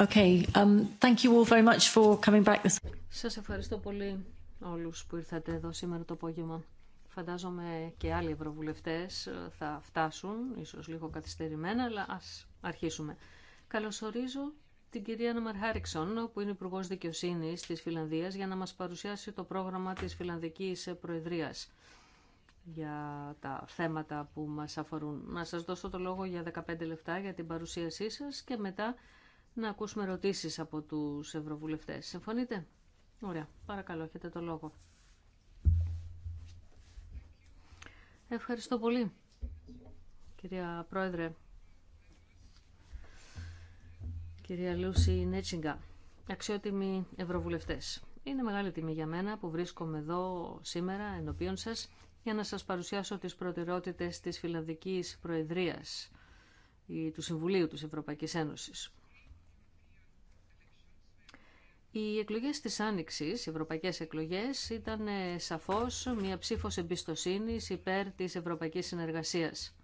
Okay. Σας ευχαριστώ πολύ όλους που ήρθατε εδώ σήμερα το απόγευμα. Φαντάζομαι και άλλοι ευρωβουλευτές ε, θα φτάσουν, ίσως λίγο καθυστερημένα, αλλά ας αρχίσουμε. Καλωσορίζω την κυρία Ναμαρ Χάριξον, που είναι Υπουργό Δικαιοσύνη τη Φιλανδία, για να μα παρουσιάσει το πρόγραμμα τη Φιλανδική Προεδρία για τα θέματα που μας αφορούν. Να σας δώσω το λόγο για 15 λεπτά για την παρουσίασή σας και μετά να ακούσουμε ερωτήσει από τους ευρωβουλευτές. Συμφωνείτε? Ωραία. Παρακαλώ, έχετε το λόγο. Ευχαριστώ πολύ, κυρία Πρόεδρε. Κυρία Λούση Νέτσιγκα, αξιότιμοι ευρωβουλευτές. Είναι μεγάλη τιμή για μένα που βρίσκομαι εδώ σήμερα ενώπιον σας για να σας παρουσιάσω τις προτεραιότητες της Φιλανδικής Προεδρίας του Συμβουλίου της Ευρωπαϊκής Ένωσης. Οι εκλογές της άνοιξη, οι ευρωπαϊκές εκλογές, ήταν ε, σαφώς μια ψήφος εμπιστοσύνης υπέρ της ευρωπαϊκής συνεργασίας.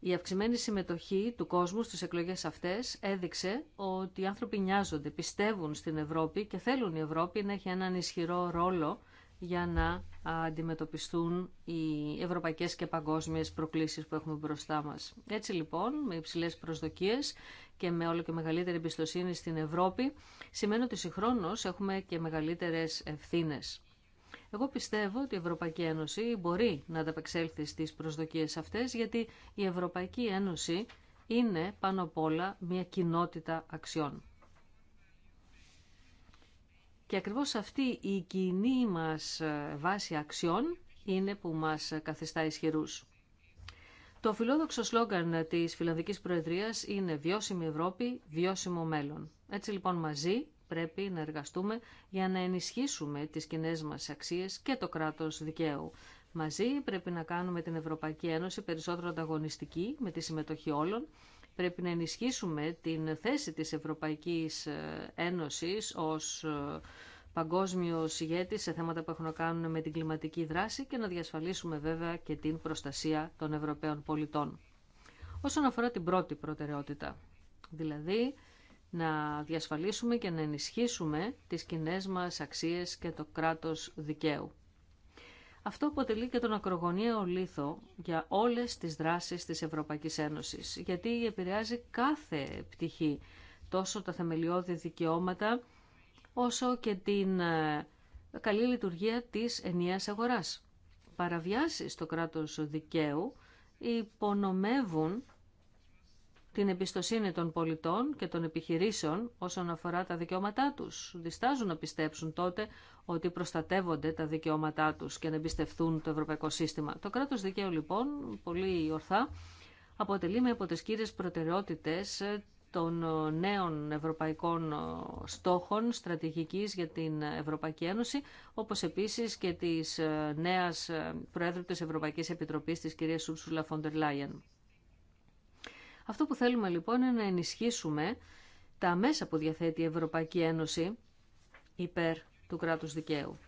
Η αυξημένη συμμετοχή του κόσμου στις εκλογές αυτές έδειξε ότι οι άνθρωποι νοιάζονται, πιστεύουν στην Ευρώπη και θέλουν η Ευρώπη να έχει έναν ισχυρό ρόλο για να αντιμετωπιστούν οι ευρωπαϊκές και παγκόσμιες προκλήσεις που έχουμε μπροστά μας. Έτσι λοιπόν, με υψηλές προσδοκίες και με όλο και μεγαλύτερη εμπιστοσύνη στην Ευρώπη, σημαίνει ότι συγχρόνως έχουμε και μεγαλύτερες ευθύνε. Εγώ πιστεύω ότι η Ευρωπαϊκή Ένωση μπορεί να ανταπεξέλθει στις προσδοκίες αυτές, γιατί η Ευρωπαϊκή Ένωση είναι πάνω απ' όλα μια κοινότητα αξιών. Και ακριβώς αυτή η κοινή μας ε, βάση αξιών είναι που μας καθιστά ισχυρούς. Το φιλόδοξο σλόγγαν της Φιλανδικής Προεδρίας είναι «Βιώσιμη Ευρώπη, βιώσιμο μέλλον». Έτσι λοιπόν μαζί πρέπει να εργαστούμε για να ενισχύσουμε τις κοινέ μας αξίες και το κράτος δικαίου. Μαζί πρέπει να κάνουμε την Ευρωπαϊκή Ένωση περισσότερο ανταγωνιστική με τη συμμετοχή όλων Πρέπει να ενισχύσουμε την θέση της Ευρωπαϊκής ε, Ένωσης ως ε, παγκόσμιο ηγέτη σε θέματα που έχουν να κάνουν με την κλιματική δράση και να διασφαλίσουμε βέβαια και την προστασία των Ευρωπαίων πολιτών. Όσον αφορά την πρώτη προτεραιότητα, δηλαδή να διασφαλίσουμε και να ενισχύσουμε τις κοινέ μας αξίες και το κράτος δικαίου. Αυτό αποτελεί και τον ακρογωνιαίο λίθο για όλες τις δράσεις της Ευρωπαϊκής Ένωσης, γιατί επηρεάζει κάθε πτυχή, τόσο τα θεμελιώδη δικαιώματα, όσο και την ε, καλή λειτουργία της ενιαίας αγοράς. Παραβιάσεις στο κράτος δικαίου υπονομεύουν την εμπιστοσύνη των πολιτών και των επιχειρήσεων όσον αφορά τα δικαιώματά τους. Διστάζουν να πιστέψουν τότε ότι προστατεύονται τα δικαιώματά τους και να εμπιστευτούν το ευρωπαϊκό σύστημα. Το κράτος δικαίου λοιπόν, πολύ ορθά, αποτελεί με από τις κύριες προτεραιότητες των νέων ευρωπαϊκών στόχων στρατηγικής για την Ευρωπαϊκή Ένωση, όπως επίσης και της νέας Προέδρου της Ευρωπαϊκής Επιτροπής, της κυρίας Σούρσουλα Φοντερ Λάιεν. Αυτό που θέλουμε λοιπόν είναι να ενισχύσουμε τα μέσα που διαθέτει η Ευρωπαϊκή Ένωση υπέρ του κράτους δικαίου.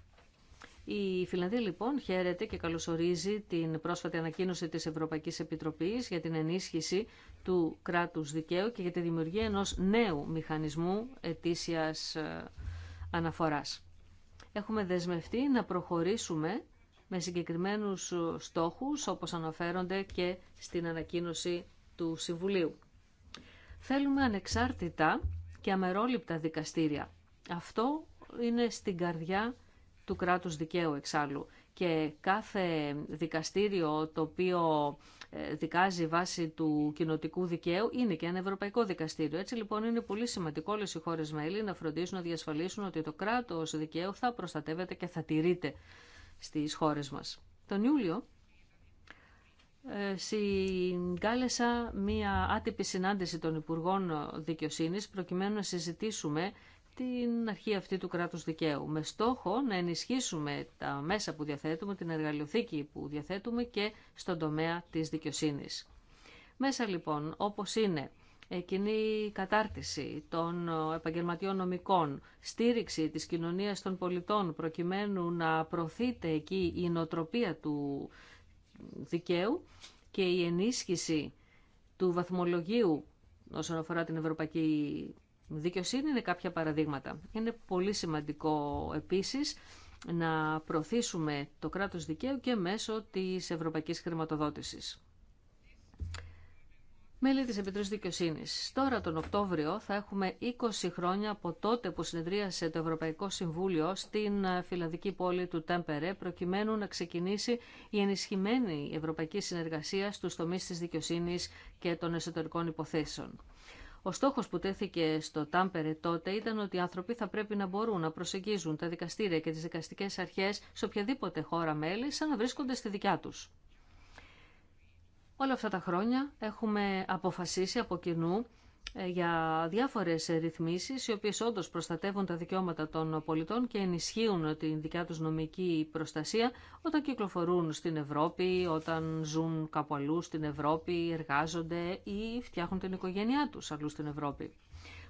Η Φιλανδία λοιπόν χαίρεται και καλωσορίζει την πρόσφατη ανακοίνωση της Ευρωπαϊκής Επιτροπής για την ενίσχυση του κράτους δικαίου και για τη δημιουργία ενός νέου μηχανισμού ετήσιας ε, αναφοράς. Έχουμε δεσμευτεί να προχωρήσουμε με συγκεκριμένους ε, στόχους όπως αναφέρονται και στην ανακοίνωση του Συμβουλίου. Θέλουμε ανεξάρτητα και αμερόληπτα δικαστήρια. Αυτό είναι στην καρδιά του κράτους δικαίου εξάλλου. Και κάθε δικαστήριο το οποίο ε, δικάζει βάση του κοινοτικού δικαίου είναι και ένα ευρωπαϊκό δικαστήριο. Έτσι λοιπόν είναι πολύ σημαντικό όλες οι χώρες μέλη να φροντίσουν να διασφαλίσουν ότι το κράτος δικαίου θα προστατεύεται και θα τηρείται στις χώρες μας. Τον Ιούλιο ε, συγκάλεσα μία άτυπη συνάντηση των Υπουργών Δικαιοσύνης προκειμένου να συζητήσουμε την αρχή αυτή του κράτους δικαίου με στόχο να ενισχύσουμε τα μέσα που διαθέτουμε, την εργαλειοθήκη που διαθέτουμε και στον τομέα της δικαιοσύνης. Μέσα λοιπόν όπως είναι κοινή κατάρτιση των επαγγελματιών νομικών, στήριξη της κοινωνίας των πολιτών προκειμένου να προωθείται εκεί η νοτροπία του δικαίου και η ενίσχυση του βαθμολογίου όσον αφορά την ευρωπαϊκή δικαιοσύνη είναι κάποια παραδείγματα. Είναι πολύ σημαντικό επίσης να προωθήσουμε το κράτος δικαίου και μέσω της ευρωπαϊκής χρηματοδότησης μέλη της Επιτροπής Δικαιοσύνης. Τώρα τον Οκτώβριο θα έχουμε 20 χρόνια από τότε που συνεδρίασε το Ευρωπαϊκό Συμβούλιο στην φιλαδική πόλη του Τέμπερε προκειμένου να ξεκινήσει η ενισχυμένη ευρωπαϊκή συνεργασία στους τομείς της δικαιοσύνης και των εσωτερικών υποθέσεων. Ο στόχο που τέθηκε στο Τάμπερε τότε ήταν ότι οι άνθρωποι θα πρέπει να μπορούν να προσεγγίζουν τα δικαστήρια και τι δικαστικέ αρχέ σε οποιαδήποτε χώρα μέλη, σαν να βρίσκονται στη δικιά του. Όλα αυτά τα χρόνια έχουμε αποφασίσει από κοινού ε, για διάφορες ρυθμίσεις οι οποίες όντως προστατεύουν τα δικαιώματα των πολιτών και ενισχύουν την δικιά τους νομική προστασία όταν κυκλοφορούν στην Ευρώπη, όταν ζουν κάπου αλλού στην Ευρώπη, εργάζονται ή φτιάχνουν την οικογένειά τους αλλού στην Ευρώπη.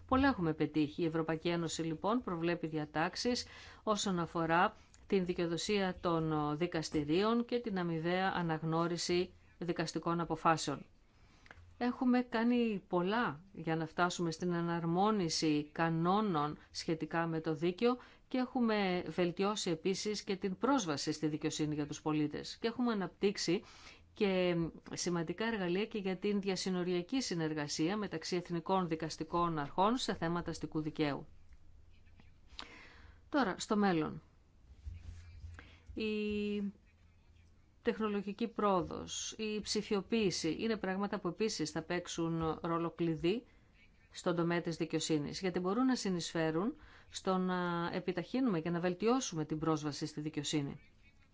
Πολλά έχουμε πετύχει. Η Ευρωπαϊκή Ένωση λοιπόν προβλέπει διατάξεις όσον αφορά την δικαιοδοσία των δικαστηρίων και την αμοιβαία αναγνώριση δικαστικών αποφάσεων. Έχουμε κάνει πολλά για να φτάσουμε στην αναρμόνιση κανόνων σχετικά με το δίκαιο και έχουμε βελτιώσει επίσης και την πρόσβαση στη δικαιοσύνη για τους πολίτες. Και έχουμε αναπτύξει και σημαντικά εργαλεία και για την διασυνοριακή συνεργασία μεταξύ εθνικών δικαστικών αρχών σε θέματα αστικού δικαίου. Τώρα, στο μέλλον. Η τεχνολογική πρόοδος, η ψηφιοποίηση είναι πράγματα που επίσης θα παίξουν ρόλο κλειδί στον τομέα της δικαιοσύνης, γιατί μπορούν να συνεισφέρουν στο να επιταχύνουμε και να βελτιώσουμε την πρόσβαση στη δικαιοσύνη.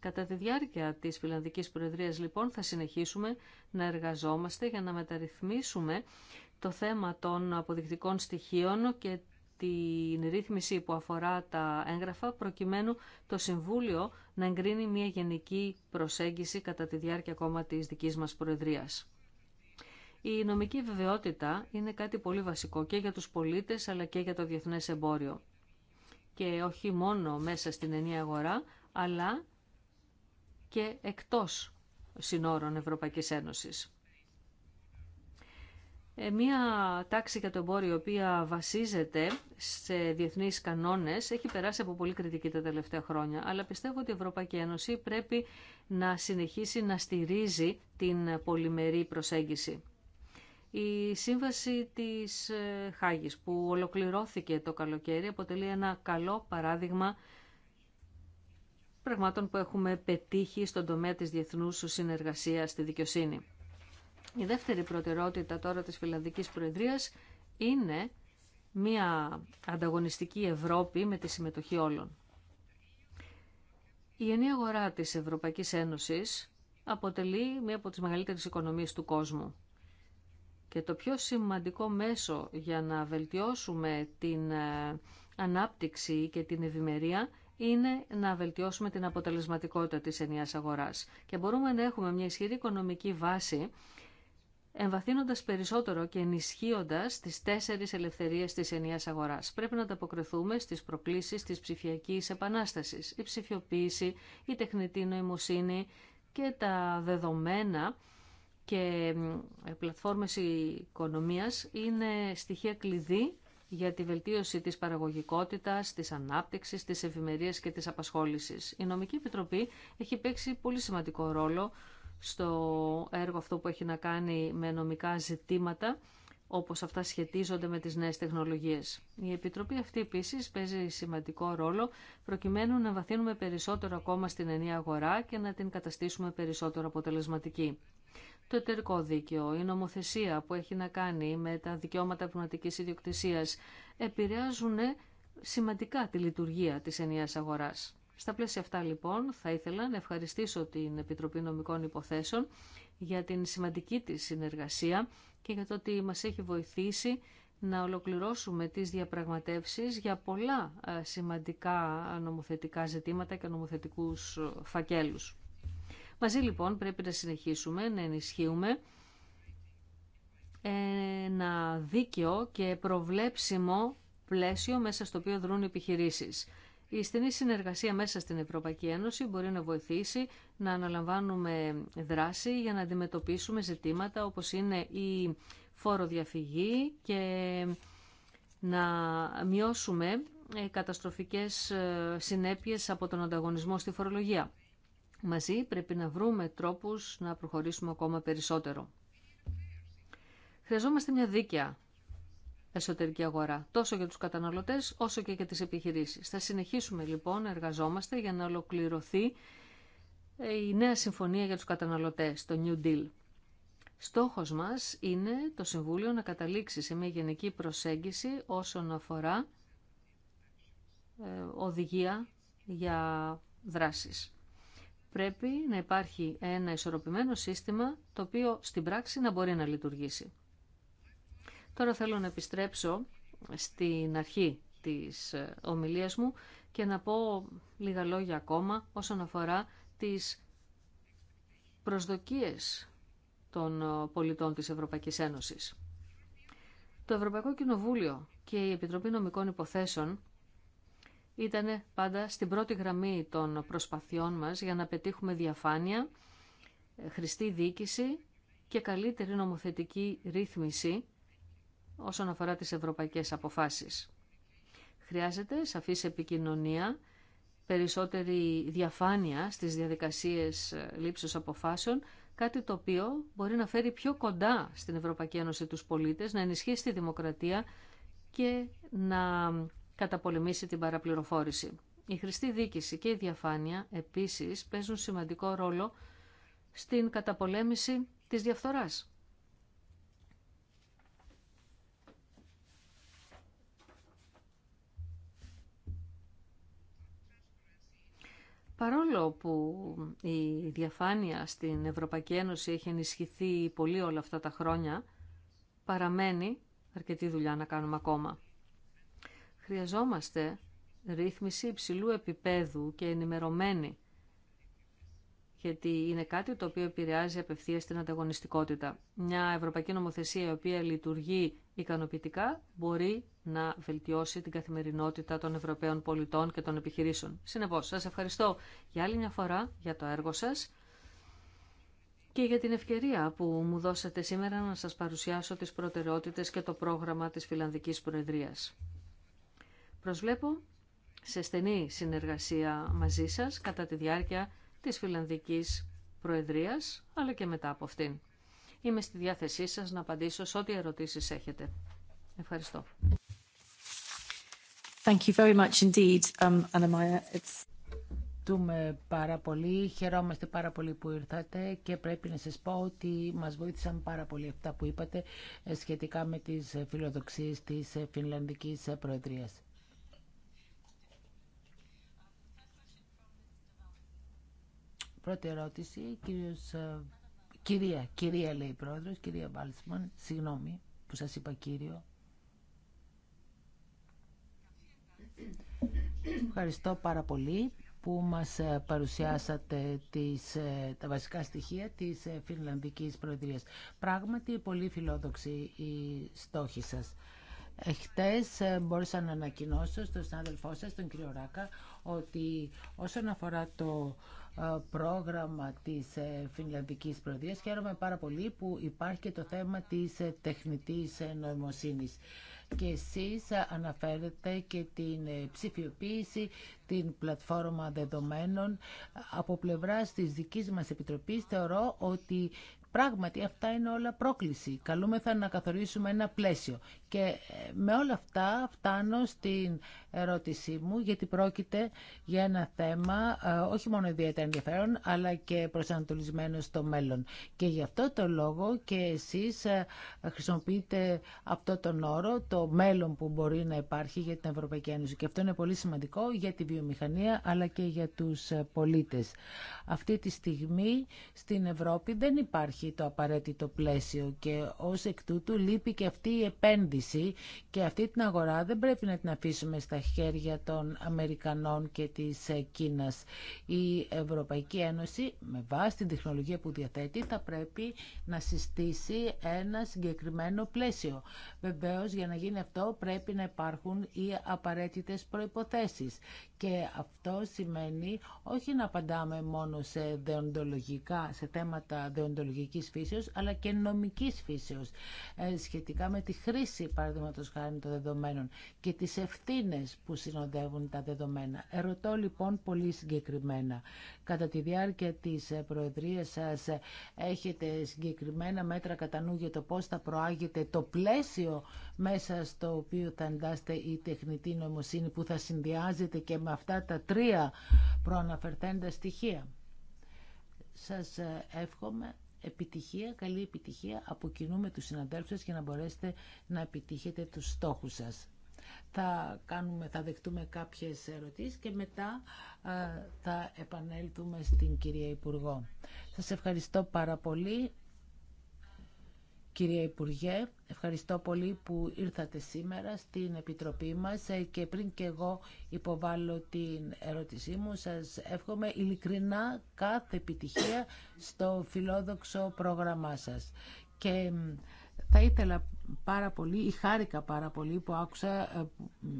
Κατά τη διάρκεια της Φιλανδικής Προεδρίας, λοιπόν, θα συνεχίσουμε να εργαζόμαστε για να μεταρρυθμίσουμε το θέμα των αποδεικτικών στοιχείων και την ρύθμιση που αφορά τα έγγραφα προκειμένου το Συμβούλιο να εγκρίνει μια γενική προσέγγιση κατά τη διάρκεια ακόμα της δικής μας Προεδρίας. Η νομική βεβαιότητα είναι κάτι πολύ βασικό και για τους πολίτες αλλά και για το διεθνές εμπόριο. Και όχι μόνο μέσα στην ενία αγορά, αλλά και εκτός συνόρων Ευρωπαϊκής Ένωσης. Ε, μία τάξη για το εμπόριο, η οποία βασίζεται σε διεθνείς κανόνες, έχει περάσει από πολύ κριτική τα τελευταία χρόνια. Αλλά πιστεύω ότι η Ευρωπαϊκή Ένωση πρέπει να συνεχίσει να στηρίζει την πολυμερή προσέγγιση. Η σύμβαση της ε, Χάγης που ολοκληρώθηκε το καλοκαίρι αποτελεί ένα καλό παράδειγμα πραγμάτων που έχουμε πετύχει στον τομέα της διεθνούς συνεργασίας στη δικαιοσύνη. Η δεύτερη προτεραιότητα τώρα της Φιλανδικής Προεδρίας είναι μια ανταγωνιστική Ευρώπη με τη συμμετοχή όλων. Η ενή αγορά της Ευρωπαϊκής Ένωσης αποτελεί μία από τις μεγαλύτερες οικονομίες του κόσμου. Και το πιο σημαντικό μέσο για να βελτιώσουμε την ε, ανάπτυξη και την ευημερία είναι να βελτιώσουμε την αποτελεσματικότητα της ενιαίας αγοράς. Και μπορούμε να έχουμε μια ισχυρή οικονομική βάση εμβαθύνοντας περισσότερο και ενισχύοντας τις τέσσερις ελευθερίες της ενιαίας αγοράς. Πρέπει να ανταποκριθούμε στις προκλήσεις της ψηφιακής επανάστασης, η ψηφιοποίηση, η τεχνητή νοημοσύνη και τα δεδομένα και ε, πλατφόρμες οικονομίας είναι στοιχεία κλειδί για τη βελτίωση της παραγωγικότητας, της ανάπτυξης, της ευημερίας και της απασχόλησης. Η Νομική Επιτροπή έχει παίξει πολύ σημαντικό ρόλο στο έργο αυτό που έχει να κάνει με νομικά ζητήματα όπως αυτά σχετίζονται με τις νέες τεχνολογίες. Η Επιτροπή αυτή επίσης παίζει σημαντικό ρόλο προκειμένου να βαθύνουμε περισσότερο ακόμα στην ενία αγορά και να την καταστήσουμε περισσότερο αποτελεσματική. Το εταιρικό δίκαιο, η νομοθεσία που έχει να κάνει με τα δικαιώματα πνευματικής ιδιοκτησίας επηρεάζουν σημαντικά τη λειτουργία της ενιαίας αγοράς. Στα πλαίσια αυτά λοιπόν θα ήθελα να ευχαριστήσω την Επιτροπή Νομικών Υποθέσεων για την σημαντική της συνεργασία και για το ότι μας έχει βοηθήσει να ολοκληρώσουμε τις διαπραγματεύσεις για πολλά ε, σημαντικά νομοθετικά ζητήματα και νομοθετικούς ε, φακέλους. Μαζί λοιπόν πρέπει να συνεχίσουμε να ενισχύουμε ένα δίκαιο και προβλέψιμο πλαίσιο μέσα στο οποίο δρούν οι επιχειρήσεις. Η στενή συνεργασία μέσα στην Ευρωπαϊκή Ένωση μπορεί να βοηθήσει να αναλαμβάνουμε δράση για να αντιμετωπίσουμε ζητήματα όπως είναι η φοροδιαφυγή και να μειώσουμε ε, καταστροφικές ε, συνέπειες από τον ανταγωνισμό στη φορολογία. Μαζί πρέπει να βρούμε τρόπους να προχωρήσουμε ακόμα περισσότερο. Χρειαζόμαστε μια δίκαια εσωτερική αγορά, τόσο για τους καταναλωτές όσο και για τις επιχειρήσεις. Θα συνεχίσουμε λοιπόν εργαζόμαστε για να ολοκληρωθεί ε, η νέα συμφωνία για τους καταναλωτές, το New Deal. Στόχος μας είναι το Συμβούλιο να καταλήξει σε μια γενική προσέγγιση όσον αφορά ε, οδηγία για δράσεις. Πρέπει να υπάρχει ένα ισορροπημένο σύστημα το οποίο στην πράξη να μπορεί να λειτουργήσει. Τώρα θέλω να επιστρέψω στην αρχή της ε, ομιλίας μου και να πω λίγα λόγια ακόμα όσον αφορά τις προσδοκίες των ε, πολιτών της Ευρωπαϊκής Ένωσης. Το Ευρωπαϊκό Κοινοβούλιο και η Επιτροπή Νομικών Υποθέσεων ήταν πάντα στην πρώτη γραμμή των προσπαθειών μας για να πετύχουμε διαφάνεια, ε, χρηστή δίκηση και καλύτερη νομοθετική ρύθμιση όσον αφορά τις ευρωπαϊκές αποφάσεις. Χρειάζεται σαφής επικοινωνία, περισσότερη διαφάνεια στις διαδικασίες ε, λήψης αποφάσεων, κάτι το οποίο μπορεί να φέρει πιο κοντά στην Ευρωπαϊκή Ένωση τους πολίτες, να ενισχύσει τη δημοκρατία και να καταπολεμήσει την παραπληροφόρηση. Η χρηστή δίκηση και η διαφάνεια επίσης παίζουν σημαντικό ρόλο στην καταπολέμηση της διαφθοράς. Παρόλο που η διαφάνεια στην Ευρωπαϊκή Ένωση έχει ενισχυθεί πολύ όλα αυτά τα χρόνια, παραμένει αρκετή δουλειά να κάνουμε ακόμα. Χρειαζόμαστε ρύθμιση υψηλού επίπεδου και ενημερωμένη γιατί είναι κάτι το οποίο επηρεάζει απευθεία την ανταγωνιστικότητα. Μια ευρωπαϊκή νομοθεσία η οποία λειτουργεί ικανοποιητικά μπορεί να βελτιώσει την καθημερινότητα των Ευρωπαίων πολιτών και των επιχειρήσεων. Συνεπώ, σα ευχαριστώ για άλλη μια φορά για το έργο σα και για την ευκαιρία που μου δώσατε σήμερα να σας παρουσιάσω τις προτεραιότητες και το πρόγραμμα της Φιλανδικής Προεδρίας. Προσβλέπω σε στενή συνεργασία μαζί σας κατά τη διάρκεια της Φιλανδικής Προεδρίας, αλλά και μετά από αυτήν. Είμαι στη διάθεσή σας να απαντήσω σε ό,τι ερωτήσεις έχετε. Ευχαριστώ. Thank you very much indeed, um, Anna Maya. It's... Ευχαριστούμε πάρα πολύ, χαιρόμαστε πάρα πολύ που ήρθατε και πρέπει να σας πω ότι μας βοήθησαν πάρα πολύ αυτά που είπατε ε, σχετικά με τις φιλοδοξίες της ε, Φινλανδικής Προεδρίας. Πρώτη ερώτηση, κύριος, ε, κυρία, κυρία λέει η πρόεδρος, κυρία Βάλτσμαν, συγγνώμη που σας είπα κύριο. Ευχαριστώ πάρα πολύ που μας ε, παρουσιάσατε τις, ε, τα βασικά στοιχεία της Φινλανδικής Προεδρίας. Πράγματι, πολύ φιλόδοξη η στόχη σας. Χτες μπόρεσα να ανακοινώσω στον συνάδελφό σας, τον κύριο Ράκα, ότι όσον αφορά το ε, πρόγραμμα της ε, Φινλανδικής Προεδρίας. Χαίρομαι πάρα πολύ που υπάρχει και το θέμα της ε, τεχνητής νοημοσύνης. Και εσείς αναφέρετε και την ψηφιοποίηση, την πλατφόρμα δεδομένων. Από πλευράς της δικής μας Επιτροπής θεωρώ ότι Πράγματι, αυτά είναι όλα πρόκληση. Καλούμεθα να καθορίσουμε ένα πλαίσιο. Και με όλα αυτά φτάνω στην ερώτησή μου, γιατί πρόκειται για ένα θέμα ε, όχι μόνο ιδιαίτερα ενδιαφέρον, αλλά και προσανατολισμένο στο μέλλον. Και γι' αυτό το λόγο και εσείς ε, χρησιμοποιείτε αυτό τον όρο, το μέλλον που μπορεί να υπάρχει για την Ευρωπαϊκή Ένωση. Και αυτό είναι πολύ σημαντικό για τη βιομηχανία, αλλά και για τους ε, πολίτες. Αυτή τη στιγμή στην Ευρώπη δεν υπάρχει το απαραίτητο πλαίσιο και ως εκ τούτου λείπει και αυτή η επένδυση και αυτή την αγορά δεν πρέπει να την αφήσουμε στα χέρια των Αμερικανών και της ε, Κίνας. Η Ευρωπαϊκή Ένωση με βάση την τεχνολογία που διαθέτει θα πρέπει να συστήσει ένα συγκεκριμένο πλαίσιο. Βεβαίως για να γίνει αυτό πρέπει να υπάρχουν οι απαραίτητες προϋποθέσεις και αυτό σημαίνει όχι να απαντάμε μόνο σε δεοντολογικά, σε θέματα δεοντολογικής φύσεως, αλλά και νομικής φύσεως, ε, σχετικά με τη χρήση, παραδείγματος χάρη των δεδομένων και τις ευθύνες που συνοδεύουν τα δεδομένα. Ερωτώ λοιπόν πολύ συγκεκριμένα. Κατά τη διάρκεια της ε, Προεδρίας σας ε, έχετε συγκεκριμένα μέτρα κατά νου για το πώς θα προάγετε το πλαίσιο μέσα στο οποίο θα εντάσσετε η τεχνητή νοημοσύνη που θα συνδυάζεται και με αυτά τα τρία προαναφερθέντα στοιχεία. Σας ε, εύχομαι επιτυχία, καλή επιτυχία από κοινού με τους συναδέλφους σας για να μπορέσετε να επιτύχετε τους στόχους σας. Θα, κάνουμε, θα δεχτούμε κάποιες ερωτήσεις και μετά ε, θα επανέλθουμε στην κυρία Υπουργό. Σας ευχαριστώ πάρα πολύ. Κυρία Υπουργέ, ευχαριστώ πολύ που ήρθατε σήμερα στην Επιτροπή μας ε, και πριν και εγώ υποβάλω την ερώτησή μου, σας εύχομαι ειλικρινά κάθε επιτυχία στο φιλόδοξο πρόγραμμά σας. Και θα ήθελα πάρα πολύ ή χάρηκα πάρα πολύ που άκουσα ε,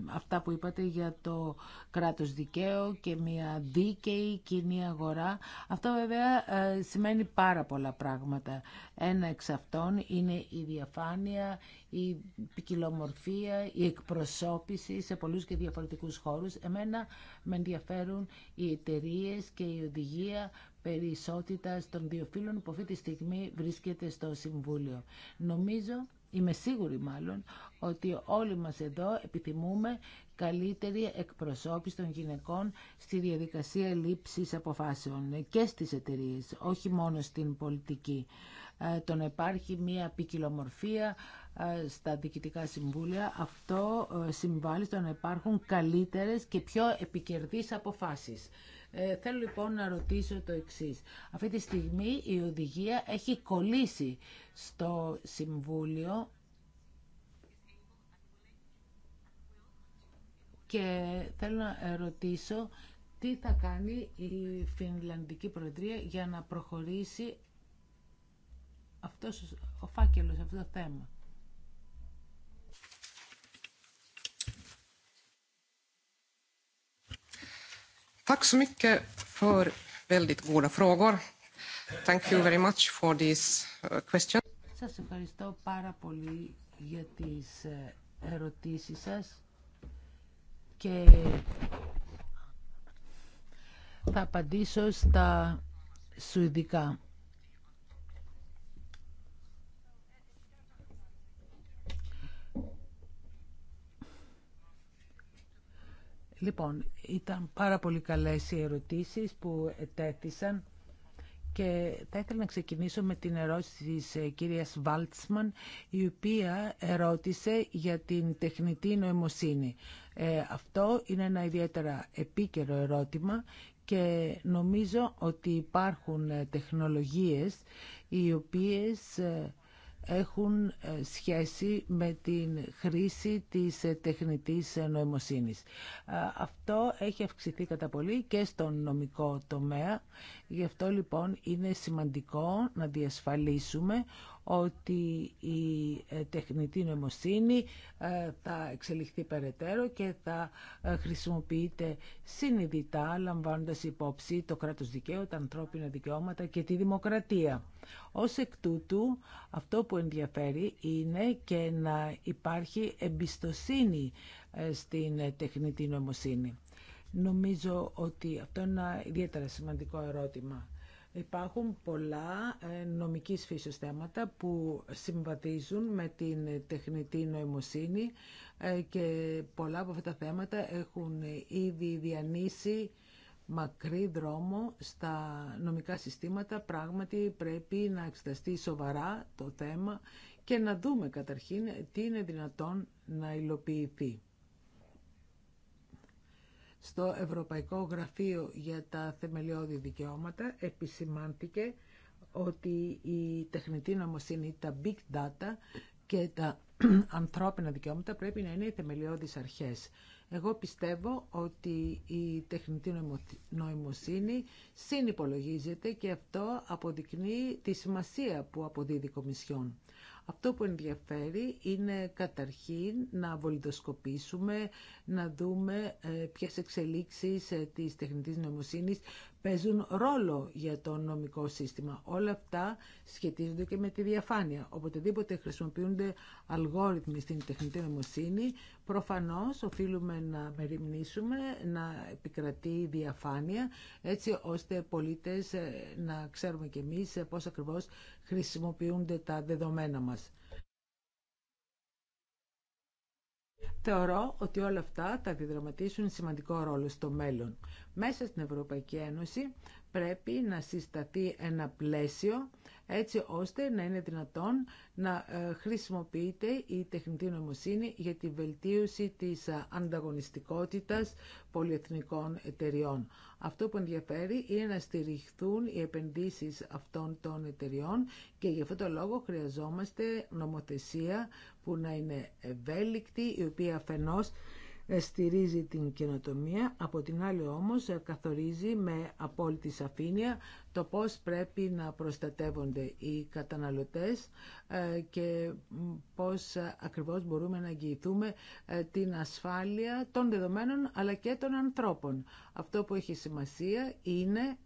αυτά που είπατε για το κράτος δικαίου και μια δίκαιη κοινή αγορά. Αυτό βέβαια ε, σημαίνει πάρα πολλά πράγματα. Ένα εξ αυτών είναι η διαφάνεια, η ποικιλομορφία, η εκπροσώπηση σε πολλούς και διαφορετικούς χώρους. Εμένα με ενδιαφέρουν οι εταιρείε και η οδηγία περί των δύο φύλων που αυτή τη στιγμή βρίσκεται στο Συμβούλιο. Νομίζω είμαι σίγουρη μάλλον, ότι όλοι μας εδώ επιθυμούμε καλύτερη εκπροσώπηση των γυναικών στη διαδικασία λήψης αποφάσεων και στις εταιρείε, όχι μόνο στην πολιτική. Ε, το να υπάρχει μια ποικιλομορφία ε, στα διοικητικά συμβούλια, αυτό ε, συμβάλλει στο να υπάρχουν καλύτερες και πιο επικερδείς αποφάσεις. Ε, θέλω λοιπόν να ρωτήσω το εξής. Αυτή τη στιγμή η οδηγία έχει κολλήσει στο Συμβούλιο και θέλω να ρωτήσω τι θα κάνει η Φινλανδική Προεδρία για να προχωρήσει αυτός ο φάκελος, αυτό το θέμα. Tack så mycket för väldigt goda frågor. Thank you very much for this question. Σας ευχαριστώ πάρα πολύ για τις ερωτήσεις σας και θα απαντήσω στα σουηδικά. Λοιπόν, ήταν πάρα πολύ καλές οι ερωτήσεις που ετέθησαν και θα ήθελα να ξεκινήσω με την ερώτηση της ε, κυρίας Βάλτσμαν, η οποία ερώτησε για την τεχνητή νοημοσύνη. Ε, αυτό είναι ένα ιδιαίτερα επίκαιρο ερώτημα και νομίζω ότι υπάρχουν ε, τεχνολογίες οι οποίες έχουν ε, σχέση με την χρήση της ε, τεχνητής ε, νοημοσύνης. Αυτό έχει αυξηθεί κατά πολύ και στον νομικό τομέα. Γι' αυτό λοιπόν είναι σημαντικό να διασφαλίσουμε ότι η τεχνητή νοημοσύνη θα εξελιχθεί περαιτέρω και θα χρησιμοποιείται συνειδητά λαμβάνοντας υπόψη το κράτος δικαίου, τα ανθρώπινα δικαιώματα και τη δημοκρατία. Ως εκ τούτου, αυτό που ενδιαφέρει είναι και να υπάρχει εμπιστοσύνη ε, στην ε, τεχνητή νοημοσύνη. Νομίζω ότι αυτό είναι ένα ιδιαίτερα σημαντικό ερώτημα. Υπάρχουν πολλά ε, νομικής φύσεως θέματα που συμβαδίζουν με την τεχνητή νοημοσύνη και πολλά από αυτά τα θέματα έχουν ήδη διανύσει μακρύ δρόμο στα νομικά συστήματα. Πράγματι πρέπει να εξεταστεί σοβαρά το θέμα και να δούμε καταρχήν τι είναι δυνατόν να υλοποιηθεί. Στο Ευρωπαϊκό Γραφείο για τα Θεμελιώδη Δικαιώματα επισημάνθηκε ότι η τεχνητή νομοσύνη, τα big data και τα ανθρώπινα δικαιώματα πρέπει να είναι οι θεμελιώδεις αρχές. Εγώ πιστεύω ότι η τεχνητή νοημοσύνη συνυπολογίζεται και αυτό αποδεικνύει τη σημασία που αποδίδει η Κομισιόν. Αυτό που ενδιαφέρει είναι καταρχήν να βολιδοσκοπήσουμε, να δούμε ε, ποιες εξελίξεις ε, της τεχνητής νοημοσύνης παίζουν ρόλο για το νομικό σύστημα. Όλα αυτά σχετίζονται και με τη διαφάνεια. Οποτεδήποτε χρησιμοποιούνται αλγόριθμοι στην τεχνητή νοημοσύνη, προφανώς οφείλουμε να μεριμνήσουμε, να επικρατεί η διαφάνεια, έτσι ώστε πολίτες ε, να ξέρουμε κι εμείς ε, πώς ακριβώς χρησιμοποιούνται τα δεδομένα μας. Θεωρώ ότι όλα αυτά θα διδραματίσουν σημαντικό ρόλο στο μέλλον. Μέσα στην Ευρωπαϊκή Ένωση πρέπει να συσταθεί ένα πλαίσιο έτσι ώστε να είναι δυνατόν να ε, χρησιμοποιείται η τεχνητή νομοσύνη για τη βελτίωση της ε, ανταγωνιστικότητας πολυεθνικών εταιριών. Αυτό που ενδιαφέρει είναι να στηριχθούν οι επενδύσεις αυτών των εταιριών και γι' αυτό το λόγο χρειαζόμαστε νομοθεσία που να είναι ευέλικτη, η οποία αφενός ε, στηρίζει την καινοτομία, από την άλλη όμως ε, καθορίζει με απόλυτη σαφήνεια το πώς πρέπει να προστατεύονται οι καταναλωτές ε, και πώς ακριβώς μπορούμε να εγγυηθούμε την ασφάλεια των δεδομένων αλλά και των ανθρώπων. Αυτό που έχει σημασία είναι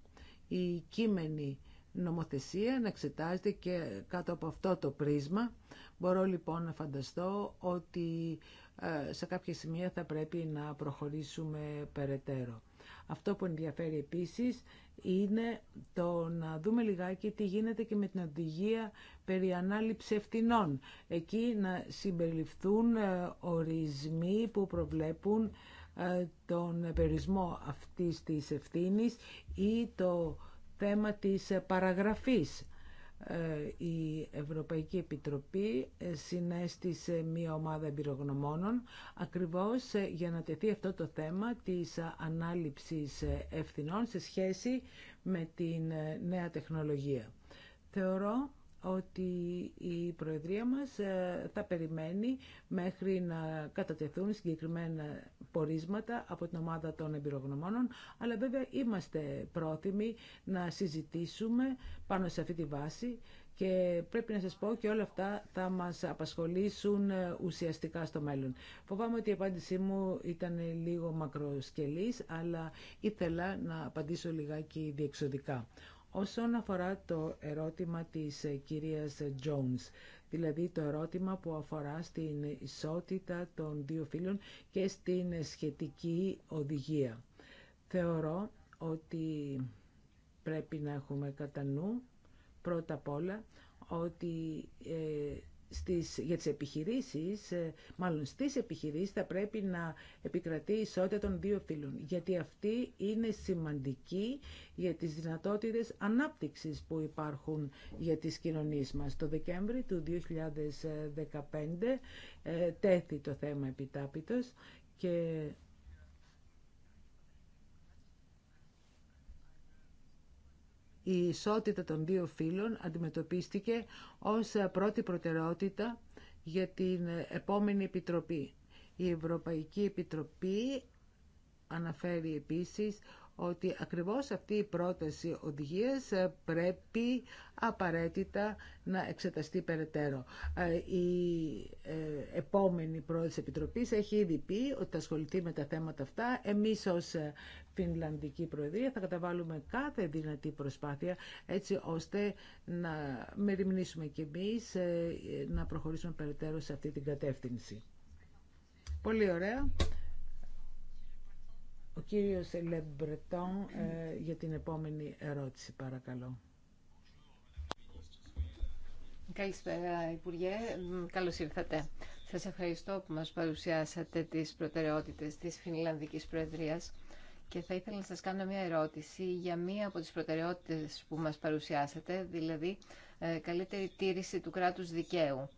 η κείμενη νομοθεσία να εξετάζεται και κάτω από αυτό το πρίσμα. Μπορώ λοιπόν να φανταστώ ότι ε, σε κάποια σημεία θα πρέπει να προχωρήσουμε περαιτέρω. Αυτό που ενδιαφέρει επίσης είναι το να δούμε λιγάκι τι γίνεται και με την οδηγία περί ανάληψη ευθυνών. Εκεί να συμπεριληφθούν ε, ορισμοί που προβλέπουν ε, τον περισμό αυτής της ευθύνης ή το θέμα της παραγραφής ε, η Ευρωπαϊκή Επιτροπή ε, συνέστησε μία ομάδα εμπειρογνωμόνων ακριβώς ε, για να τεθεί αυτό το θέμα της ανάληψης ευθυνών σε σχέση με την νέα τεχνολογία. Θεωρώ ότι η Προεδρία μας ε, θα περιμένει μέχρι να κατατεθούν συγκεκριμένα πορίσματα από την ομάδα των εμπειρογνωμόνων, αλλά βέβαια είμαστε πρόθυμοι να συζητήσουμε πάνω σε αυτή τη βάση και πρέπει να σας πω και όλα αυτά θα μας απασχολήσουν ε, ουσιαστικά στο μέλλον. Φοβάμαι ότι η απάντησή μου ήταν λίγο μακροσκελής, αλλά ήθελα να απαντήσω λιγάκι διεξοδικά. Όσον αφορά το ερώτημα της ε, κυρίας Jones, δηλαδή το ερώτημα που αφορά στην ισότητα των δύο φίλων και στην σχετική οδηγία. Θεωρώ ότι πρέπει να έχουμε κατά νου πρώτα απ' όλα ότι ε, στις, για τις επιχειρήσεις, ε, μάλλον στις επιχειρήσεις θα πρέπει να επικρατεί η ισότητα των δύο φύλων, γιατί αυτή είναι σημαντική για τις δυνατότητες ανάπτυξης που υπάρχουν για τις κοινωνίες μας. Το Δεκέμβρη του 2015 ε, τέθη το θέμα επιτάπητος και η ισότητα των δύο φύλων αντιμετωπίστηκε ως πρώτη προτεραιότητα για την επόμενη Επιτροπή. Η Ευρωπαϊκή Επιτροπή αναφέρει επίσης ότι ακριβώς αυτή η πρόταση οδηγίας ε, πρέπει απαραίτητα να εξεταστεί περαιτέρω. Ε, η ε, επόμενη πρόεδρο της Επιτροπής έχει ήδη πει ότι θα ασχοληθεί με τα θέματα αυτά. Εμείς ως Φινλανδική Προεδρία θα καταβάλουμε κάθε δυνατή προσπάθεια έτσι ώστε να μεριμνήσουμε κι εμείς να προχωρήσουμε περαιτέρω σε αυτή την κατεύθυνση. Πολύ ωραία. Ο κύριος Λεμπρετόν ε, για την επόμενη ερώτηση, παρακαλώ. Καλησπέρα, Υπουργέ. Καλώς ήρθατε. Σας ευχαριστώ που μας παρουσιάσατε τις προτεραιότητες της Φινλανδικής Προεδρίας και θα ήθελα να σας κάνω μια ερώτηση για μία από τις προτεραιότητες που μας παρουσιάσατε, δηλαδή ε, καλύτερη τήρηση του κράτους δικαίου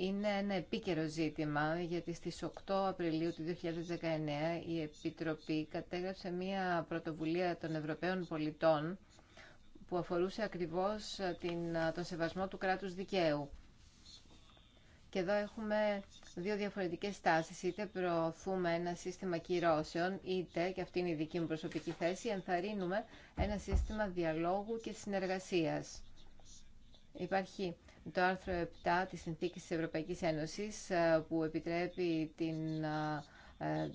είναι ένα επίκαιρο ζήτημα γιατί στις 8 Απριλίου του 2019 η Επιτροπή κατέγραψε μία πρωτοβουλία των Ευρωπαίων πολιτών που αφορούσε ακριβώς ε, την, ε, τον σεβασμό του κράτους δικαίου. Και εδώ έχουμε δύο διαφορετικές στάσεις. Είτε προωθούμε ένα σύστημα κυρώσεων, είτε, και αυτή είναι η δική μου προσωπική θέση, ενθαρρύνουμε ένα σύστημα διαλόγου και συνεργασίας. Υπάρχει το άρθρο 7 της Συνθήκης της Ευρωπαϊκής Ένωσης ε, που επιτρέπει την, ε, ε,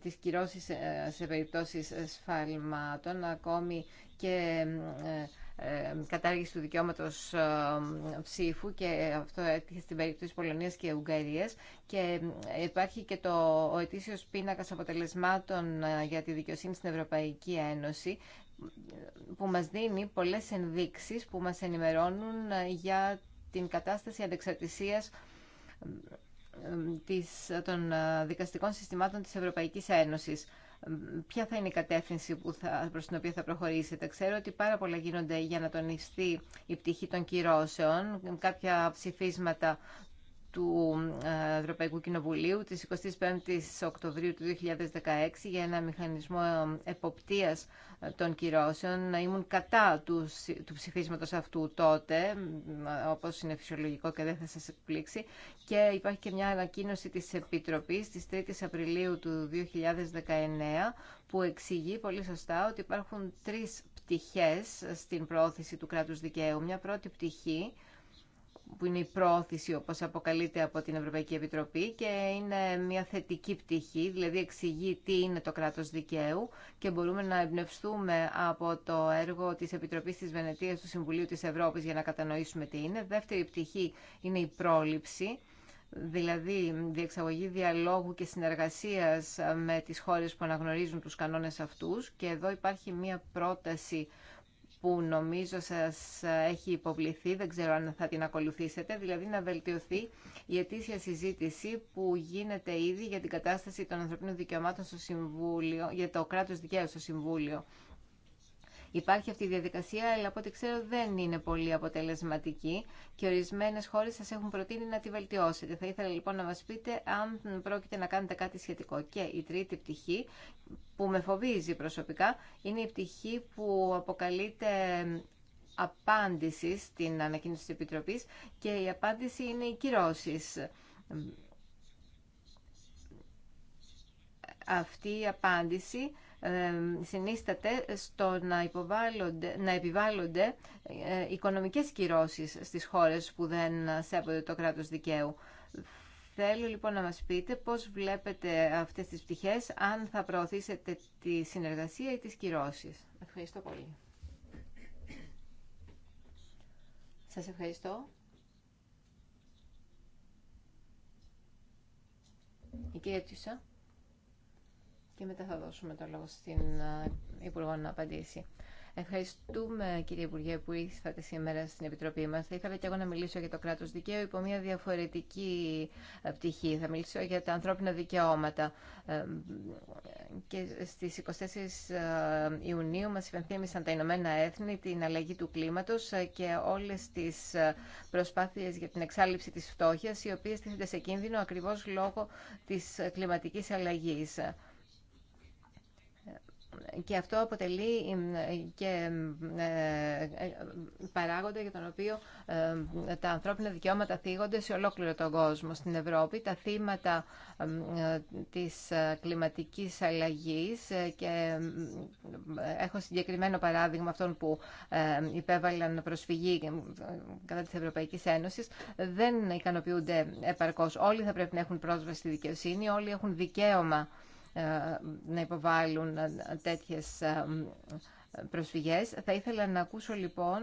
τις κυρώσεις σε περιπτώσεις σφαλμάτων, ακόμη και κατάργηση του δικαιώματος ψήφου και αυτό έτυχε στην περίπτωση της Πολωνίας και Ουγγαρίας και υπάρχει και το, ο ετήσιος πίνακας αποτελεσμάτων για τη δικαιοσύνη στην Ευρωπαϊκή Ένωση που μας δίνει πολλές ενδείξεις που μας ενημερώνουν ε, για την κατάσταση αντεξαρτησίας ε, ε, των δικαστικών συστημάτων της Ευρωπαϊκής Ένωσης. Ποια θα είναι η κατεύθυνση που θα, προς την οποία θα προχωρήσετε. Ξέρω ότι πάρα πολλά γίνονται για να τονιστεί η πτυχή των κυρώσεων. Κάποια ψηφίσματα του ε, Ευρωπαϊκού Κοινοβουλίου της 25ης Οκτωβρίου του 2016 για ένα μηχανισμό ε, εποπτείας ε, των κυρώσεων. Ήμουν κατά του, του ψηφίσματος αυτού τότε, όπως είναι φυσιολογικό και δεν θα σας εκπλήξει. Και υπάρχει και μια ανακοίνωση της Επιτροπής της 3ης Απριλίου του 2019 που εξηγεί πολύ σωστά ότι υπάρχουν τρεις πτυχές στην πρόθεση του κράτους δικαίου. Μια πρώτη πτυχή που είναι η πρόθεση όπως αποκαλείται από την Ευρωπαϊκή Επιτροπή και είναι μια θετική πτυχή, δηλαδή εξηγεί τι είναι το κράτος δικαίου και μπορούμε να εμπνευστούμε από το έργο της Επιτροπής της Βενετίας του Συμβουλίου της Ευρώπης για να κατανοήσουμε τι είναι. Δεύτερη πτυχή είναι η πρόληψη δηλαδή διεξαγωγή διαλόγου και συνεργασίας με τις χώρες που αναγνωρίζουν τους κανόνες αυτούς και εδώ υπάρχει μία πρόταση που νομίζω σας έχει υποβληθεί, δεν ξέρω αν θα την ακολουθήσετε, δηλαδή να βελτιωθεί η ετήσια συζήτηση που γίνεται ήδη για την κατάσταση των ανθρωπίνων δικαιωμάτων στο Συμβούλιο, για το κράτος δικαίου στο Συμβούλιο. Υπάρχει αυτή η διαδικασία, αλλά από ό,τι ξέρω δεν είναι πολύ αποτελεσματική και ορισμένε χώρε σα έχουν προτείνει να τη βελτιώσετε. Θα ήθελα λοιπόν να μα πείτε αν πρόκειται να κάνετε κάτι σχετικό. Και η τρίτη πτυχή που με φοβίζει προσωπικά είναι η πτυχή που αποκαλείται απάντηση στην ανακοίνωση της Επιτροπής και η απάντηση είναι οι κυρώσεις. Αυτή η απάντηση συνίσταται στο να, να επιβάλλονται ε, οικονομικές κυρώσεις στις χώρες που δεν σέβονται το κράτος δικαίου. Θέλω λοιπόν να μας πείτε πώς βλέπετε αυτές τις πτυχές, αν θα προωθήσετε τη συνεργασία ή τις κυρώσεις. Ευχαριστώ πολύ. Σας ευχαριστώ. Η κυρία ευχαριστω η κυρια και μετά θα δώσουμε το λόγο στην Υπουργό να απαντήσει. Ευχαριστούμε κύριε Υπουργέ που ήρθατε σήμερα στην Επιτροπή μας. Θα ήθελα και εγώ να μιλήσω για το κράτος δικαίου υπό μια διαφορετική ε, πτυχή. Θα μιλήσω για τα ανθρώπινα δικαιώματα. Ε, και στις 24 ε, Ιουνίου μας υπενθύμησαν τα Ηνωμένα Έθνη την αλλαγή του κλίματος και όλες τις προσπάθειες για την εξάλληψη της φτώχειας, οι οποίες τίθενται σε κίνδυνο ακριβώς λόγω της κλιματικής αλλαγή και αυτό αποτελεί και ε, ε, παράγοντα για τον οποίο ε, τα ανθρώπινα δικαιώματα θίγονται σε ολόκληρο τον κόσμο. Στην Ευρώπη τα θύματα της κλιματικής αλλαγής και έχω συγκεκριμένο παράδειγμα αυτών που υπέβαλαν προσφυγή κατά της Ευρωπαϊκής Ένωσης δεν ικανοποιούνται επαρκώς. Όλοι θα πρέπει να έχουν πρόσβαση στη δικαιοσύνη, όλοι έχουν δικαίωμα ε, να υποβάλουν ε, τέτοιες ε, προσφυγές. Θα ήθελα να ακούσω λοιπόν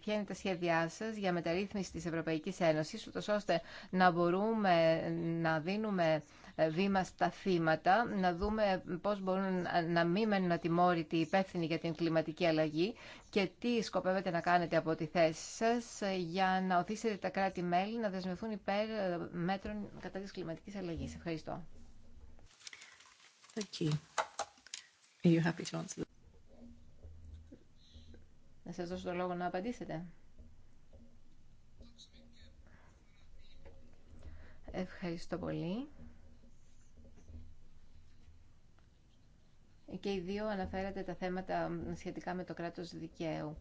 ποια είναι τα σχέδιά σας για μεταρρύθμιση της Ευρωπαϊκής Ένωσης, ώστε να μπορούμε να δίνουμε βήμα στα θύματα, να δούμε πώς μπορούν να μην μένουν ατιμόρυτοι υπεύθυνοι για την κλιματική αλλαγή και τι σκοπεύετε να κάνετε από τη θέση σας για να οθήσετε τα κράτη-μέλη να δεσμευθούν υπέρ μέτρων κατά της κλιματικής αλλαγής. Ευχαριστώ. Thank Are you happy to answer να σας δώσω το λόγο να απαντήσετε. Ευχαριστώ πολύ. Και οι δύο αναφέρατε τα θέματα σχετικά με το κράτος δικαίου.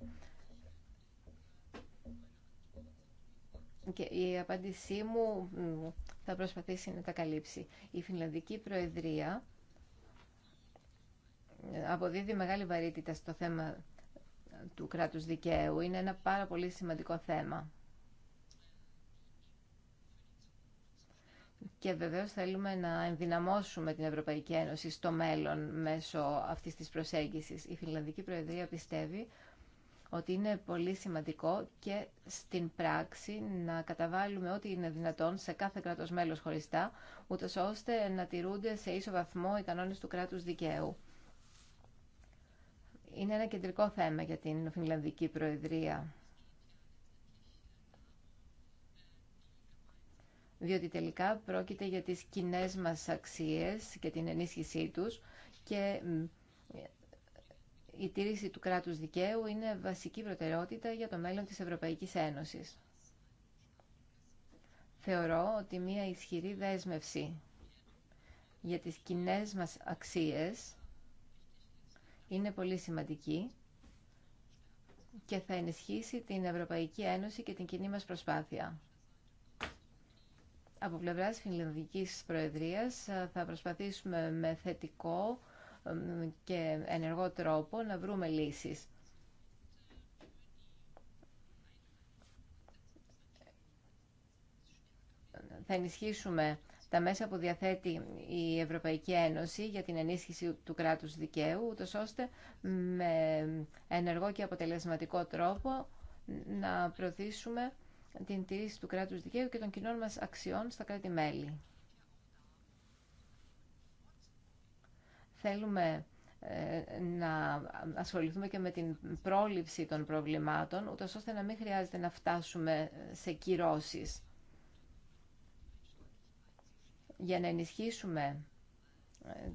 Και η απάντησή μου θα προσπαθήσει να τα καλύψει. Η Φινλανδική Προεδρία αποδίδει μεγάλη βαρύτητα στο θέμα του κράτους δικαίου. Είναι ένα πάρα πολύ σημαντικό θέμα. Και βεβαίως θέλουμε να ενδυναμώσουμε την Ευρωπαϊκή Ένωση στο μέλλον μέσω αυτής της προσέγγισης. Η Φιλανδική Προεδρία πιστεύει ότι είναι πολύ σημαντικό και στην πράξη να καταβάλουμε ό,τι είναι δυνατόν σε κάθε κράτος μέλος χωριστά, ούτως ώστε να τηρούνται σε ίσο βαθμό οι κανόνες του κράτους δικαίου είναι ένα κεντρικό θέμα για την Φινλανδική Προεδρία. Διότι τελικά πρόκειται για τις κοινέ μας αξίες και την ενίσχυσή τους και η τήρηση του κράτους δικαίου είναι βασική προτεραιότητα για το μέλλον της Ευρωπαϊκής Ένωσης. Θεωρώ ότι μία ισχυρή δέσμευση για τις κοινέ μας αξίες είναι πολύ σημαντική και θα ενισχύσει την Ευρωπαϊκή Ένωση και την κοινή μας προσπάθεια. Από πλευράς Φινλανδικής Προεδρίας ε, θα προσπαθήσουμε με θετικό ε, και ενεργό τρόπο να βρούμε λύσεις. Θα ενισχύσουμε τα μέσα που διαθέτει η Ευρωπαϊκή Ένωση για την ενίσχυση του κράτους δικαίου, ούτως ώστε με ενεργό και αποτελεσματικό τρόπο να προωθήσουμε την τήρηση του κράτους δικαίου και των κοινών μας αξιών στα κράτη-μέλη. Θέλουμε ε, να ασχοληθούμε και με την πρόληψη των προβλημάτων, ούτως ώστε να μην χρειάζεται να φτάσουμε σε κυρώσεις για να ενισχύσουμε ε,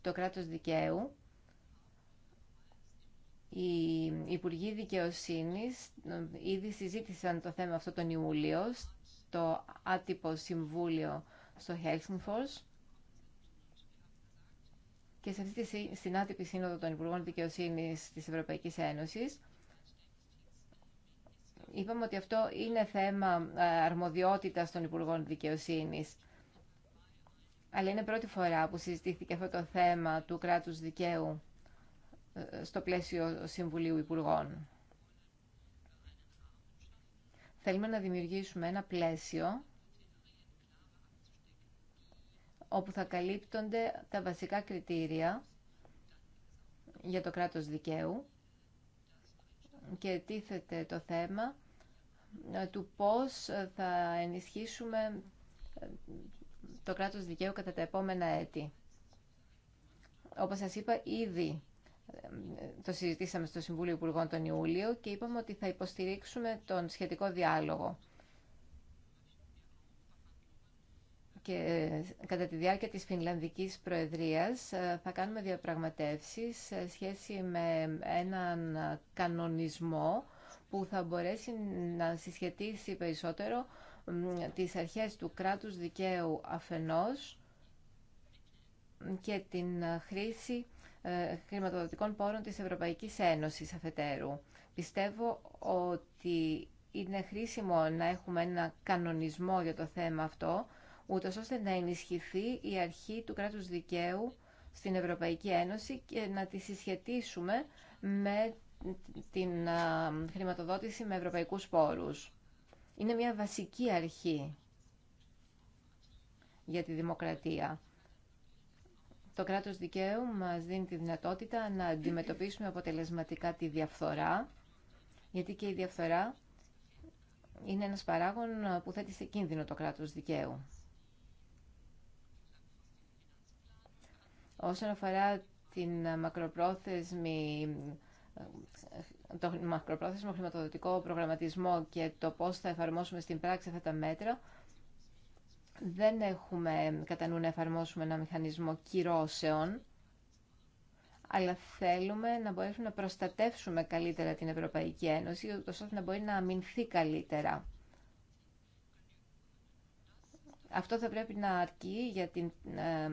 το κράτος δικαίου, οι Υπουργοί Δικαιοσύνης ε, ήδη συζήτησαν το θέμα αυτό τον Ιούλιο στο άτυπο συμβούλιο στο Helsingfors και σε αυτή τη άτυπη σύνοδο των Υπουργών Δικαιοσύνης της Ευρωπαϊκής Ένωσης είπαμε ότι αυτό είναι θέμα ε, αρμοδιότητας των Υπουργών Δικαιοσύνης αλλά είναι πρώτη φορά που συζητήθηκε αυτό το θέμα του κράτους δικαίου ε, στο πλαίσιο Συμβουλίου Υπουργών. Θέλουμε να δημιουργήσουμε ένα πλαίσιο όπου θα καλύπτονται τα βασικά κριτήρια για το κράτος δικαίου και τίθεται το θέμα ε, του πώς θα ενισχύσουμε ε, το κράτος δικαίου κατά τα επόμενα έτη. Όπως σας είπα, ήδη ε, το συζητήσαμε στο Συμβούλιο Υπουργών τον Ιούλιο και είπαμε ότι θα υποστηρίξουμε τον σχετικό διάλογο. Και ε, κατά τη διάρκεια της Φινλανδικής Προεδρίας ε, θα κάνουμε διαπραγματεύσεις σε σχέση με έναν κανονισμό που θα μπορέσει να συσχετίσει περισσότερο τις αρχές του κράτους δικαίου αφενός και την χρήση ε, χρηματοδοτικών πόρων της Ευρωπαϊκής Ένωσης αφετέρου. Πιστεύω ότι είναι χρήσιμο να έχουμε ένα κανονισμό για το θέμα αυτό, ούτως ώστε να ενισχυθεί η αρχή του κράτους δικαίου στην Ευρωπαϊκή Ένωση και να τη συσχετίσουμε με την ε, χρηματοδότηση με ευρωπαϊκούς πόρους είναι μια βασική αρχή για τη δημοκρατία. Το κράτος δικαίου μας δίνει τη δυνατότητα να αντιμετωπίσουμε αποτελεσματικά τη διαφθορά, γιατί και η διαφθορά είναι ένας παράγων που θέτει σε κίνδυνο το κράτος δικαίου. Όσον αφορά την μακροπρόθεσμη το μακροπρόθεσμο χρηματοδοτικό προγραμματισμό και το πώς θα εφαρμόσουμε στην πράξη αυτά τα μέτρα, δεν έχουμε κατά νου να εφαρμόσουμε ένα μηχανισμό κυρώσεων, αλλά θέλουμε να μπορέσουμε να προστατεύσουμε καλύτερα την Ευρωπαϊκή Ένωση, ώστε να μπορεί να αμυνθεί καλύτερα. Αυτό θα πρέπει να αρκεί για την ε,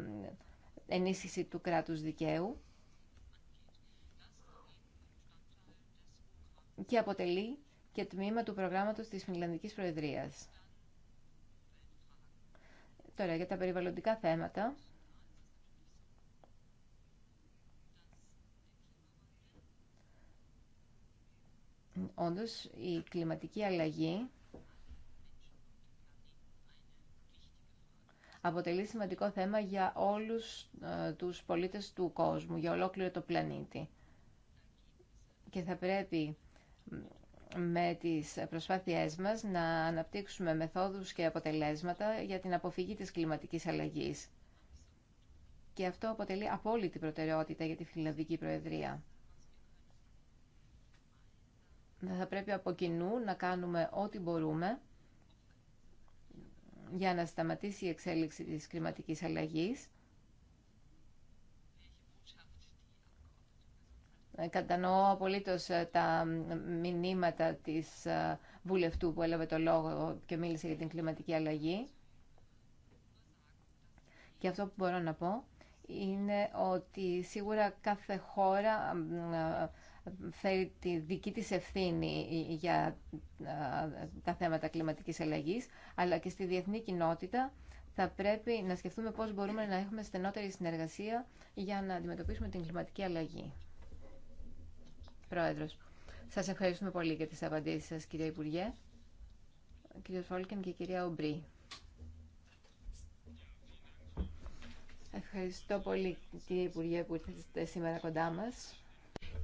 ενίσχυση του κράτους δικαίου και αποτελεί και τμήμα του προγράμματος της Φινλανδικής Προεδρίας. Τώρα για τα περιβαλλοντικά θέματα. Όντως η κλιματική αλλαγή αποτελεί σημαντικό θέμα για όλους ε, τους πολίτες του κόσμου, για ολόκληρο το πλανήτη. Και θα πρέπει με τις προσπάθειές μας να αναπτύξουμε μεθόδους και αποτελέσματα για την αποφυγή της κλιματικής αλλαγής. Και αυτό αποτελεί απόλυτη προτεραιότητα για τη Φιλανδική Προεδρία. Θα πρέπει από κοινού να κάνουμε ό,τι μπορούμε για να σταματήσει η εξέλιξη της κλιματικής αλλαγής Ε, κατανοώ απολύτω ε, τα μηνύματα της ε, βουλευτού που έλαβε το λόγο και μίλησε για την κλιματική αλλαγή. Και αυτό που μπορώ να πω είναι ότι σίγουρα κάθε χώρα φέρει τη δική της ευθύνη για τα θέματα κλιματικής αλλαγής, αλλά και στη διεθνή κοινότητα θα πρέπει να σκεφτούμε πώς μπορούμε να έχουμε στενότερη συνεργασία για να αντιμετωπίσουμε την κλιματική αλλαγή. Πρόεδρος, σας ευχαριστούμε πολύ για τις απαντήσεις σας, κυρία Υπουργέ, Κύριε Φόλκεν και κυρία Ομπρί. Ευχαριστώ πολύ, κύριε Υπουργέ, που ήρθατε σήμερα κοντά μας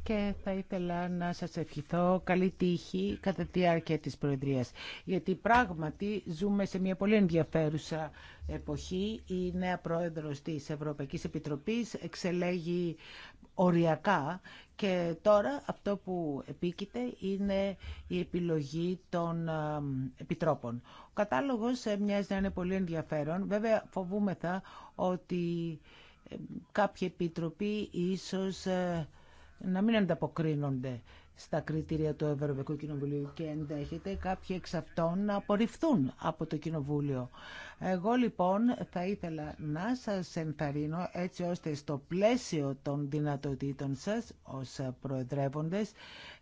και θα ήθελα να σας ευχηθώ καλή τύχη κατά τη διάρκεια της Προεδρίας. Γιατί πράγματι ζούμε σε μια πολύ ενδιαφέρουσα εποχή. Η νέα πρόεδρος της Ευρωπαϊκής Επιτροπής εξελέγει οριακά και τώρα αυτό που επίκειται είναι η επιλογή των επιτρόπων. Ο κατάλογος ε, μοιάζει να είναι πολύ ενδιαφέρον. Βέβαια φοβούμεθα ότι ε, κάποιοι επιτροποί ίσως ε, να μην ανταποκρίνονται στα κριτήρια του Ευρωπαϊκού Κοινοβουλίου και ενδέχεται κάποιοι εξ αυτών να απορριφθούν από το Κοινοβούλιο. Εγώ λοιπόν θα ήθελα να σας ενθαρρύνω έτσι ώστε στο πλαίσιο των δυνατοτήτων σας ως προεδρεύοντες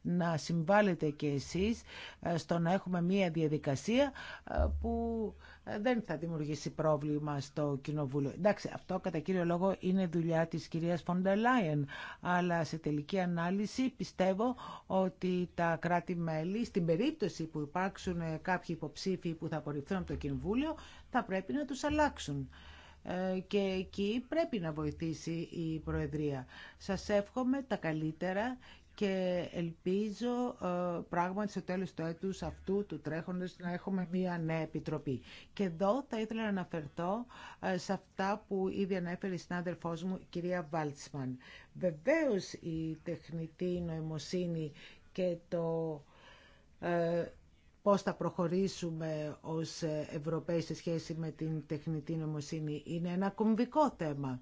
να συμβάλλετε και εσείς ε, στο να έχουμε μία διαδικασία ε, που δεν θα δημιουργήσει πρόβλημα στο Κοινοβούλιο. Εντάξει, αυτό κατά κύριο λόγο είναι δουλειά της κυρίας Φόντα Λάιεν, αλλά σε τελική ανάλυση πιστεύω ότι τα κράτη-μέλη, στην περίπτωση που υπάρξουν κάποιοι υποψήφοι που θα απορριφθούν από το Κοινοβούλιο, θα πρέπει να τους αλλάξουν ε, και εκεί πρέπει να βοηθήσει η Προεδρία. Σας εύχομαι τα καλύτερα και ελπίζω ε, πράγματι στο τέλος του έτους αυτού του τρέχοντος να έχουμε μία νέα επιτροπή. Και εδώ θα ήθελα να αναφερθώ ε, σε αυτά που ήδη ανέφερε η συνάδελφός μου, η κυρία Βάλτσμαν. Βεβαίως η τεχνητή νοημοσύνη και το ε, πώς θα προχωρήσουμε ως Ευρωπαίοι σε σχέση με την τεχνητή νοημοσύνη είναι ένα κομβικό θέμα.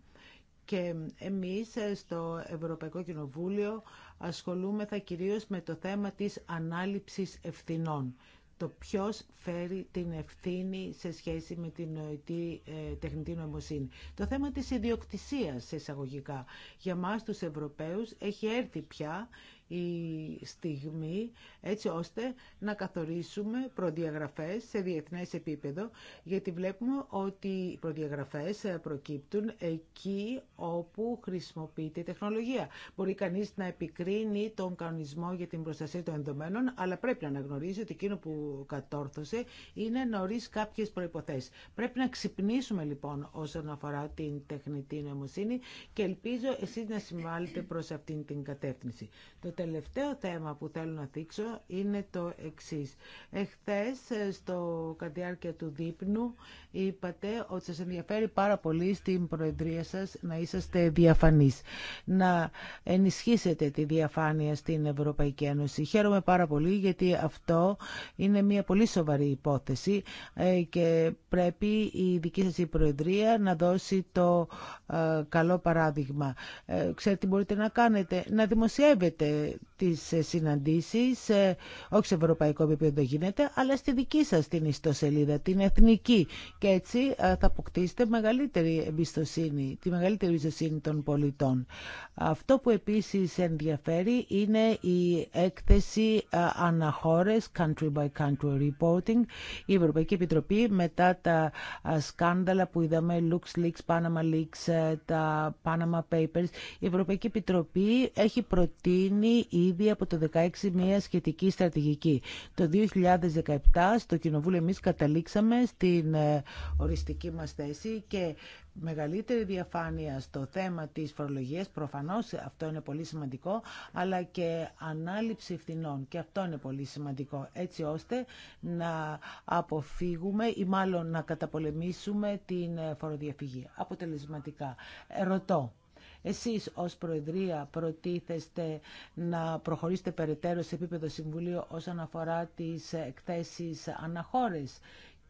Και εμείς στο Ευρωπαϊκό Κοινοβούλιο ασχολούμεθα κυρίως με το θέμα της ανάληψης ευθυνών. Το ποιος φέρει την ευθύνη σε σχέση με την νοητή ε, τεχνητή νοημοσύνη. Το θέμα της ιδιοκτησίας εισαγωγικά. Για μας τους Ευρωπαίους έχει έρθει πια η στιγμή έτσι ώστε να καθορίσουμε προδιαγραφές σε διεθνές επίπεδο γιατί βλέπουμε ότι οι προδιαγραφές προκύπτουν εκεί όπου χρησιμοποιείται η τεχνολογία. Μπορεί κανείς να επικρίνει τον κανονισμό για την προστασία των ενδομένων αλλά πρέπει να αναγνωρίζει ότι εκείνο που κατόρθωσε είναι νωρί κάποιες προϋποθέσεις. Πρέπει να ξυπνήσουμε λοιπόν όσον αφορά την τεχνητή νοημοσύνη και ελπίζω εσείς να συμβάλλετε προς αυτήν την κατεύθυνση. Το τελευταίο θέμα που θέλω να θίξω είναι το εξής. Εχθές, στο κατηάρκεια του δείπνου, είπατε ότι σας ενδιαφέρει πάρα πολύ στην Προεδρία σας να είσαστε διαφανείς, να ενισχύσετε τη διαφάνεια στην Ευρωπαϊκή Ένωση. Χαίρομαι πάρα πολύ γιατί αυτό είναι μια πολύ σοβαρή υπόθεση ε, και πρέπει η δική σας η Προεδρία να δώσει το ε, καλό παράδειγμα. Ε, ξέρετε τι μπορείτε να κάνετε, να δημοσιεύετε τις συναντήσεις, ε, όχι σε ευρωπαϊκό επίπεδο γίνεται, αλλά στη δική σας την ιστοσελίδα, την εθνική. Και έτσι ε, θα αποκτήσετε μεγαλύτερη εμπιστοσύνη, τη μεγαλύτερη εμπιστοσύνη των πολιτών. Αυτό που επίσης ενδιαφέρει είναι η έκθεση ε, αναχώρες, country by country reporting. Η Ευρωπαϊκή Επιτροπή μετά τα σκάνδαλα που είδαμε, Leaks, Panama Leaks, τα Panama Papers, η Ευρωπαϊκή Επιτροπή έχει προτείνει ήδη από το 2016 μια σχετική στρατηγική. Το 2017 στο Κοινοβούλιο εμείς καταλήξαμε στην ε, οριστική μας θέση και μεγαλύτερη διαφάνεια στο θέμα της φορολογίας, προφανώς αυτό είναι πολύ σημαντικό, αλλά και ανάληψη ευθυνών και αυτό είναι πολύ σημαντικό, έτσι ώστε να αποφύγουμε ή μάλλον να καταπολεμήσουμε την ε, φοροδιαφυγή αποτελεσματικά. Ε, ρωτώ, εσείς ως Προεδρία προτίθεστε να προχωρήσετε περαιτέρω σε επίπεδο Συμβουλίου όσον αφορά τις εκθέσεις αναχώρες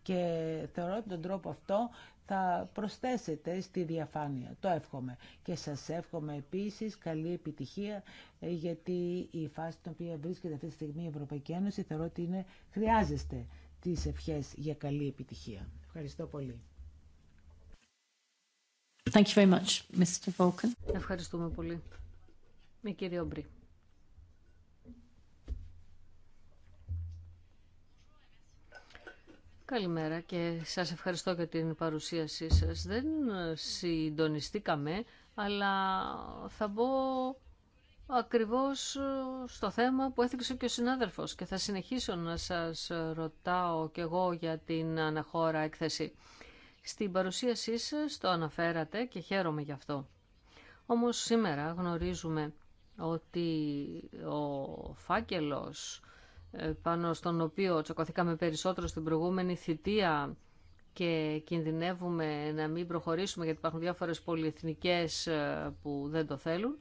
και θεωρώ ότι τον τρόπο αυτό θα προσθέσετε στη διαφάνεια. Το εύχομαι. Και σας εύχομαι επίσης καλή επιτυχία ε, γιατί η φάση στην οποία βρίσκεται αυτή τη στιγμή η Ευρωπαϊκή Ένωση θεωρώ ότι χρειάζεστε τις ευχές για καλή επιτυχία. Ευχαριστώ πολύ. Ευχαριστούμε πολύ. Με κύριο Μπρι. Καλημέρα και σας ευχαριστώ για την παρουσίασή σας. Δεν συντονιστήκαμε, αλλά θα μπω ακριβώς στο θέμα που έθιξε και ο συνάδελφος και θα συνεχίσω να σας ρωτάω και εγώ για την αναχώρα έκθεση. Στην παρουσίασή σας το αναφέρατε και χαίρομαι γι' αυτό. Όμως σήμερα γνωρίζουμε ότι ο φάκελος ε, πάνω στον οποίο τσακωθήκαμε περισσότερο στην προηγούμενη θητεία και κινδυνεύουμε να μην προχωρήσουμε γιατί υπάρχουν διάφορες πολυεθνικές ε, που δεν το θέλουν.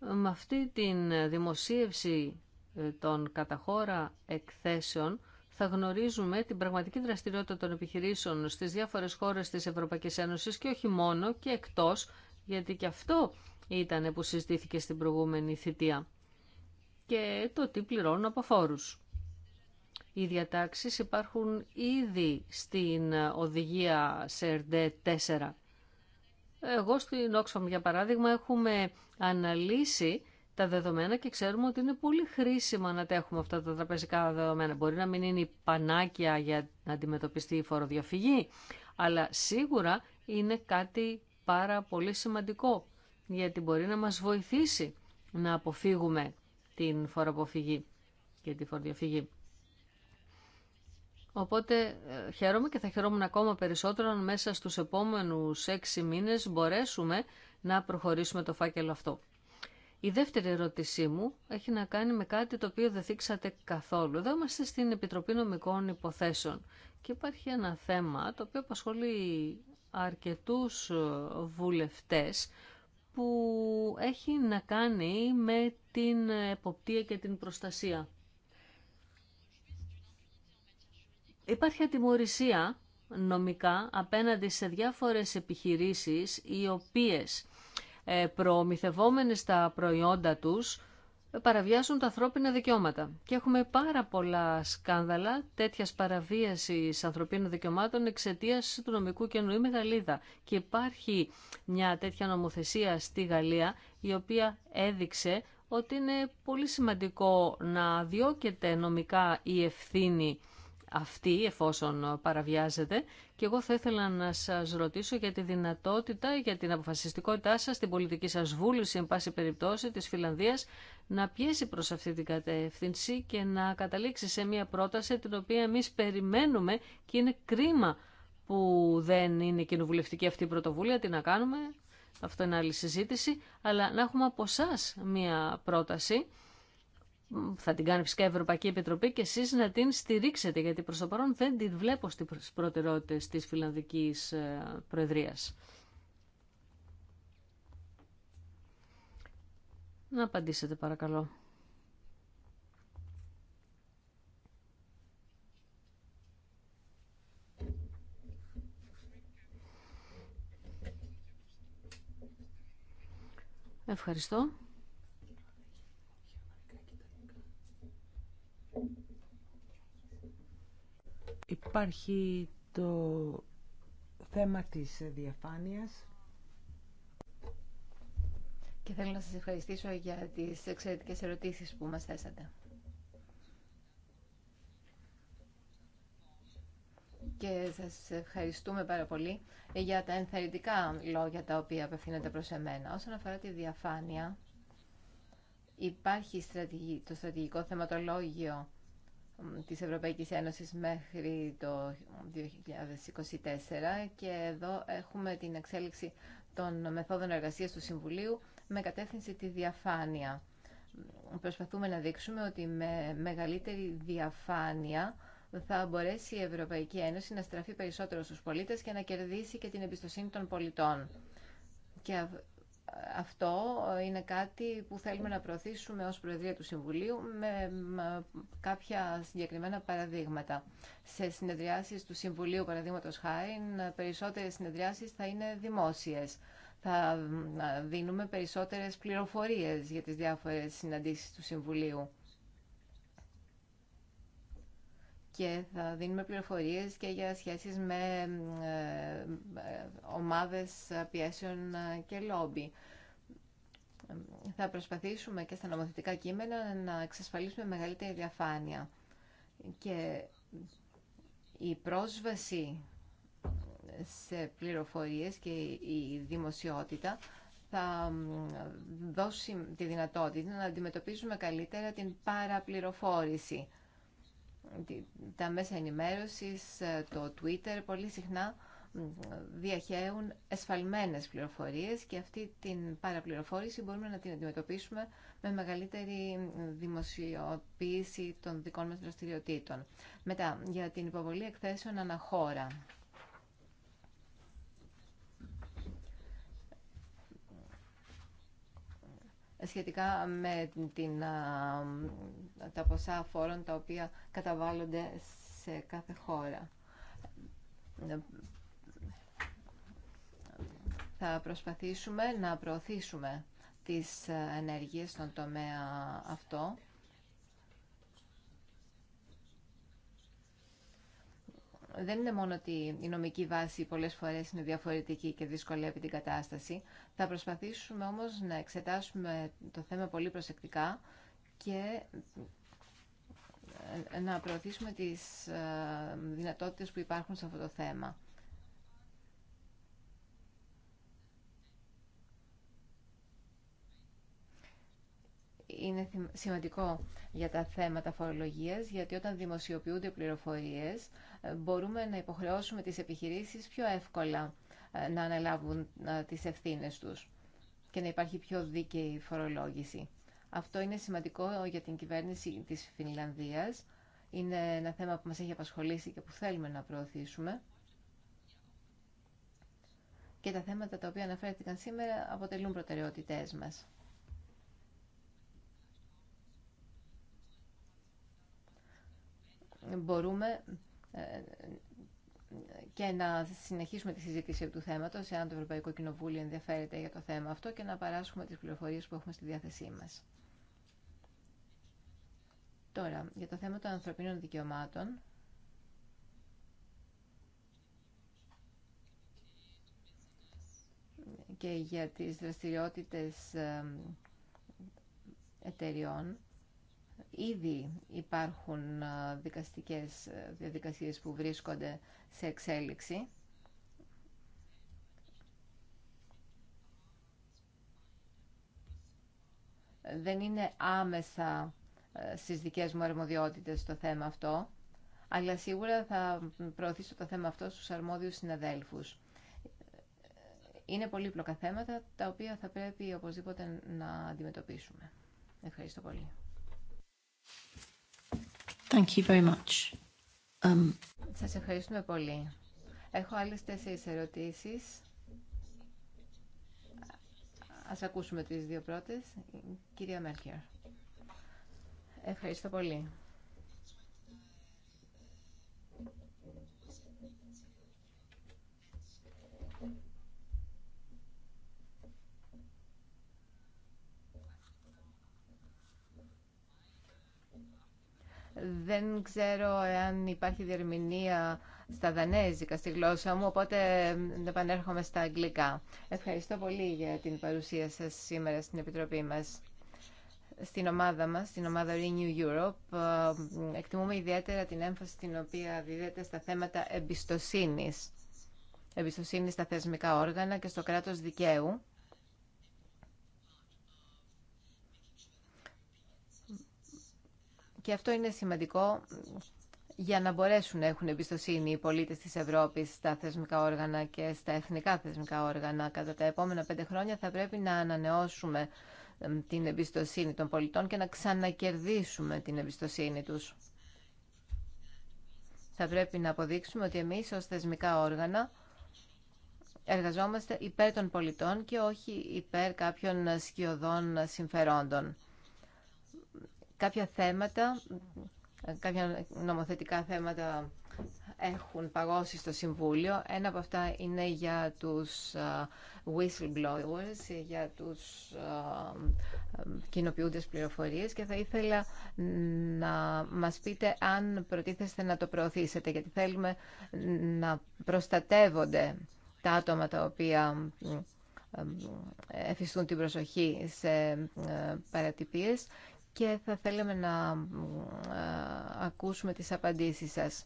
Με αυτή την δημοσίευση ε, των καταχώρα εκθέσεων θα γνωρίζουμε την πραγματική δραστηριότητα των επιχειρήσεων στις διάφορες χώρες της Ευρωπαϊκής Ένωσης και όχι μόνο και εκτός, γιατί και αυτό ήταν που συζητήθηκε στην προηγούμενη θητεία και το τι πληρώνουν από φόρους. Οι διατάξεις υπάρχουν ήδη στην οδηγία ΣΕΡΔΕ 4. Εγώ στην Oxfam, για παράδειγμα, έχουμε αναλύσει τα δεδομένα και ξέρουμε ότι είναι πολύ χρήσιμα να τα έχουμε αυτά τα τραπεζικά δεδομένα. Μπορεί να μην είναι η πανάκια για να αντιμετωπιστεί η φοροδιαφυγή, αλλά σίγουρα είναι κάτι πάρα πολύ σημαντικό, γιατί μπορεί να μας βοηθήσει να αποφύγουμε την φοροποφυγή και τη φοροδιαφυγή. Οπότε ε, χαίρομαι και θα χαιρόμουν ακόμα περισσότερο αν μέσα στους επόμενους έξι μήνες μπορέσουμε να προχωρήσουμε το φάκελο αυτό. Η δεύτερη ερώτησή μου έχει να κάνει με κάτι το οποίο δεν θίξατε καθόλου. Εδώ είμαστε στην Επιτροπή Νομικών Υποθέσεων και υπάρχει ένα θέμα το οποίο απασχολεί αρκετούς ε, βουλευτές που έχει να κάνει με την εποπτεία και την προστασία. Υπάρχει ατιμορρησία νομικά απέναντι σε διάφορες επιχειρήσεις οι οποίες ε, προμηθευόμενες τα προϊόντα τους ε, παραβιάζουν τα ανθρώπινα δικαιώματα. Και έχουμε πάρα πολλά σκάνδαλα τέτοια παραβίαση ανθρωπίνων δικαιωμάτων εξαιτία του νομικού κενού. Είμαι Γαλλίδα και υπάρχει μια τέτοια νομοθεσία στη Γαλλία η οποία έδειξε ότι είναι πολύ σημαντικό να διώκεται νομικά η ευθύνη αυτή εφόσον παραβιάζεται και εγώ θα ήθελα να σας ρωτήσω για τη δυνατότητα, για την αποφασιστικότητά σας, την πολιτική σας βούληση, εν πάση περιπτώσει, της Φιλανδίας να πιέσει προς αυτή την κατεύθυνση και να καταλήξει σε μια πρόταση την οποία εμείς περιμένουμε και είναι κρίμα που δεν είναι κοινοβουλευτική αυτή η πρωτοβουλία, τι να κάνουμε, αυτό είναι άλλη συζήτηση, αλλά να έχουμε από εσά μια πρόταση θα την κάνει φυσικά η Ευρωπαϊκή Επιτροπή και εσείς να την στηρίξετε, γιατί προς το παρόν δεν την βλέπω στις προτεραιότητες της Φιλανδικής ε, Προεδρίας. Να απαντήσετε παρακαλώ. Ευχαριστώ. Υπάρχει το θέμα της διαφάνειας. Και θέλω να σας ευχαριστήσω για τις εξαιρετικές ερωτήσεις που μας θέσατε. Και σας ευχαριστούμε πάρα πολύ για τα ενθαρρυντικά λόγια τα οποία απευθύνονται προς εμένα. Όσον αφορά τη διαφάνεια, υπάρχει το στρατηγικό θεματολόγιο της Ευρωπαϊκής Ένωσης μέχρι το 2024 και εδώ έχουμε την εξέλιξη των μεθόδων εργασίας του Συμβουλίου με κατεύθυνση τη διαφάνεια. Προσπαθούμε να δείξουμε ότι με μεγαλύτερη διαφάνεια θα μπορέσει η Ευρωπαϊκή Ένωση να στραφεί περισσότερο στους πολίτες και να κερδίσει και την εμπιστοσύνη των πολιτών αυτό είναι κάτι που θέλουμε να προωθήσουμε ως Προεδρία του Συμβουλίου με κάποια συγκεκριμένα παραδείγματα. Σε συνεδριάσεις του Συμβουλίου, παραδείγματο χάρη, περισσότερες συνεδριάσεις θα είναι δημόσιες. Θα δίνουμε περισσότερες πληροφορίες για τις διάφορες συναντήσεις του Συμβουλίου. και θα δίνουμε πληροφορίες και για σχέσεις με ε, ομάδες πιέσεων ε, και λόμπι. Θα προσπαθήσουμε και στα νομοθετικά κείμενα να εξασφαλίσουμε μεγαλύτερη διαφάνεια. Και η πρόσβαση σε πληροφορίες και η δημοσιότητα θα δώσει τη δυνατότητα να αντιμετωπίζουμε καλύτερα την παραπληροφόρηση τα μέσα ενημέρωσης, ε, το Twitter πολύ συχνά διαχέουν εσφαλμένες πληροφορίες και αυτή την παραπληροφόρηση μπορούμε να την αντιμετωπίσουμε με μεγαλύτερη δημοσιοποίηση των δικών μας δραστηριοτήτων. Μετά, για την υποβολή εκθέσεων αναχώρα. σχετικά με την, τα ποσά φόρων τα οποία καταβάλλονται σε κάθε χώρα. Θα προσπαθήσουμε να προωθήσουμε τις ενέργειες στον τομέα αυτό δεν είναι μόνο ότι η νομική βάση πολλές φορές είναι διαφορετική και δυσκολεύει την κατάσταση. Θα προσπαθήσουμε όμως να εξετάσουμε το θέμα πολύ προσεκτικά και ε, να προωθήσουμε τις ε, δυνατότητες που υπάρχουν σε αυτό το θέμα. είναι σημαντικό για τα θέματα φορολογίας, γιατί όταν δημοσιοποιούνται πληροφορίες ε, μπορούμε να υποχρεώσουμε τις επιχειρήσεις πιο εύκολα ε, να αναλάβουν ε, τις ευθύνες τους και να υπάρχει πιο δίκαιη φορολόγηση. Αυτό είναι σημαντικό για την κυβέρνηση της Φινλανδίας. Είναι ένα θέμα που μας έχει απασχολήσει και που θέλουμε να προωθήσουμε. Και τα θέματα τα οποία αναφέρθηκαν σήμερα αποτελούν προτεραιότητές μας. μπορούμε ε, και να συνεχίσουμε τη συζήτηση του θέματος, εάν το Ευρωπαϊκό Κοινοβούλιο ενδιαφέρεται για το θέμα αυτό και να παράσχουμε τις πληροφορίες που έχουμε στη διάθεσή μας. Τώρα, για το θέμα των ανθρωπίνων δικαιωμάτων, και για τις δραστηριότητες ε, εταιριών, Ήδη υπάρχουν ε, δικαστικές ε, διαδικασίες που βρίσκονται σε εξέλιξη. Δεν είναι άμεσα ε, στις δικές μου αρμοδιότητες το θέμα αυτό, αλλά σίγουρα θα προωθήσω το θέμα αυτό στους αρμόδιους συναδέλφους. Είναι πολύπλοκα θέματα τα οποία θα πρέπει οπωσδήποτε να αντιμετωπίσουμε. Ευχαριστώ πολύ. Thank you very much. Um, Σας ευχαριστούμε πολύ. Έχω άλλες τέσσερις ερωτήσεις. Ας ακούσουμε τις δύο πρώτες. Κυρία Μέρκερ. Ευχαριστώ πολύ. Δεν ξέρω εάν υπάρχει διερμηνία στα δανέζικα στη γλώσσα μου, οπότε επανέρχομαι στα αγγλικά. Ευχαριστώ πολύ για την παρουσία σας σήμερα στην Επιτροπή μας. Στην ομάδα μας, στην ομάδα Renew Europe, ε, εκτιμούμε ιδιαίτερα την έμφαση την οποία δίδεται στα θέματα εμπιστοσύνης. Εμπιστοσύνη στα θεσμικά όργανα και στο κράτος δικαίου Και αυτό είναι σημαντικό για να μπορέσουν να έχουν εμπιστοσύνη οι πολίτες της Ευρώπης στα θεσμικά όργανα και στα εθνικά θεσμικά όργανα. Κατά τα επόμενα πέντε χρόνια θα πρέπει να ανανεώσουμε την εμπιστοσύνη των πολιτών και να ξανακερδίσουμε την εμπιστοσύνη τους. Θα πρέπει να αποδείξουμε ότι εμείς ως θεσμικά όργανα εργαζόμαστε υπέρ των πολιτών και όχι υπέρ κάποιων σκιωδών συμφερόντων. Κάποια θέματα, κάποια νομοθετικά θέματα έχουν παγώσει στο Συμβούλιο. Ένα από αυτά είναι για τους whistleblowers, για τους κοινοποιούντες πληροφορίες και θα ήθελα να μας πείτε αν προτίθεστε να το προωθήσετε, γιατί θέλουμε να προστατεύονται τα άτομα τα οποία εφιστούν την προσοχή σε ε, παρατυπίες και θα θέλαμε να ε, ακούσουμε τις απαντήσεις σας.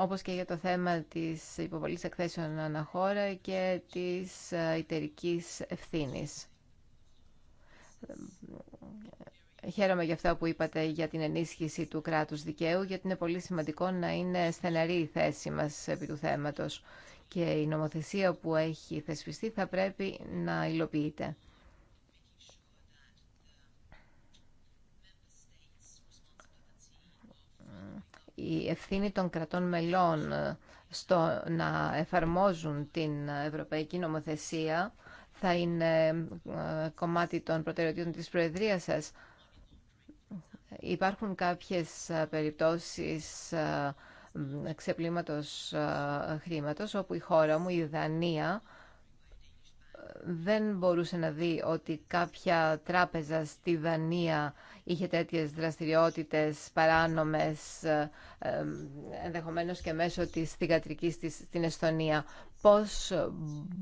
Όπως και για το θέμα της υποβολής εκθέσεων αναχώρα και της ε, ιτερικής ευθύνης. Χαίρομαι για αυτά που είπατε για την ενίσχυση του κράτους δικαίου, γιατί είναι πολύ σημαντικό να είναι στεναρή η θέση μας επί του θέματος και η νομοθεσία που έχει θεσπιστεί θα πρέπει να υλοποιείται. η ευθύνη των κρατών μελών ε, στο να εφαρμόζουν την ευρωπαϊκή νομοθεσία θα είναι ε, κομμάτι των προτεραιοτήτων της Προεδρίας σας. Υπάρχουν κάποιες ε, περιπτώσεις ξεπλήματος χρήματος όπου η χώρα μου, η Δανία, δεν μπορούσε να δει ότι κάποια τράπεζα στη Δανία είχε τέτοιες δραστηριότητες παράνομες, ε, ενδεχομένως και μέσω της θηγατρικής της, στην Εστονία. Πώς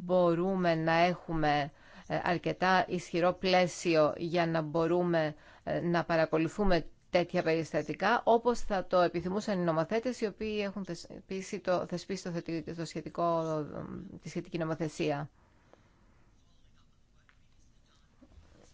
μπορούμε να έχουμε ε, αρκετά ισχυρό πλαίσιο για να μπορούμε ε, να παρακολουθούμε τέτοια περιστατικά, όπως θα το επιθυμούσαν οι νομοθέτες οι οποίοι έχουν θεσπίσει, το, θεσπίσει το, σχετικό, τη σχετική νομοθεσία.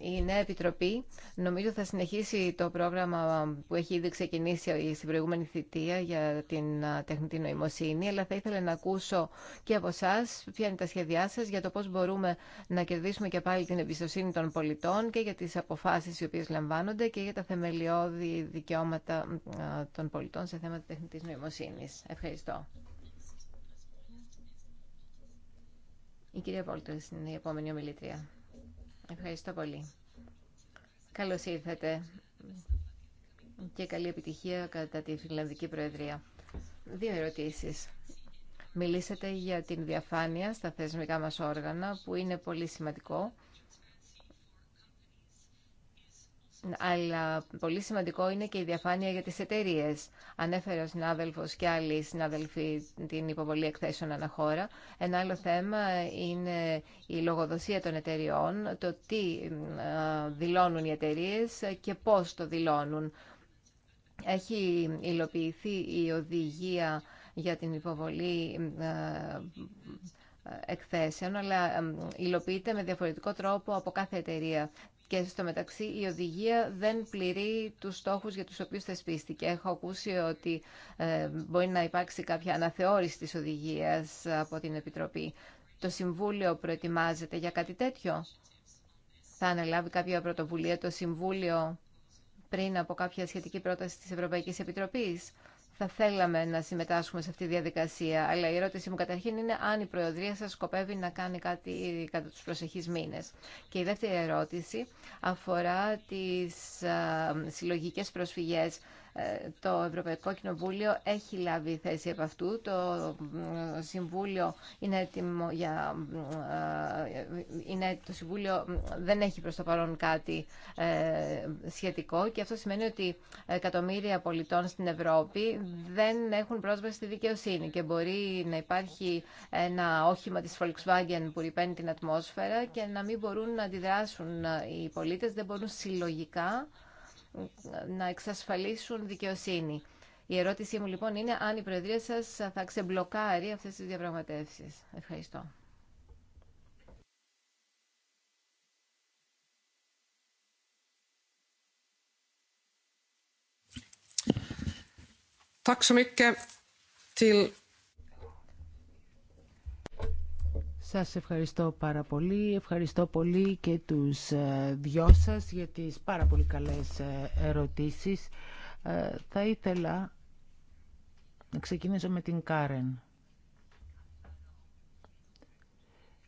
Η Νέα Επιτροπή νομίζω θα συνεχίσει το πρόγραμμα που έχει ήδη ξεκινήσει στην προηγούμενη θητεία για την τεχνητή νοημοσύνη, αλλά θα ήθελα να ακούσω και από εσά ποια είναι τα σχέδιά σα για το πώ μπορούμε να κερδίσουμε και πάλι την εμπιστοσύνη των πολιτών και για τι αποφάσει οι οποίε λαμβάνονται και για τα θεμελιώδη δικαιώματα των πολιτών σε θέματα τεχνητή νοημοσύνη. Ευχαριστώ. Η κυρία Πόλτερ είναι η επόμενη ομιλητρία. Ευχαριστώ πολύ. Καλώς ήρθατε και καλή επιτυχία κατά τη Φιλανδική Προεδρία. Δύο ερωτήσεις. Μιλήσατε για την διαφάνεια στα θεσμικά μας όργανα, που είναι πολύ σημαντικό αλλά πολύ σημαντικό είναι και η διαφάνεια για τις εταιρείε. Ανέφερε ο συνάδελφος και άλλοι συνάδελφοι την υποβολή εκθέσεων αναχώρα. Ένα άλλο θέμα είναι η λογοδοσία των εταιριών, το τι ε, δηλώνουν οι εταιρείε και πώς το δηλώνουν. Έχει υλοποιηθεί η οδηγία για την υποβολή ε, ε, εκθέσεων, αλλά υλοποιείται με διαφορετικό τρόπο από κάθε εταιρεία και στο μεταξύ η οδηγία δεν πληρεί τους στόχους για τους οποίους θεσπίστηκε. Έχω ακούσει ότι ε, μπορεί να υπάρξει κάποια αναθεώρηση της οδηγίας από την Επιτροπή. Το Συμβούλιο προετοιμάζεται για κάτι τέτοιο. Θα αναλάβει κάποια πρωτοβουλία το Συμβούλιο πριν από κάποια σχετική πρόταση της Ευρωπαϊκής Επιτροπής θα θέλαμε να συμμετάσχουμε σε αυτή τη διαδικασία, αλλά η ερώτησή μου καταρχήν είναι αν η Προεδρία σας σκοπεύει να κάνει κάτι κατά τους προσεχείς μήνες. Και η δεύτερη ερώτηση αφορά τις συλλογικές προσφυγές το Ευρωπαϊκό Κοινοβούλιο έχει λάβει θέση από αυτού. Το ε, Συμβούλιο είναι έτοιμο ε, Είναι... Το Συμβούλιο δεν έχει προς το παρόν κάτι ε, σχετικό και αυτό σημαίνει ότι εκατομμύρια πολιτών στην Ευρώπη δεν έχουν πρόσβαση στη δικαιοσύνη και μπορεί να υπάρχει ένα όχημα της Volkswagen που ρηπαίνει την ατμόσφαιρα και να μην μπορούν να αντιδράσουν οι πολίτες, δεν μπορούν συλλογικά να εξασφαλίσουν δικαιοσύνη. Η ερώτησή μου λοιπόν είναι αν η Προεδρία σας θα ξεμπλοκάρει αυτές τις διαπραγματεύσεις. Ευχαριστώ. Tack Σας ευχαριστώ πάρα πολύ. Ευχαριστώ πολύ και τους ε, δυο σας για τις πάρα πολύ καλές ε, ερωτήσεις. Ε, θα ήθελα να ξεκινήσω με την Κάρεν.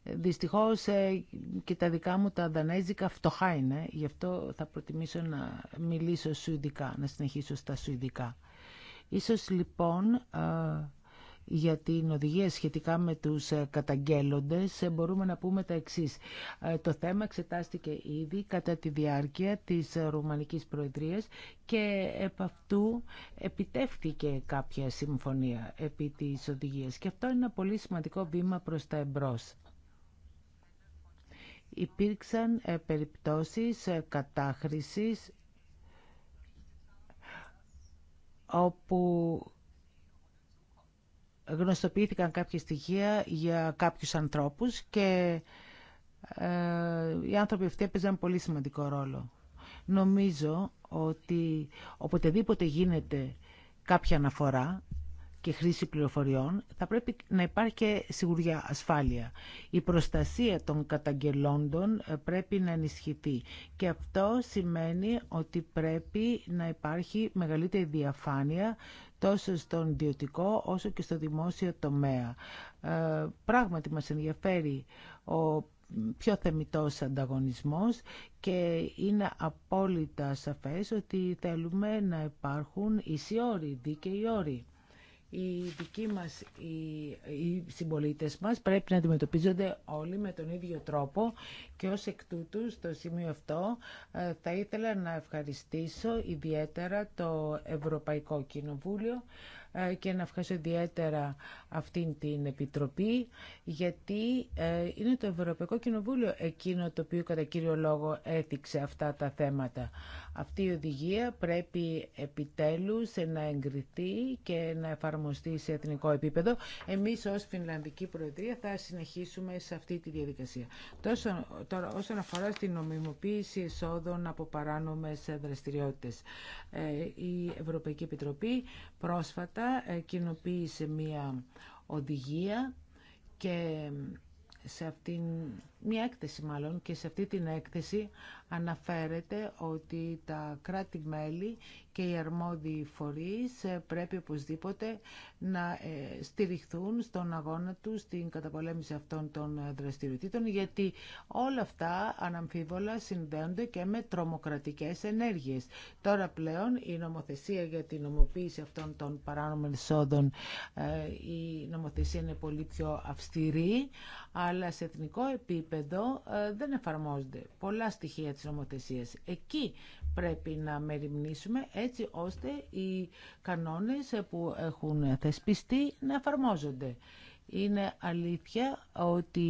Δυστυχώς και τα δικά μου τα δανέζικα φτωχά είναι, γι' αυτό θα προτιμήσω να μιλήσω σουηδικά, να συνεχίσω στα σουηδικά. Ίσως λοιπόν για την οδηγία σχετικά με τους ε, καταγγέλλοντες ε, μπορούμε να πούμε τα εξής. Ε, το θέμα εξετάστηκε ήδη κατά τη διάρκεια της Ρουμανικής Προεδρίας και επ' αυτού επιτεύχθηκε κάποια συμφωνία επί της οδηγίας και αυτό είναι ένα πολύ σημαντικό βήμα προς τα εμπρός. Υπήρξαν περιπτώσεις κατάχρησης όπου γνωστοποιήθηκαν κάποια στοιχεία για κάποιους ανθρώπους και ε, οι άνθρωποι αυτοί έπαιζαν πολύ σημαντικό ρόλο. Νομίζω ότι οποτεδήποτε γίνεται κάποια αναφορά και χρήση πληροφοριών, θα πρέπει να υπάρχει και σιγουριά, ασφάλεια. Η προστασία των καταγγελόντων ε, πρέπει να ενισχυθεί. Και αυτό σημαίνει ότι πρέπει να υπάρχει μεγαλύτερη διαφάνεια τόσο στον ιδιωτικό όσο και στο δημόσιο τομέα. Ε, πράγματι μας ενδιαφέρει ο πιο θεμητός ανταγωνισμός και είναι απόλυτα σαφές ότι θέλουμε να υπάρχουν ίσοι όροι, δίκαιοι όροι οι δικοί μας, οι, οι συμπολίτες μας πρέπει να αντιμετωπίζονται όλοι με τον ίδιο τρόπο και ως εκ τούτου στο σημείο αυτό ε, θα ήθελα να ευχαριστήσω ιδιαίτερα το Ευρωπαϊκό Κοινοβούλιο ε, και να ευχαριστώ ιδιαίτερα αυτήν την Επιτροπή γιατί ε, είναι το Ευρωπαϊκό Κοινοβούλιο εκείνο το οποίο κατά κύριο λόγο έθιξε αυτά τα θέματα. Αυτή η οδηγία πρέπει επιτέλους να εγκριθεί και να εφαρμοστεί σε εθνικό επίπεδο. Εμείς ως Φινλανδική Προεδρία θα συνεχίσουμε σε αυτή τη διαδικασία. Τόσο, τώρα, όσον αφορά στην νομιμοποίηση εσόδων από παράνομες δραστηριότητες, ε, η Ευρωπαϊκή Επιτροπή πρόσφατα ε, κοινοποίησε μία οδηγία και σε αυτήν μια έκθεση μάλλον και σε αυτή την έκθεση αναφέρεται ότι τα κράτη-μέλη και οι αρμόδιοι φορείς πρέπει οπωσδήποτε να ε, στηριχθούν στον αγώνα τους στην καταπολέμηση αυτών των ε, δραστηριοτήτων γιατί όλα αυτά αναμφίβολα συνδέονται και με τρομοκρατικές ενέργειες. Τώρα πλέον η νομοθεσία για την νομοποίηση αυτών των παράνομων εισόδων ε, η νομοθεσία είναι πολύ πιο αυστηρή αλλά σε εθνικό επίπεδο εδώ ε, δεν εφαρμόζονται πολλά στοιχεία της νομοθεσίας. Εκεί πρέπει να μεριμνήσουμε έτσι ώστε οι κανόνες που έχουν θεσπιστεί να εφαρμόζονται. Είναι αλήθεια ότι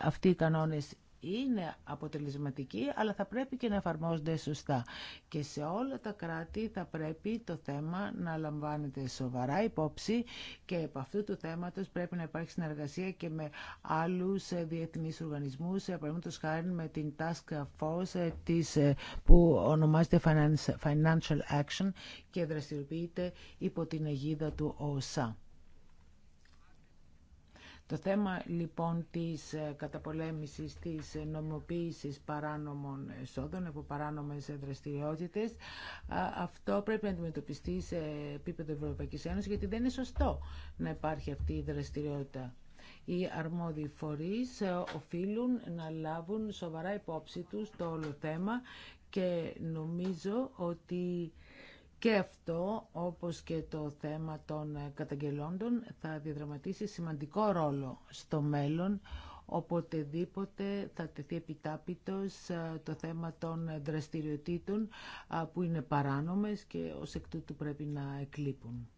αυτοί οι κανόνες είναι αποτελεσματική, αλλά θα πρέπει και να εφαρμόζονται σωστά. Και σε όλα τα κράτη θα πρέπει το θέμα να λαμβάνεται σοβαρά υπόψη και από αυτού του θέματος πρέπει να υπάρχει συνεργασία και με άλλους ε, διεθνείς οργανισμούς, ε, παραδείγματος χάρη με την Task Force ε, της, που ονομάζεται Financial Action και δραστηριοποιείται υπό την αιγίδα του ΟΣΑ. Το θέμα λοιπόν της ε, καταπολέμησης της ε, νομοποίησης παράνομων εσόδων από παράνομες δραστηριότητες αυτό πρέπει να αντιμετωπιστεί σε επίπεδο Ευρωπαϊκής Ένωσης γιατί δεν είναι σωστό να υπάρχει αυτή η δραστηριότητα. Οι αρμόδιοι φορείς ε, οφείλουν να λάβουν σοβαρά υπόψη τους το όλο θέμα και νομίζω ότι και αυτό, όπως και το θέμα των ε, καταγγελόντων, θα διαδραματίσει σημαντικό ρόλο στο μέλλον, οποτεδήποτε θα τεθεί επιτάπητος ε, το θέμα των δραστηριοτήτων ε, που είναι παράνομες και ως εκ τούτου πρέπει να εκλείπουν.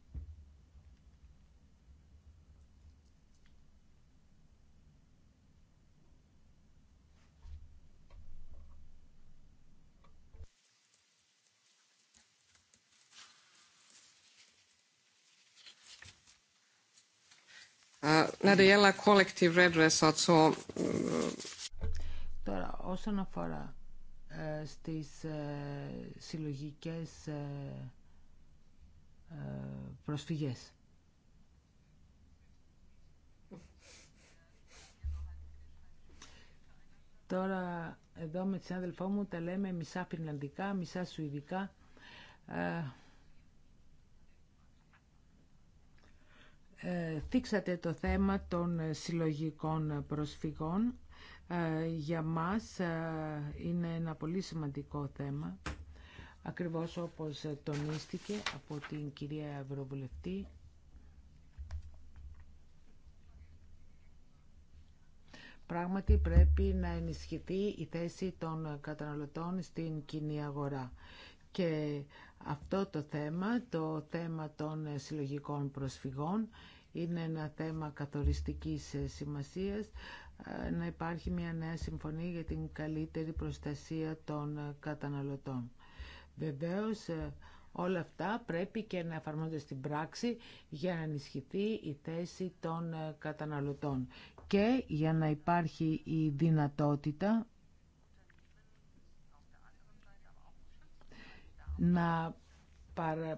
Τώρα, όσον αφορά ε, στις ε, συλλογικές ε, προσφυγές. Τώρα, εδώ με τη συνάδελφό μου τα λέμε μισά φιλανδικά, μισά σουηδικά. Ε, θίξατε το θέμα των συλλογικών προσφυγών. Ε, για μας ε, είναι ένα πολύ σημαντικό θέμα, ακριβώς όπως τονίστηκε από την κυρία Ευρωβουλευτή. Πράγματι πρέπει να ενισχυθεί η θέση των καταναλωτών στην κοινή αγορά. Και αυτό το θέμα, το θέμα των συλλογικών προσφυγών, είναι ένα θέμα καθοριστικής σημασίας ε, να υπάρχει μια νέα συμφωνία για την καλύτερη προστασία των καταναλωτών. Βεβαίως, ε, όλα αυτά πρέπει και να εφαρμόζονται στην πράξη για να ενισχυθεί η θέση των ε, καταναλωτών και για να υπάρχει η δυνατότητα να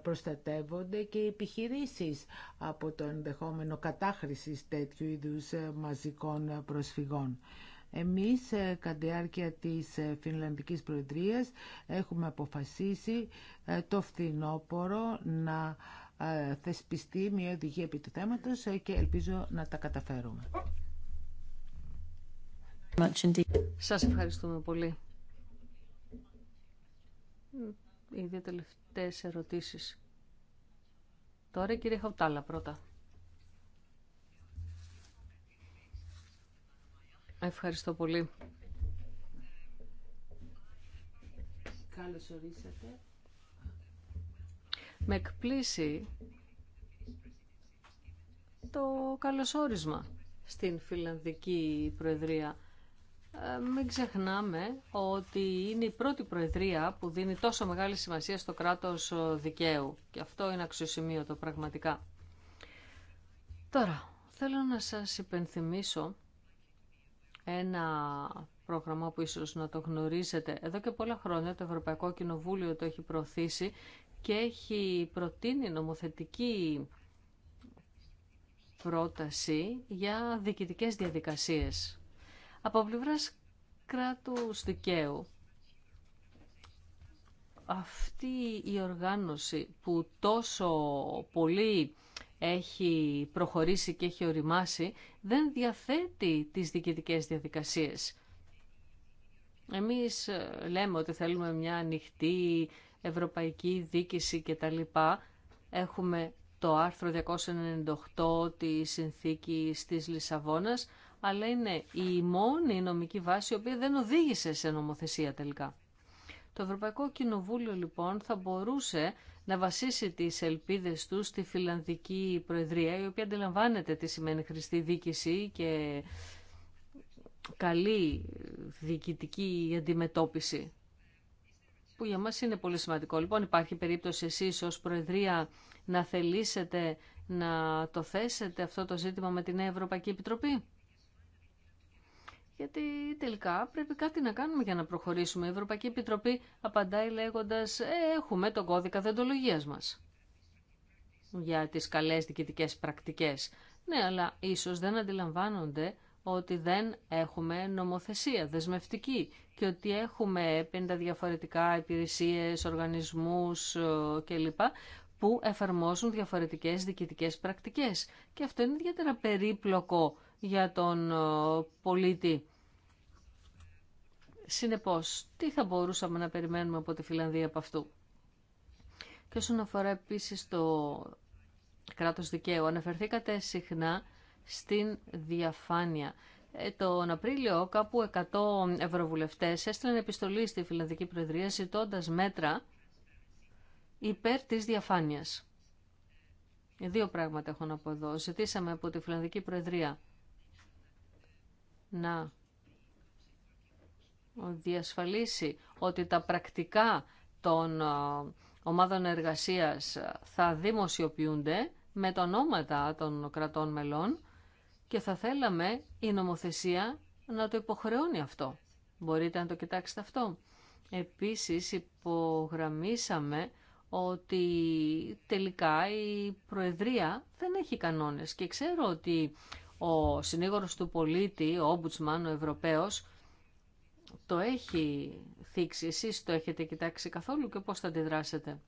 προστατεύονται και οι επιχειρήσεις από το ενδεχόμενο κατάχρησης τέτοιου είδους ε, μαζικών ε, προσφυγών. Εμείς, ε, κατά τη διάρκεια της Φινλανδικής Προεδρίας, έχουμε αποφασίσει το φθινόπωρο να θεσπιστεί μια οδηγία επί του θέματος και ελπίζω να τα καταφέρουμε. Σας ευχαριστούμε πολύ οι δύο τελευταίες ερωτήσεις. Τώρα κύριε Χαουτάλα πρώτα. Ευχαριστώ πολύ. Καλώς ορίσατε. Με εκπλήσει το καλωσόρισμα στην Φιλανδική Προεδρία. Ε, μην ξεχνάμε ότι είναι η πρώτη προεδρία που δίνει τόσο μεγάλη σημασία στο κράτος ε, δικαίου. Και αυτό είναι αξιοσημείωτο πραγματικά. Τώρα, θέλω να σας υπενθυμίσω ένα πρόγραμμα που ίσως να το γνωρίζετε. Εδώ και πολλά χρόνια το Ευρωπαϊκό Κοινοβούλιο το έχει προωθήσει και έχει προτείνει νομοθετική πρόταση για διοικητικές διαδικασίες από πλευρά κράτου δικαίου, αυτή η οργάνωση που τόσο πολύ έχει προχωρήσει και έχει οριμάσει, δεν διαθέτει τις διοικητικές διαδικασίες. Εμείς ε, λέμε ότι θέλουμε μια ανοιχτή ευρωπαϊκή δίκηση κτλ. Έχουμε το άρθρο 298 της συνθήκης της Λισαβόνας, αλλά είναι η μόνη νομική βάση η οποία δεν οδήγησε σε νομοθεσία τελικά. Το Ευρωπαϊκό Κοινοβούλιο λοιπόν θα μπορούσε να βασίσει τις ελπίδες του στη Φιλανδική Προεδρία, η οποία αντιλαμβάνεται τι σημαίνει χρηστή δίκηση και καλή διοικητική αντιμετώπιση, που για μας είναι πολύ σημαντικό. Λοιπόν, υπάρχει περίπτωση εσείς ως Προεδρία να θελήσετε να το θέσετε αυτό το ζήτημα με την Ευρωπαϊκή Επιτροπή. Γιατί τελικά πρέπει κάτι να κάνουμε για να προχωρήσουμε. Η Ευρωπαϊκή Επιτροπή απαντάει λέγοντας «Ε, έχουμε τον κώδικα δεντολογίας μας για τις καλές διοικητικές πρακτικές. Ναι, αλλά ίσως δεν αντιλαμβάνονται ότι δεν έχουμε νομοθεσία δεσμευτική και ότι έχουμε 50 διαφορετικά υπηρεσίες, οργανισμούς ε, κλπ που εφαρμόζουν διαφορετικές διοικητικές πρακτικές. Και αυτό είναι ιδιαίτερα περίπλοκο για τον ε, πολίτη Συνεπώς, τι θα μπορούσαμε να περιμένουμε από τη Φιλανδία από αυτού. Και όσον αφορά επίσης το κράτος δικαίου, αναφερθήκατε συχνά στην διαφάνεια. Ε, τον Απρίλιο κάπου 100 ευρωβουλευτές έστειλαν επιστολή στη Φιλανδική Προεδρία ζητώντα μέτρα υπέρ της διαφάνειας. Δύο πράγματα έχω να πω εδώ. Ζητήσαμε από τη Φιλανδική Προεδρία να διασφαλίσει ότι τα πρακτικά των ε, ομάδων εργασίας θα δημοσιοποιούνται με τα ονόματα των κρατών μελών και θα θέλαμε η νομοθεσία να το υποχρεώνει αυτό. Μπορείτε να το κοιτάξετε αυτό. Επίσης υπογραμμίσαμε ότι τελικά η Προεδρία δεν έχει κανόνες και ξέρω ότι ο συνήγορος του πολίτη, ο Όμπουτσμαν, ο Ευρωπαίος, το έχει θίξει, εσείς το έχετε κοιτάξει καθόλου και πώς θα αντιδράσετε.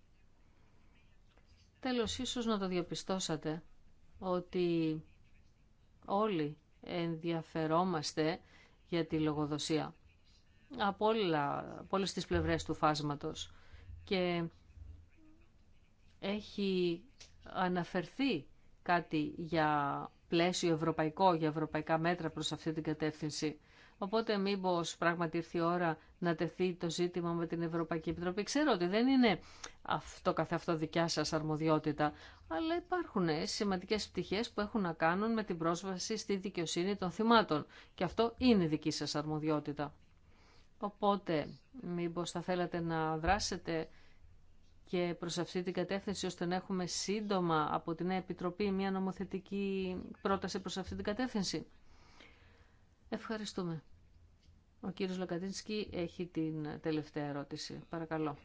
Τέλος, ίσως να το διαπιστώσατε ότι όλοι ενδιαφερόμαστε για τη λογοδοσία από, όλα, από όλες τις πλευρές του φάσματος και έχει αναφερθεί κάτι για πλαίσιο ευρωπαϊκό, για ευρωπαϊκά μέτρα προς αυτή την κατεύθυνση. Οπότε μήπως πράγματι ήρθε η ώρα να τεθεί το ζήτημα με την Ευρωπαϊκή Επιτροπή. Ξέρω ότι δεν είναι αυτό καθ' αυτό δικιά σας αρμοδιότητα, αλλά υπάρχουν σημαντικές πτυχές που έχουν να κάνουν με την πρόσβαση στη δικαιοσύνη των θυμάτων. Και αυτό είναι δική σας αρμοδιότητα. Οπότε μήπως θα θέλατε να δράσετε και προς αυτή την κατεύθυνση ώστε να έχουμε σύντομα από την Επιτροπή μια νομοθετική πρόταση προς αυτή την κατεύθυνση. Ευχαριστούμε. Ο κύριος Λαγκατίνσκι έχει την τελευταία ερώτηση. Παρακαλώ.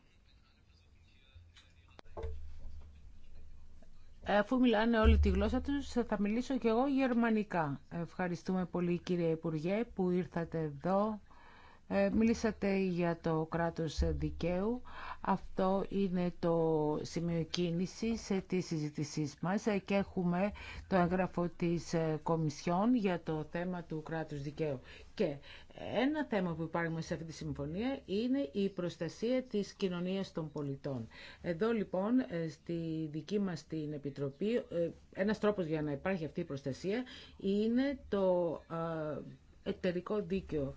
Αφού μιλάνε όλη τη γλώσσα τους, θα μιλήσω και εγώ γερμανικά. Ευχαριστούμε πολύ κύριε Υπουργέ που ήρθατε εδώ ε, μιλήσατε για το κράτος δικαίου. Αυτό είναι το σημείο κίνηση της συζήτησής μας και έχουμε το έγγραφο της ε, Κομισιόν για το θέμα του κράτους δικαίου. Και ένα θέμα που υπάρχει σε αυτή τη συμφωνία είναι η προστασία της κοινωνίας των πολιτών. Εδώ λοιπόν ε, στη δική μας την Επιτροπή ένας τρόπος για να υπάρχει αυτή η προστασία είναι το εταιρικό δίκαιο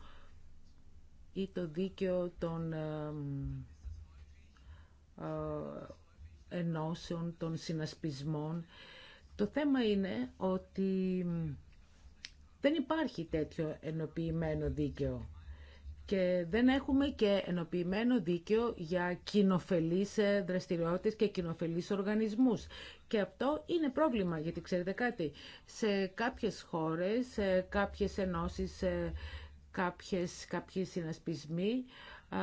ή το δίκαιο των ε, ε, ενώσεων, των συνασπισμών. Το θέμα είναι ότι δεν υπάρχει τέτοιο ενοποιημένο δίκαιο και δεν έχουμε και ενοποιημένο δίκαιο για κοινοφελείς ε, δραστηριότητες και κοινοφελείς οργανισμούς. Και αυτό είναι πρόβλημα, γιατί ξέρετε κάτι, σε κάποιες χώρες, σε κάποιες ενώσεις Κάποιες, κάποιοι συνασπισμοί ε,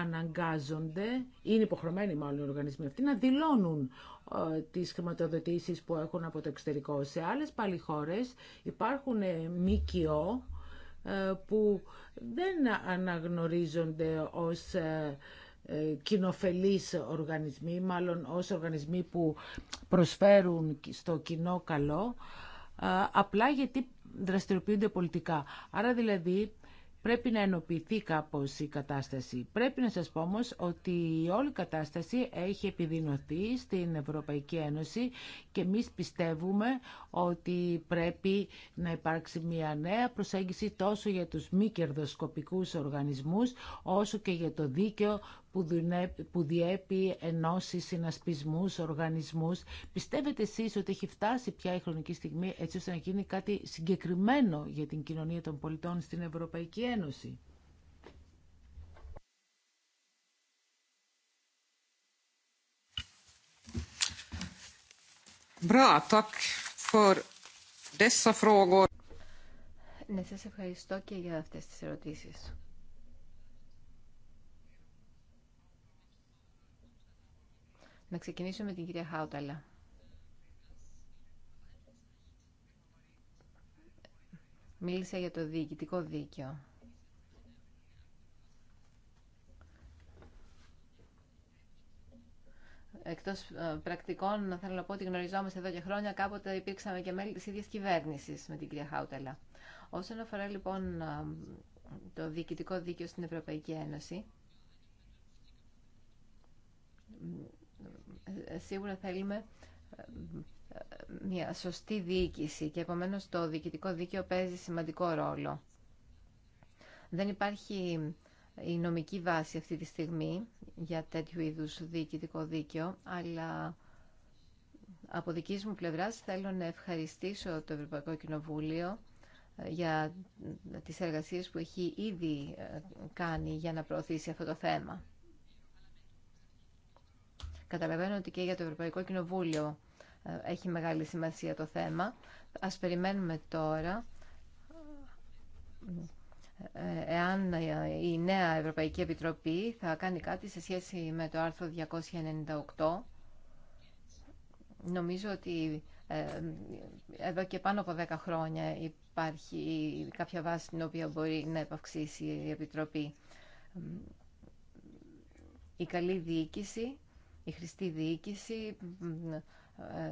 αναγκάζονται, είναι υποχρεωμένοι μάλλον οι οργανισμοί αυτοί, να δηλώνουν ε, τις χρηματοδοτήσεις που έχουν από το εξωτερικό. Σε άλλες πάλι χώρες υπάρχουν ε, ε που δεν αναγνωρίζονται ως κοινοφελείς οργανισμοί, μάλλον ως οργανισμοί που προσφέρουν στο κοινό καλό, απλά γιατί δραστηριοποιούνται πολιτικά. Άρα δηλαδή πρέπει να ενοποιηθεί κάπως η κατάσταση. Πρέπει να σας πω όμως ότι η κατάσταση έχει επιδεινωθεί στην Ευρωπαϊκή Ένωση και εμεί πιστεύουμε ότι πρέπει να υπάρξει μια νέα προσέγγιση τόσο για τους μη κερδοσκοπικούς οργανισμούς όσο και για το δίκαιο που διέπει ενώσεις, συνασπισμούς, οργανισμούς. Πιστεύετε εσείς ότι έχει φτάσει πια η χρονική στιγμή έτσι ώστε να γίνει κάτι συγκεκριμένο για την κοινωνία των πολιτών στην Ευρωπαϊκή Ένωση. Bra, tack för dessa frågor. Ναι, σας ευχαριστώ και για αυτές τις ερωτήσεις. Να ξεκινήσουμε με την κυρία Χάουταλα. Μίλησα για το διοικητικό δίκαιο. Εκτός ε, πρακτικών, θέλω να πω ότι γνωριζόμαστε εδώ και χρόνια, κάποτε υπήρξαμε και μέλη τη ίδιας με την κυρία Χάουταλα. Όσον αφορά λοιπόν ε, το διοικητικό δίκαιο στην Ευρωπαϊκή Ένωση, σίγουρα θέλουμε ε, μια σωστή διοίκηση και επομένως το διοικητικό δίκαιο παίζει σημαντικό ρόλο. Δεν υπάρχει η νομική βάση αυτή τη στιγμή για τέτοιου είδους διοικητικό δίκαιο, αλλά από δική μου πλευράς θέλω να ευχαριστήσω το Ευρωπαϊκό Κοινοβούλιο ε, για τις εργασίες που έχει ήδη ε, κάνει για να προωθήσει αυτό το θέμα. Καταλαβαίνω ότι και για το Ευρωπαϊκό Κοινοβούλιο ε, έχει μεγάλη σημασία το θέμα. Ας περιμένουμε τώρα ε, εάν ε, η νέα Ευρωπαϊκή Επιτροπή θα κάνει κάτι σε σχέση με το άρθρο 298. Νομίζω ότι εδώ και πάνω από 10 χρόνια υπάρχει κάποια βάση την οποία μπορεί να επαυξήσει η Επιτροπή. Η καλή διοίκηση η χρηστή διοίκηση ε,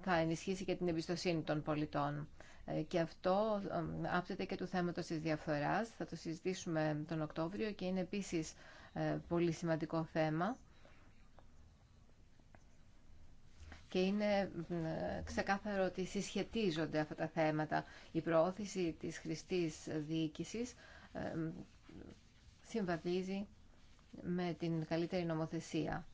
θα ενισχύσει και την εμπιστοσύνη των πολιτών. Ε, και αυτό ε, άπτεται και του θέματος της διαφθοράς. Θα το συζητήσουμε τον Οκτώβριο και είναι επίσης πολύ σημαντικό θέμα. και είναι ξεκάθαρο ότι συσχετίζονται αυτά τα θέματα. Η προώθηση της χρηστής διοίκησης συμβαδίζει με την καλύτερη νομοθεσία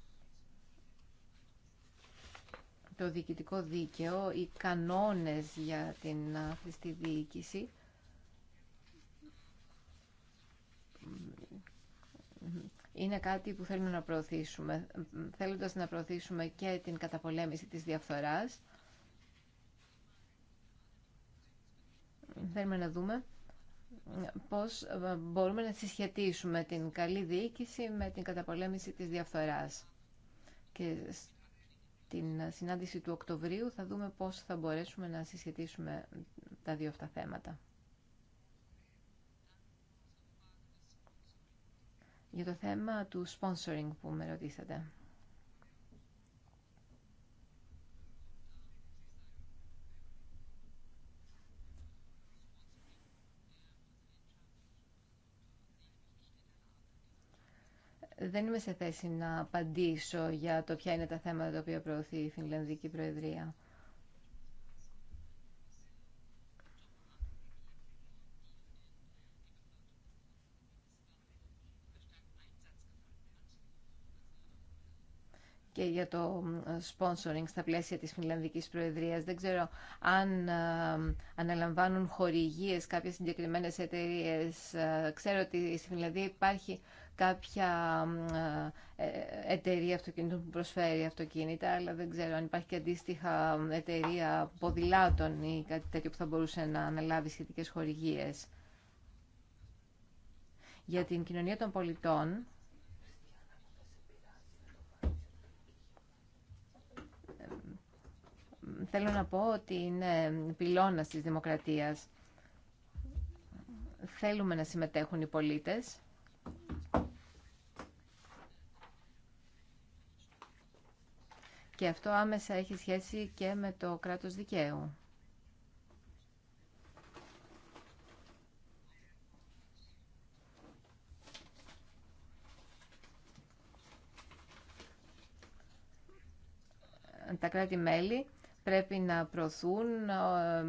το διοικητικό δίκαιο, οι κανόνες για την χρηστή διοίκηση είναι κάτι που θέλουμε να προωθήσουμε, θέλοντας να προωθήσουμε και την καταπολέμηση της διαφθοράς. Θέλουμε να δούμε πώς ε, μπορούμε να συσχετίσουμε την καλή διοίκηση με την καταπολέμηση της διαφθοράς. Και την συνάντηση του Οκτωβρίου θα δούμε πώς θα μπορέσουμε να συσχετίσουμε τα δύο αυτά θέματα. Για το θέμα του sponsoring που με ρωτήσατε. Δεν είμαι σε θέση να απαντήσω για το ποια είναι τα θέματα τα οποία προωθεί η Φινλανδική Προεδρία. και για το sponsoring στα πλαίσια της Φινλανδικής Προεδρίας. Δεν ξέρω αν ε, αναλαμβάνουν χορηγίες κάποιες συγκεκριμένες εταιρείες. Ε, ξέρω ότι στη Φινλανδία υπάρχει κάποια ε, ε, εταιρεία αυτοκινήτων που προσφέρει αυτοκίνητα, αλλά δεν ξέρω αν υπάρχει και αντίστοιχα εταιρεία ποδηλάτων ή κάτι τέτοιο που θα μπορούσε να αναλάβει σχετικέ χορηγίες. Για την κοινωνία των πολιτών, ε, θέλω να πω ότι είναι πυλώνας της δημοκρατίας. Θέλουμε να συμμετέχουν οι πολίτες Και αυτό άμεσα έχει σχέση και με το κράτος δικαίου. Τα κράτη-μέλη πρέπει να προωθούν ε,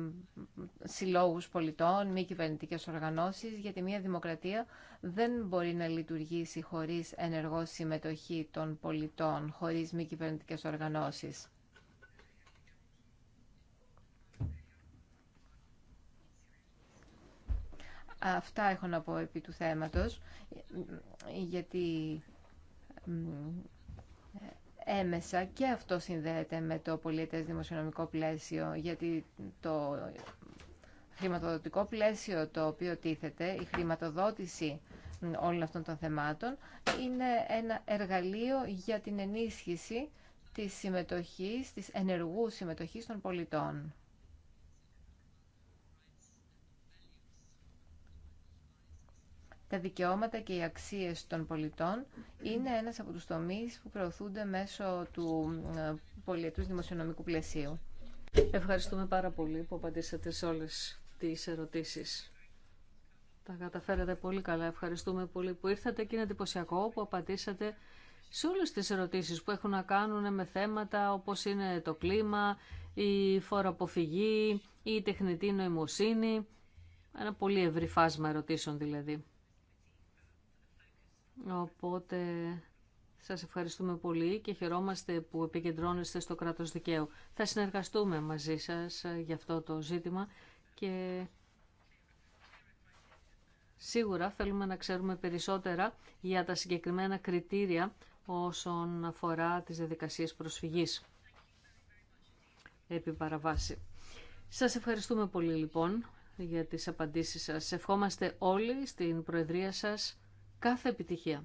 συλλόγους πολιτών, μη κυβερνητικές οργανώσεις, γιατί μια δημοκρατία δεν μπορεί να λειτουργήσει χωρίς ενεργό συμμετοχή των πολιτών, χωρίς μη κυβερνητικές οργανώσεις. Αυτά έχω να πω επί του θέματος, γιατί έμεσα και αυτό συνδέεται με το πολιτες δημοσιονομικό πλαίσιο, γιατί το χρηματοδοτικό πλαίσιο το οποίο τίθεται, η χρηματοδότηση όλων αυτών των θεμάτων, είναι ένα εργαλείο για την ενίσχυση της συμμετοχής, της ενεργού συμμετοχής των πολιτών. τα δικαιώματα και οι αξίες των πολιτών είναι ένας από τους τομείς που προωθούνται μέσω του ε, πολιετούς δημοσιονομικού πλαισίου. Ευχαριστούμε πάρα πολύ που απαντήσατε σε όλες τις ερωτήσεις. Τα καταφέρατε πολύ καλά. Ευχαριστούμε πολύ που ήρθατε και είναι εντυπωσιακό που απαντήσατε σε όλες τις ερωτήσεις που έχουν να κάνουν με θέματα όπως είναι το κλίμα, η φοροαποφυγή, η τεχνητή νοημοσύνη. Ένα πολύ ευρύ ερωτήσεων δηλαδή. Οπότε σας ευχαριστούμε πολύ και χαιρόμαστε που επικεντρώνεστε στο κράτος δικαίου. Θα συνεργαστούμε μαζί σας ε, για αυτό το ζήτημα και σίγουρα θέλουμε να ξέρουμε περισσότερα για τα συγκεκριμένα κριτήρια όσον αφορά τις διαδικασίες προσφυγής επί παραβάση. Σας ευχαριστούμε πολύ λοιπόν για τις απαντήσεις σας. Ευχόμαστε όλοι στην Προεδρία σας κάθε επιτυχία.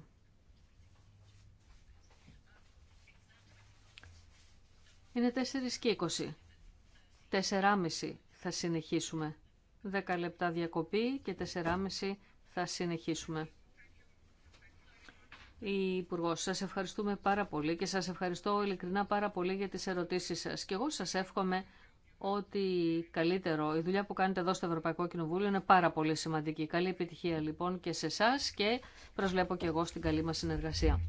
Είναι 4 και 20. 4,5 θα συνεχίσουμε. 10 λεπτά διακοπή και 4,5 θα συνεχίσουμε. Η Υπουργό, σα ευχαριστούμε πάρα πολύ και σα ευχαριστώ ειλικρινά πάρα πολύ για τι ερωτήσει σα. Και εγώ σα εύχομαι ότι καλύτερο η δουλειά που κάνετε εδώ στο Ευρωπαϊκό Κοινοβούλιο είναι πάρα πολύ σημαντική. Καλή επιτυχία λοιπόν και σε εσά και προσβλέπω και εγώ στην καλή μας συνεργασία.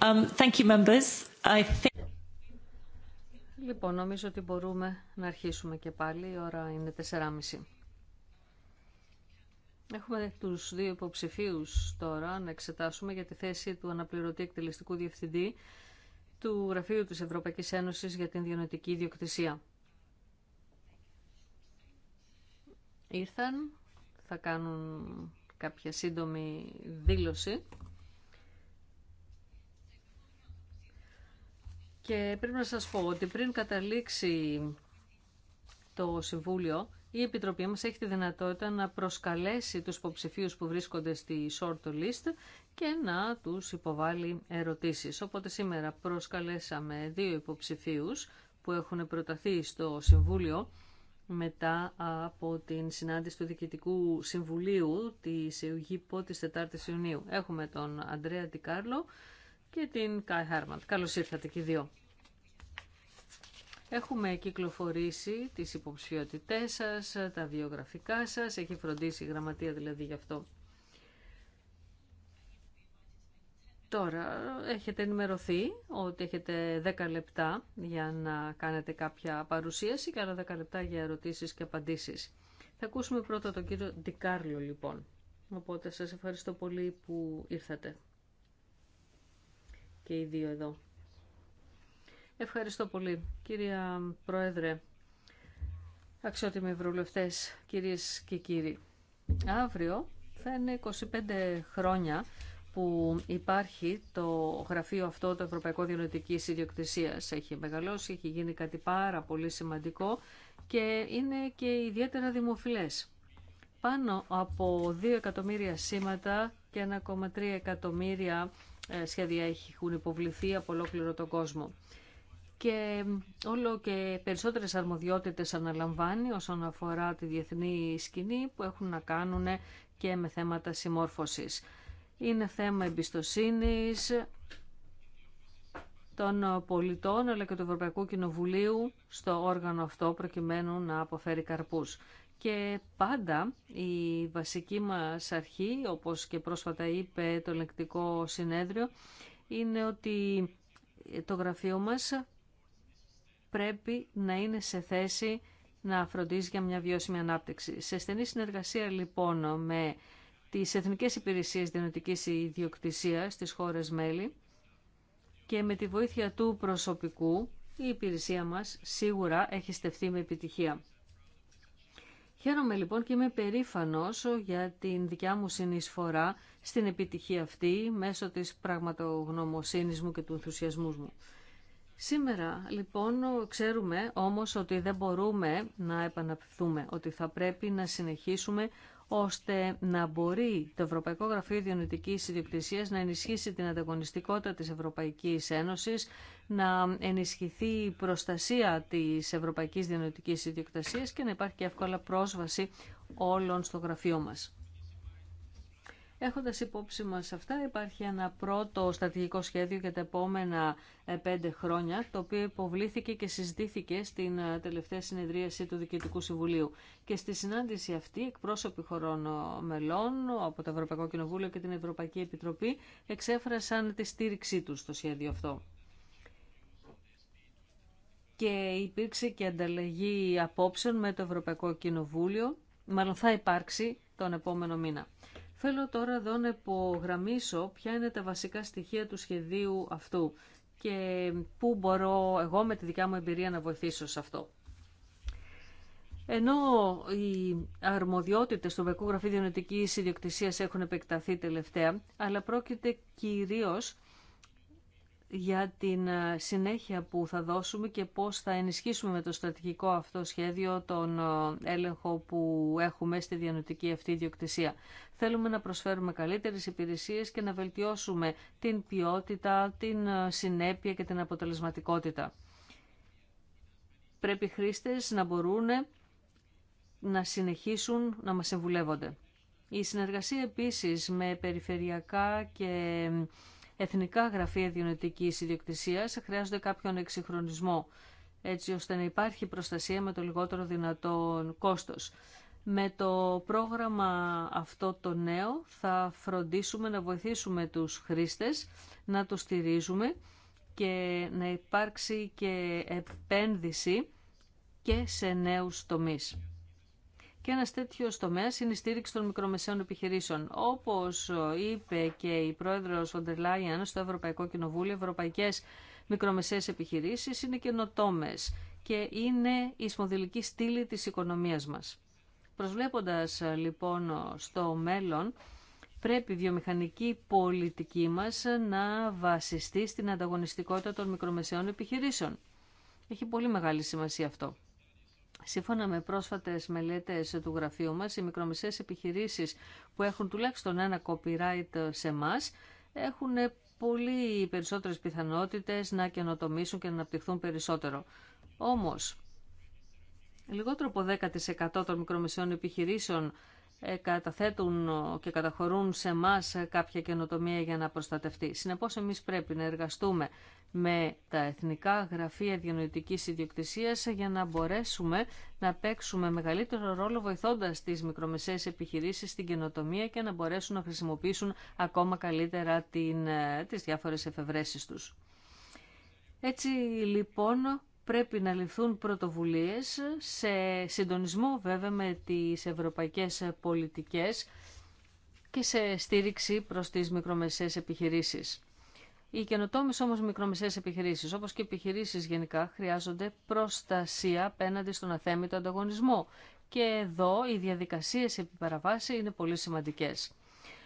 Um, λοιπόν, νομίζω ότι μπορούμε να αρχίσουμε και πάλι. Η ώρα είναι 4.30. Έχουμε τους δύο υποψηφίους τώρα να εξετάσουμε για τη θέση του αναπληρωτή εκτελεστικού διευθυντή του Γραφείου της Ευρωπαϊκής Ένωσης για την Διονοτική Ιδιοκτησία. Ήρθαν, θα κάνουν κάποια σύντομη δήλωση Και πρέπει να σας πω ότι πριν καταλήξει το Συμβούλιο, η Επιτροπή μας έχει τη δυνατότητα να προσκαλέσει τους υποψηφίους που βρίσκονται στη short list και να τους υποβάλει ερωτήσεις. Οπότε σήμερα προσκαλέσαμε δύο υποψηφίους που έχουν προταθεί στο Συμβούλιο μετά από την συνάντηση του Διοικητικού Συμβουλίου της ΕΟΓΙΠΟ της 4ης Ιουνίου. Έχουμε τον Αντρέα Τικάρλο, και την Κάι Χάρμαντ. Καλώς ήρθατε και οι δύο. Έχουμε κυκλοφορήσει τις υποψηφιότητές σας, τα βιογραφικά σας, έχει φροντίσει η γραμματεία δηλαδή γι' αυτό. Τώρα έχετε ενημερωθεί ότι έχετε 10 λεπτά για να κάνετε κάποια παρουσίαση και άλλα 10 λεπτά για ερωτήσεις και απαντήσεις. Θα ακούσουμε πρώτα τον κύριο Ντικάρλιο λοιπόν. Οπότε σας ευχαριστώ πολύ που ήρθατε και οι δύο εδώ. Ευχαριστώ πολύ. Κυρία Πρόεδρε, αξιότιμοι ευρωβουλευτές, κυρίες και κύριοι. Αύριο θα είναι 25 χρόνια που υπάρχει το γραφείο αυτό, το Ευρωπαϊκό Διανοητική Ιδιοκτησία. Έχει μεγαλώσει, έχει γίνει κάτι πάρα πολύ σημαντικό και είναι και ιδιαίτερα δημοφιλές. Πάνω από 2 εκατομμύρια σήματα και 1,3 εκατομμύρια ε, σχέδια έχουν υποβληθεί από ολόκληρο τον κόσμο. Και όλο και περισσότερες αρμοδιότητες αναλαμβάνει όσον αφορά τη διεθνή σκηνή που έχουν να κάνουν και με θέματα συμμόρφωσης. Είναι θέμα εμπιστοσύνης των πολιτών αλλά και του Ευρωπαϊκού Κοινοβουλίου στο όργανο αυτό προκειμένου να αποφέρει καρπούς. Και πάντα η βασική μας αρχή, όπως και πρόσφατα είπε το λεκτικό συνέδριο, είναι ότι το γραφείο μας πρέπει να είναι σε θέση να φροντίζει για μια βιώσιμη ανάπτυξη. Σε στενή συνεργασία λοιπόν με τις Εθνικές Υπηρεσίες Δυνοτικής Ιδιοκτησίας στις χώρες μέλη και με τη βοήθεια του προσωπικού η υπηρεσία μας σίγουρα έχει στεφθεί με επιτυχία. Χαίρομαι λοιπόν και είμαι περήφανος για την δικιά μου συνεισφορά στην επιτυχία αυτή μέσω της πραγματογνωμοσύνης μου και του ενθουσιασμού μου. Σήμερα λοιπόν ξέρουμε όμως ότι δεν μπορούμε να επαναπτυχθούμε, ότι θα πρέπει να συνεχίσουμε ώστε να μπορεί το Ευρωπαϊκό Γραφείο Ιδιωτικής Ιδιοκτησίας να ενισχύσει την ανταγωνιστικότητα της Ευρωπαϊκής Ένωσης, να ενισχυθεί η προστασία της Ευρωπαϊκής Ιδιωτικής Ιδιοκτησίας και να υπάρχει και εύκολα πρόσβαση όλων στο γραφείο μας. Έχοντας υπόψη μας αυτά, υπάρχει ένα πρώτο στρατηγικό σχέδιο για τα επόμενα ε, πέντε χρόνια, το οποίο υποβλήθηκε και συζητήθηκε στην ε, τελευταία συνεδρίαση του Διοικητικού Συμβουλίου. Και στη συνάντηση αυτή, εκπρόσωποι χωρών ε, μελών από το Ευρωπαϊκό Κοινοβούλιο και την Ευρωπαϊκή Επιτροπή εξέφρασαν τη στήριξή τους στο σχέδιο αυτό. Και υπήρξε και ανταλλαγή απόψεων με το Ευρωπαϊκό Κοινοβούλιο, μάλλον θα υπάρξει τον επόμενο μήνα. Θέλω τώρα εδώ να υπογραμμίσω ποια είναι τα βασικά στοιχεία του σχεδίου αυτού και πού μπορώ εγώ με τη δικιά μου εμπειρία να βοηθήσω σε αυτό. Ενώ οι αρμοδιότητες του Βεκού Γραφείου Διονετικής Ιδιοκτησίας έχουν επεκταθεί τελευταία, αλλά πρόκειται κυρίως για την ε, συνέχεια που θα δώσουμε και πώς θα ενισχύσουμε με το στρατηγικό αυτό σχέδιο τον ε, έλεγχο που έχουμε στη διανοητική αυτή ιδιοκτησία. Θέλουμε να προσφέρουμε καλύτερες υπηρεσίες και να βελτιώσουμε την ποιότητα, την ε, συνέπεια και την αποτελεσματικότητα. Πρέπει οι χρήστες να μπορούν να συνεχίσουν να μας εμβουλεύονται. Η συνεργασία επίσης με περιφερειακά και εθνικά γραφεία διονετικής ιδιοκτησία, χρειάζονται κάποιον εξυγχρονισμό, έτσι ώστε να υπάρχει προστασία με το λιγότερο δυνατόν κόστος. Με το πρόγραμμα αυτό το νέο θα φροντίσουμε να βοηθήσουμε τους χρήστες, να το στηρίζουμε και να υπάρξει και επένδυση και σε νέους τομείς. Και ένα τέτοιο τομέα είναι η στήριξη των μικρομεσαίων επιχειρήσεων. Όπω είπε και η πρόεδρος Φοντερ στο Ευρωπαϊκό Κοινοβούλιο, οι ευρωπαϊκέ μικρομεσαίες επιχειρήσει είναι καινοτόμε και είναι η σπονδυλική στήλη τη οικονομία μα. Προσβλέποντα λοιπόν στο μέλλον, πρέπει η βιομηχανική πολιτική μας να βασιστεί στην ανταγωνιστικότητα των μικρομεσαίων επιχειρήσεων. Έχει πολύ μεγάλη σημασία αυτό. Σύμφωνα με πρόσφατες μελέτε του γραφείου μας, οι μικρομεσαίες επιχειρήσεις που έχουν τουλάχιστον ένα copyright σε εμά έχουν πολύ περισσότερε πιθανότητες να καινοτομήσουν και να αναπτυχθούν περισσότερο. Όμως, λιγότερο από 10% των μικρομεσαίων επιχειρήσεων ε, καταθέτουν και καταχωρούν σε εμά κάποια καινοτομία για να προστατευτεί. Συνεπώς εμείς πρέπει να εργαστούμε με τα Εθνικά Γραφεία διανοητική Ιδιοκτησίας για να μπορέσουμε να παίξουμε μεγαλύτερο ρόλο βοηθώντας τις μικρομεσαίες επιχειρήσεις στην καινοτομία και να μπορέσουν να χρησιμοποιήσουν ακόμα καλύτερα την, ε, τις διάφορες εφευρέσεις τους. Έτσι λοιπόν πρέπει να ληφθούν πρωτοβουλίες σε συντονισμό βέβαια με τις ευρωπαϊκές πολιτικές και σε στήριξη προς τις μικρομεσαίες επιχειρήσεις. Οι καινοτόμε όμω μικρομεσαίε επιχειρήσει, όπω και επιχειρήσει γενικά, χρειάζονται προστασία απέναντι στον αθέμητο ανταγωνισμό. Και εδώ οι διαδικασίε επί είναι πολύ σημαντικέ.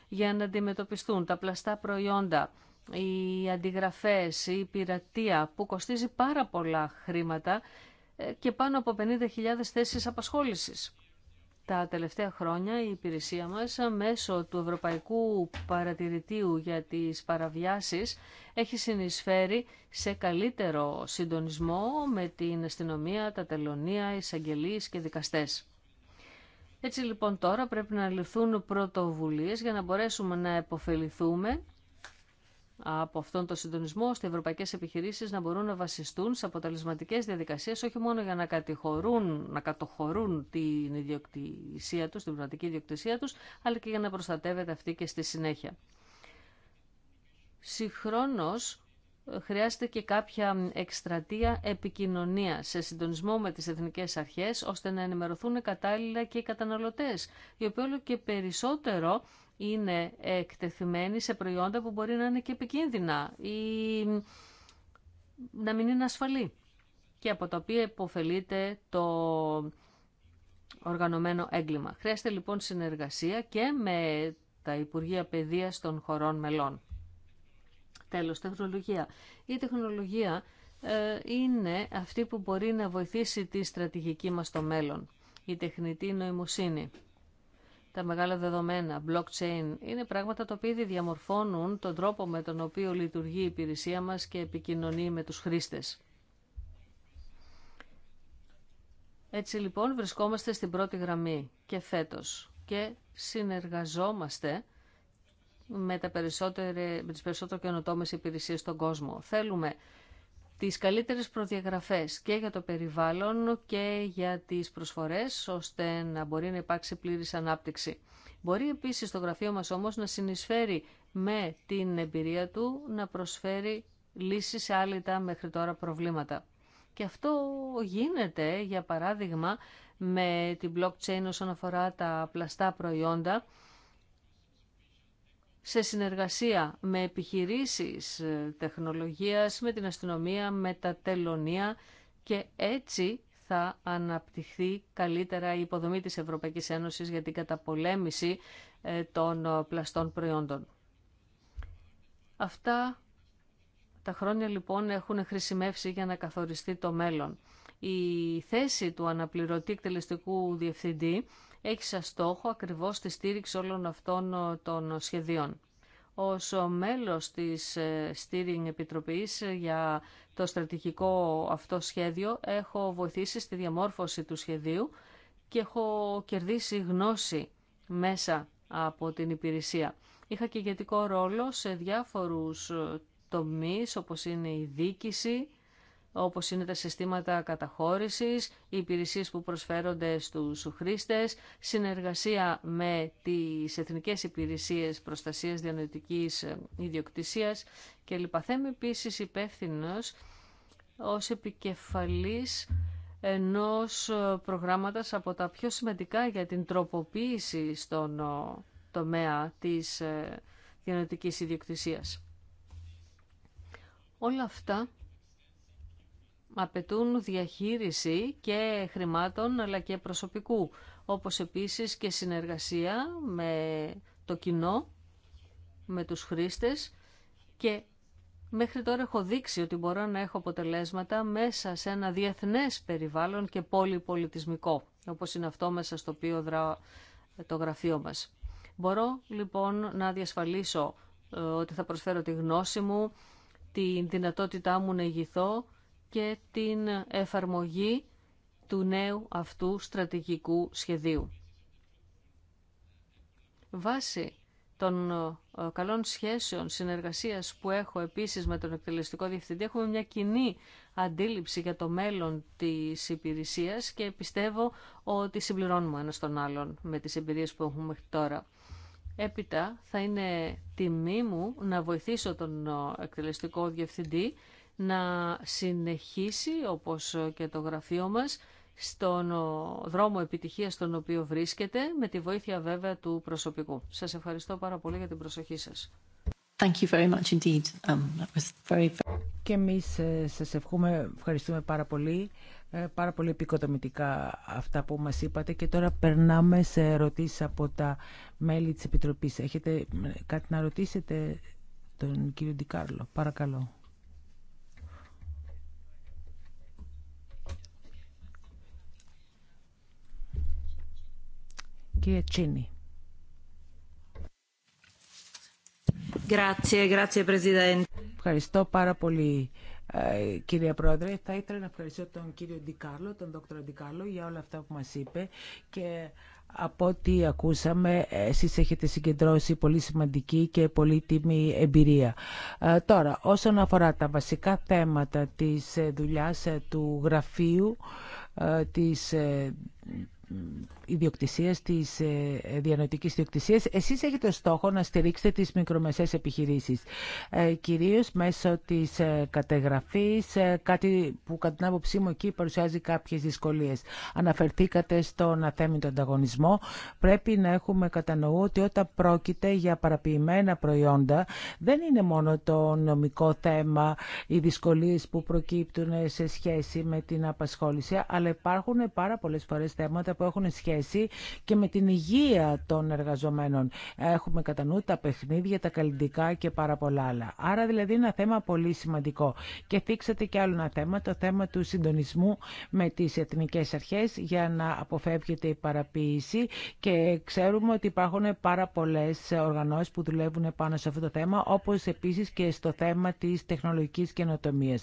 Για να αντιμετωπιστούν τα πλαστά προϊόντα, οι αντιγραφές, η πειρατεία που κοστίζει πάρα πολλά χρήματα ε, και πάνω από 50.000 θέσεις απασχόλησης. Τα τελευταία χρόνια η υπηρεσία μας μέσω του Ευρωπαϊκού Παρατηρητήου για τις παραβιάσεις έχει συνεισφέρει σε καλύτερο συντονισμό με την αστυνομία, τα τελωνία, εισαγγελίε και δικαστές. Έτσι λοιπόν τώρα πρέπει να λυθούν πρωτοβουλίες για να μπορέσουμε να επωφεληθούμε από αυτόν τον συντονισμό, ώστε οι ευρωπαϊκές επιχειρήσεις να μπορούν να βασιστούν σε αποτελεσματικές διαδικασίες, όχι μόνο για να, κατηχωρούν, να κατοχωρούν την ιδιοκτησία τους, την πραγματική ιδιοκτησία τους, αλλά και για να προστατεύεται αυτή και στη συνέχεια. Συγχρόνως, χρειάζεται και κάποια εκστρατεία επικοινωνία σε συντονισμό με τις εθνικές αρχές, ώστε να ενημερωθούν κατάλληλα και οι καταναλωτές, οι οποίοι όλο και περισσότερο είναι εκτεθειμένοι σε προϊόντα που μπορεί να είναι και επικίνδυνα ή να μην είναι ασφαλή και από τα οποία υποφελείται το οργανωμένο έγκλημα. Χρειάζεται λοιπόν συνεργασία και με τα Υπουργεία Παιδείας των χωρών μελών. Τέλος, τεχνολογία. Η τεχνολογία ε, είναι αυτή που μπορεί να βοηθήσει τη στρατηγική μας στο μέλλον. Η τεχνητή νοημοσύνη τα μεγάλα δεδομένα, blockchain, είναι πράγματα τα οποία διαμορφώνουν τον τρόπο με τον οποίο λειτουργεί η υπηρεσία μας και επικοινωνεί με τους χρήστες. Έτσι λοιπόν βρισκόμαστε στην πρώτη γραμμή και φέτος και συνεργαζόμαστε με, τα περισσότερα, με τις περισσότερο καινοτόμες υπηρεσίες στον κόσμο. Θέλουμε τις καλύτερες προδιαγραφές και για το περιβάλλον και για τις προσφορές, ώστε να μπορεί να υπάρξει πλήρης ανάπτυξη. Μπορεί επίσης το γραφείο μας όμως να συνεισφέρει με την εμπειρία του να προσφέρει λύσεις σε άλλη τα μέχρι τώρα προβλήματα. Και αυτό γίνεται, για παράδειγμα, με την blockchain όσον αφορά τα πλαστά προϊόντα, σε συνεργασία με επιχειρήσεις ε, τεχνολογίας, με την αστυνομία, με τα τελωνία και έτσι θα αναπτυχθεί καλύτερα η υποδομή της Ευρωπαϊκής Ένωσης για την καταπολέμηση ε, των ε, πλαστών προϊόντων. Αυτά τα χρόνια λοιπόν έχουν χρησιμεύσει για να καθοριστεί το μέλλον. Η θέση του αναπληρωτή εκτελεστικού διευθυντή έχει σαν στόχο ακριβώς τη στήριξη όλων αυτών ε, των σχεδίων. Ως μέλος της ε, Steering Επιτροπής ε, για το στρατηγικό αυτό σχέδιο έχω βοηθήσει στη διαμόρφωση του σχεδίου και έχω κερδίσει γνώση μέσα από την υπηρεσία. Είχα και ηγετικό ρόλο σε διάφορους τομείς όπως είναι η δίκηση, όπως είναι τα συστήματα καταχώρησης, οι υπηρεσίες που προσφέρονται στους χρήστες, συνεργασία με τις Εθνικές Υπηρεσίες Προστασίας Διανοητικής ε, Ιδιοκτησίας και Θέμη επίσης υπεύθυνο ως επικεφαλής ενός ε, προγράμματος από τα πιο σημαντικά για την τροποποίηση στον ε, τομέα της διανοητικής ιδιοκτησίας. Όλα αυτά απαιτούν διαχείριση και χρημάτων αλλά και προσωπικού, όπως επίσης και συνεργασία με το κοινό, με τους χρήστες και μέχρι τώρα έχω δείξει ότι μπορώ να έχω αποτελέσματα μέσα σε ένα διεθνές περιβάλλον και πολυπολιτισμικό, όπως είναι αυτό μέσα στο οποίο δρά το γραφείο μας. Μπορώ λοιπόν να διασφαλίσω ε, ότι θα προσφέρω τη γνώση μου, τη δυνατότητά μου να ηγηθώ και την εφαρμογή του νέου αυτού στρατηγικού σχεδίου. Βάσει των ε, καλών σχέσεων συνεργασίας που έχω επίσης με τον εκτελεστικό διευθυντή έχουμε μια κοινή αντίληψη για το μέλλον της υπηρεσίας και πιστεύω ότι συμπληρώνουμε ένα τον άλλον με τις εμπειρίες που έχουμε τώρα. Έπειτα θα είναι τιμή μου να βοηθήσω τον ε, εκτελεστικό διευθυντή να συνεχίσει, όπως και το γραφείο μας, στον δρόμο επιτυχίας στον οποίο βρίσκεται, με τη βοήθεια βέβαια του προσωπικού. Σας ευχαριστώ πάρα πολύ για την προσοχή σας. Thank you very much indeed. Um, και εμείς ε, σας ευχαριστούμε πάρα πολύ. Ε, πάρα πολύ επικοδομητικά αυτά που μας είπατε και τώρα περνάμε σε ερωτήσεις από τα μέλη της Επιτροπής. Έχετε ε, κάτι να ρωτήσετε τον κύριο Ντικάρλο. Παρακαλώ. Τσίνη. Ευχαριστώ πάρα πολύ ε, κύριε Πρόεδρε. Θα ήθελα να ευχαριστώ τον κύριο Ντικάρλο, τον δόκτωρο Ντικάρλο για όλα αυτά που μας είπε και από ό,τι ακούσαμε, εσεί έχετε συγκεντρώσει πολύ σημαντική και πολύτιμη εμπειρία. Ε, τώρα, όσον αφορά τα βασικά θέματα της ε, δουλειάς του γραφείου, της ιδιοκτησίας, της ε, ε, διανοητικής ιδιοκτησίας. Εσείς έχετε στόχο να στηρίξετε τις μικρομεσαίες επιχειρήσεις, ε, κυρίως μέσω της κατεγραφής, κάτι που κατά την άποψή μου εκεί παρουσιάζει κάποιες δυσκολίες. Αναφερθήκατε στον αθέμητο ανταγωνισμό. Πρέπει να έχουμε κατανοού ότι όταν πρόκειται για παραποιημένα προϊόντα, δεν είναι μόνο το νομικό θέμα, οι δυσκολίες που προκύπτουν σε σχέση με την απασχόληση, αλλά υπάρχουν πάρα πολλές φορές θέματα που έχουν σχέση και με την υγεία των εργαζομένων. Έχουμε κατά νου τα παιχνίδια, τα καλλιντικά και πάρα πολλά άλλα. Άρα δηλαδή είναι ένα θέμα πολύ σημαντικό. Και θίξατε και άλλο ένα θέμα, το θέμα του συντονισμού με τις εθνικές αρχές για να αποφεύγεται η παραποίηση και ξέρουμε ότι υπάρχουν πάρα πολλές οργανώσεις που δουλεύουν πάνω σε αυτό το θέμα, όπως επίσης και στο θέμα της τεχνολογικής καινοτομία.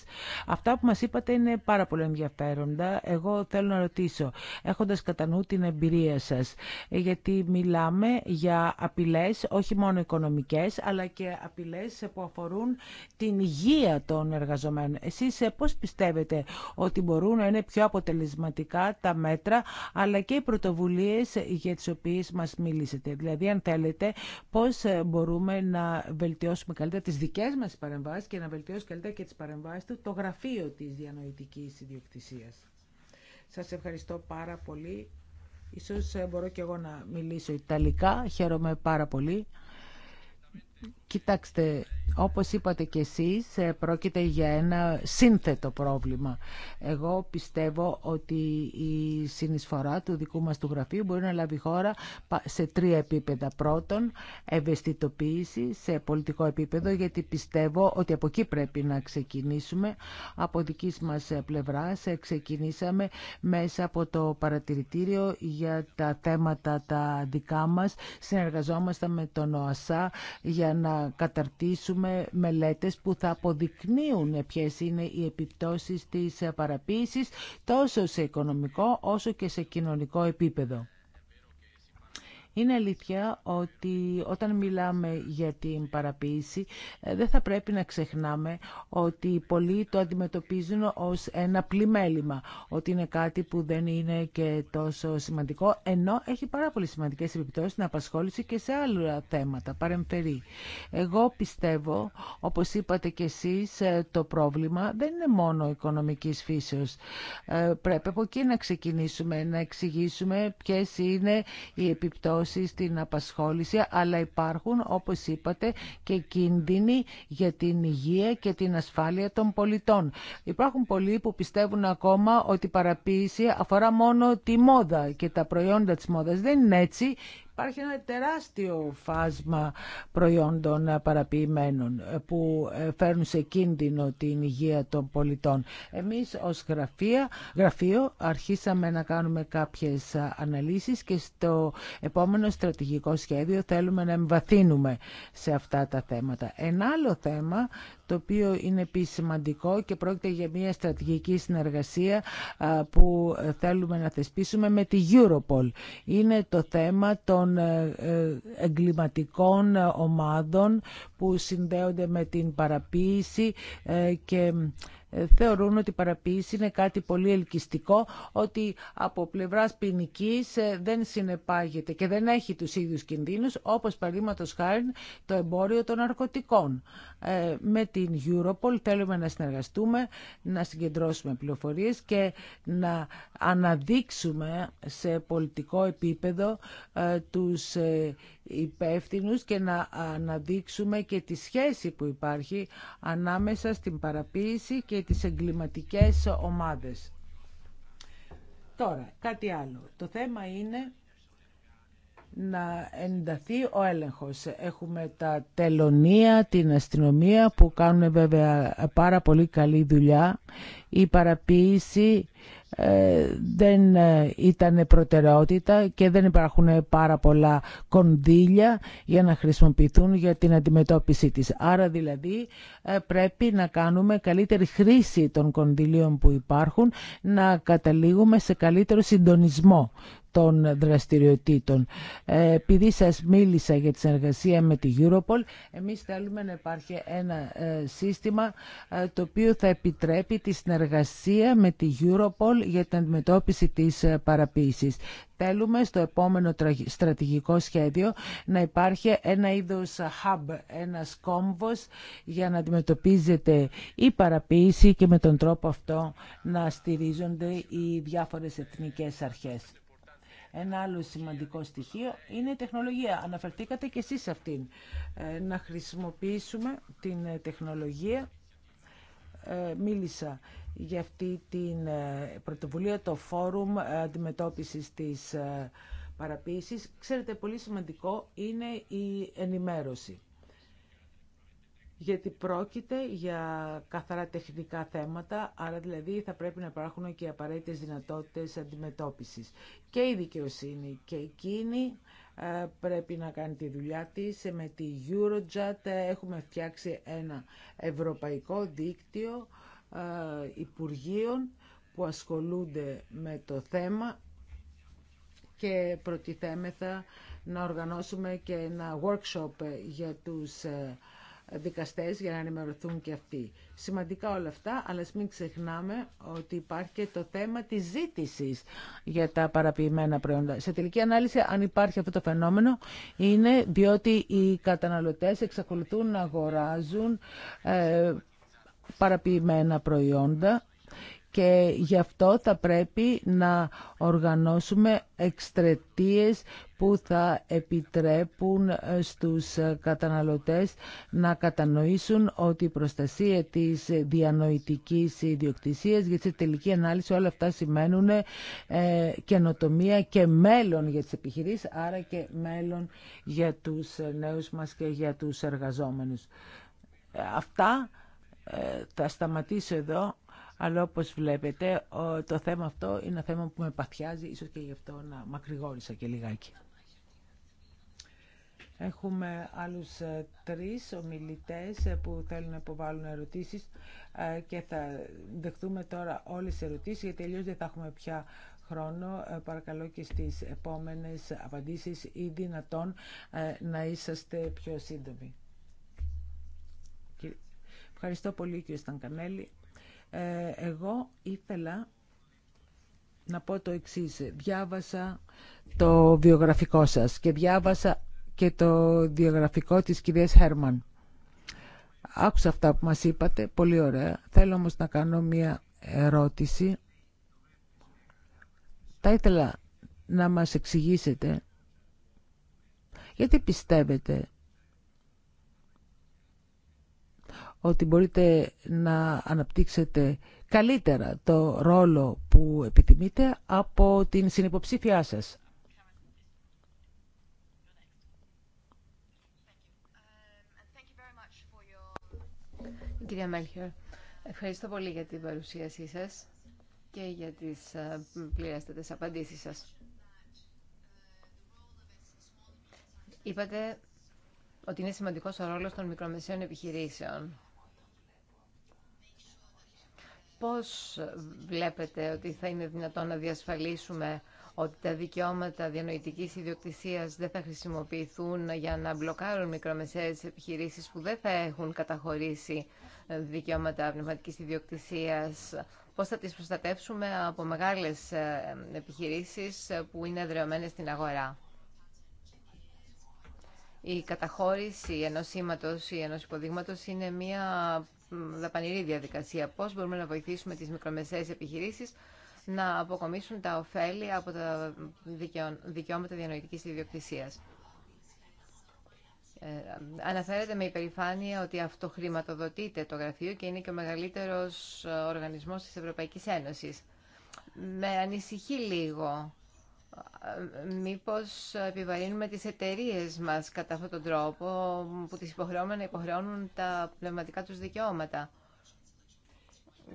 Αυτά που μας είπατε είναι πάρα πολύ ενδιαφέροντα. Εγώ θέλω να ρωτήσω, έχοντας κατά την εμπειρία εμπειρία σας, ε, γιατί μιλάμε για απειλές όχι μόνο οικονομικές, αλλά και απειλές που αφορούν την υγεία των εργαζομένων. Εσείς ε, πώς πιστεύετε ότι μπορούν να είναι πιο αποτελεσματικά τα μέτρα, αλλά και οι πρωτοβουλίες για τις οποίες μας μιλήσετε. Δηλαδή, αν θέλετε, πώς ε, μπορούμε να βελτιώσουμε καλύτερα τις δικές μας παρεμβάσεις και να βελτιώσουμε καλύτερα και τις παρεμβάσεις του το γραφείο της διανοητικής ιδιοκτησίας. Σας ευχαριστώ πάρα πολύ. Ίσως ε, μπορώ και εγώ να μιλήσω Ιταλικά. Χαίρομαι πάρα πολύ Κοιτάξτε, όπως είπατε και εσείς, ε, πρόκειται για ένα σύνθετο πρόβλημα. Εγώ πιστεύω ότι η συνεισφορά του δικού μας του γραφείου μπορεί να λάβει χώρα σε τρία επίπεδα. Πρώτον, ευαισθητοποίηση σε πολιτικό επίπεδο, γιατί πιστεύω ότι από εκεί πρέπει να ξεκινήσουμε. Από δικής μας ε, πλευράς ε, ξεκινήσαμε μέσα από το παρατηρητήριο για τα θέματα τα δικά μας. Συνεργαζόμαστε με τον ΟΑΣΑ για να καταρτήσουμε μελέτες που θα αποδεικνύουν ποιες είναι οι επιπτώσεις της παραποίησης τόσο σε οικονομικό όσο και σε κοινωνικό επίπεδο. Είναι αλήθεια ότι όταν μιλάμε για την παραποίηση ε, δεν θα πρέπει να ξεχνάμε ότι πολλοί το αντιμετωπίζουν ως ένα πλημέλημα, ότι είναι κάτι που δεν είναι και τόσο σημαντικό, ενώ έχει πάρα πολύ σημαντικές επιπτώσεις στην απασχόληση και σε άλλα θέματα, παρεμφερεί. Εγώ πιστεύω, όπως είπατε και εσείς, ε, το πρόβλημα δεν είναι μόνο οικονομικής φύσεως. Ε, πρέπει από εκεί να ξεκινήσουμε, να εξηγήσουμε ποιες είναι οι επιπτώσεις στην απασχόληση, αλλά υπάρχουν, όπως είπατε, και κίνδυνοι για την υγεία και την ασφάλεια των πολιτών. Υπάρχουν πολλοί που πιστεύουν ακόμα ότι η παραποίηση αφορά μόνο τη μόδα και τα προϊόντα της μόδας. Δεν είναι έτσι. Υπάρχει ένα τεράστιο φάσμα προϊόντων παραποιημένων που ε, φέρνουν σε κίνδυνο την υγεία των πολιτών. Εμείς ως γραφεία, γραφείο αρχίσαμε να κάνουμε κάποιες αναλύσεις και στο επόμενο στρατηγικό σχέδιο θέλουμε να εμβαθύνουμε σε αυτά τα θέματα. Ένα άλλο θέμα το οποίο είναι επίσης σημαντικό και πρόκειται για μια στρατηγική συνεργασία που ε, θέλουμε να θεσπίσουμε με τη Europol. Είναι το θέμα των ε, ε, εγκληματικών ομάδων που συνδέονται με την παραποίηση και θεωρούν ότι η παραποίηση είναι κάτι πολύ ελκυστικό, ότι από πλευράς ποινική δεν συνεπάγεται και δεν έχει τους ίδιους κινδύνους, όπως παραδείγματο χάρη το εμπόριο των ναρκωτικών. Ε, με την Europol θέλουμε να συνεργαστούμε, να συγκεντρώσουμε πληροφορίες και να αναδείξουμε σε πολιτικό επίπεδο ε, τους ε, υπεύθυνου και να αναδείξουμε και τη σχέση που υπάρχει ανάμεσα στην παραποίηση και τις εγκληματικές ομάδες. Τώρα, κάτι άλλο. Το θέμα είναι να ενταθεί ο έλεγχος. Έχουμε τα τελωνία, την αστυνομία που κάνουν βέβαια πάρα πολύ καλή δουλειά. Η παραποίηση ε, δεν ε, ήταν προτεραιότητα και δεν υπάρχουν πάρα πολλά κονδύλια για να χρησιμοποιηθούν για την αντιμετώπιση της. Άρα δηλαδή ε, πρέπει να κάνουμε καλύτερη χρήση των κονδυλίων που υπάρχουν, να καταλήγουμε σε καλύτερο συντονισμό των δραστηριοτήτων. Ε, επειδή σας μίλησα για τη συνεργασία με τη Europol, εμείς θέλουμε να υπάρχει ένα ε, σύστημα ε, το οποίο θα επιτρέπει τη συνεργασία με τη Europol για την αντιμετώπιση της παραποίησης. Θέλουμε στο επόμενο στρατηγικό σχέδιο να υπάρχει ένα είδος hub, ένας κόμβος για να αντιμετωπίζεται η παραποίηση και με τον τρόπο αυτό να στηρίζονται οι διάφορες εθνικές αρχές. Ένα άλλο σημαντικό στοιχείο είναι η τεχνολογία. Αναφερθήκατε και εσείς σε αυτήν. Ε, να χρησιμοποιήσουμε την ε, τεχνολογία. Ε, μίλησα για αυτή την πρωτοβουλία, το Φόρουμ Αντιμετώπισης της Παραποίησης. Ξέρετε, πολύ σημαντικό είναι η ενημέρωση γιατί πρόκειται για καθαρά τεχνικά θέματα, άρα δηλαδή θα πρέπει να υπάρχουν και απαραίτητες δυνατότητες αντιμετώπισης. Και η δικαιοσύνη και εκείνη ε, πρέπει να κάνει τη δουλειά της. Με τη EuroJet ε, έχουμε φτιάξει ένα ευρωπαϊκό δίκτυο ε, υπουργείων που ασχολούνται με το θέμα και προτιθέμεθα να οργανώσουμε και ένα workshop για τους δικαστές για να ενημερωθούν και αυτοί. Σημαντικά όλα αυτά, αλλά μην ξεχνάμε ότι υπάρχει και το θέμα της ζήτησης για τα παραποιημένα προϊόντα. Σε τελική ανάλυση, αν υπάρχει αυτό το φαινόμενο, είναι διότι οι καταναλωτές εξακολουθούν να αγοράζουν ε, παραποιημένα προϊόντα και γι' αυτό θα πρέπει να οργανώσουμε εξτρετίες που θα επιτρέπουν ε, στους ε, καταναλωτές να κατανοήσουν ότι η προστασία της διανοητικής ιδιοκτησίας για τη τελική ανάλυση όλα αυτά σημαίνουν ε, καινοτομία και μέλλον για τις επιχειρήσεις, άρα και μέλλον για τους νέους μας και για τους εργαζόμενους. Αυτά θα σταματήσω εδώ, αλλά όπως βλέπετε το θέμα αυτό είναι ένα θέμα που με παθιάζει, ίσως και γι' αυτό να μακρηγόρησα και λιγάκι. Έχουμε άλλους ε, τρεις ομιλητές ε, που θέλουν να υποβάλουν ερωτήσεις ε, και θα δεχτούμε τώρα όλες τις ερωτήσεις γιατί τελείως δεν θα έχουμε πια χρόνο. Παρακαλώ και στις επόμενες απαντήσεις ή δυνατόν να είσαστε πιο σύντομοι. Ευχαριστώ πολύ κύριε Στανκανέλη. Εγώ ήθελα να πω το εξής. Διάβασα το βιογραφικό σας και διάβασα και το διαγραφικό της κυρίας Χέρμαν. Άκουσα αυτά που μας είπατε, πολύ ωραία. Θέλω όμως να κάνω μία ερώτηση. Θα ήθελα να μας εξηγήσετε γιατί πιστεύετε ότι μπορείτε να αναπτύξετε καλύτερα το ρόλο που επιθυμείτε από την συνυποψήφιά σας. Κυρία Μέλχερ, ευχαριστώ πολύ για την παρουσίασή σας και για τις ε, πληρέστατες απαντήσεις σας. Είπατε ότι είναι σημαντικός ο ρόλος των μικρομεσαίων επιχειρήσεων. Πώς βλέπετε ότι θα είναι δυνατόν να διασφαλίσουμε ότι τα δικαιώματα διανοητικής ιδιοκτησία δεν θα χρησιμοποιηθούν για να μπλοκάρουν μικρομεσαίες επιχειρήσεις που δεν θα έχουν καταχωρήσει ε, δικαιώματα πνευματική ιδιοκτησίας. Πώς θα τις προστατεύσουμε από μεγάλες ε, επιχειρήσεις ε, που είναι εδρεωμένε στην αγορά. Η καταχώρηση ενο σήματος ή ενό υποδείγματο είναι μια δαπανηρή διαδικασία. Πώ μπορούμε να βοηθήσουμε τι μικρομεσαίες επιχειρήσει, να αποκομίσουν τα ωφέλη από τα δικαιώματα διανοητικής ιδιοκτησίας. Ε, αναφέρεται με υπερηφάνεια ότι αυτοχρηματοδοτείται το γραφείο και είναι και ο μεγαλύτερος οργανισμός της Ευρωπαϊκής Ένωσης. Με ανησυχεί λίγο ε, μήπως επιβαρύνουμε τις εταιρείε μας κατά αυτόν τον τρόπο που τις υποχρεώνουν υποχρεώνουν τα πνευματικά τους δικαιώματα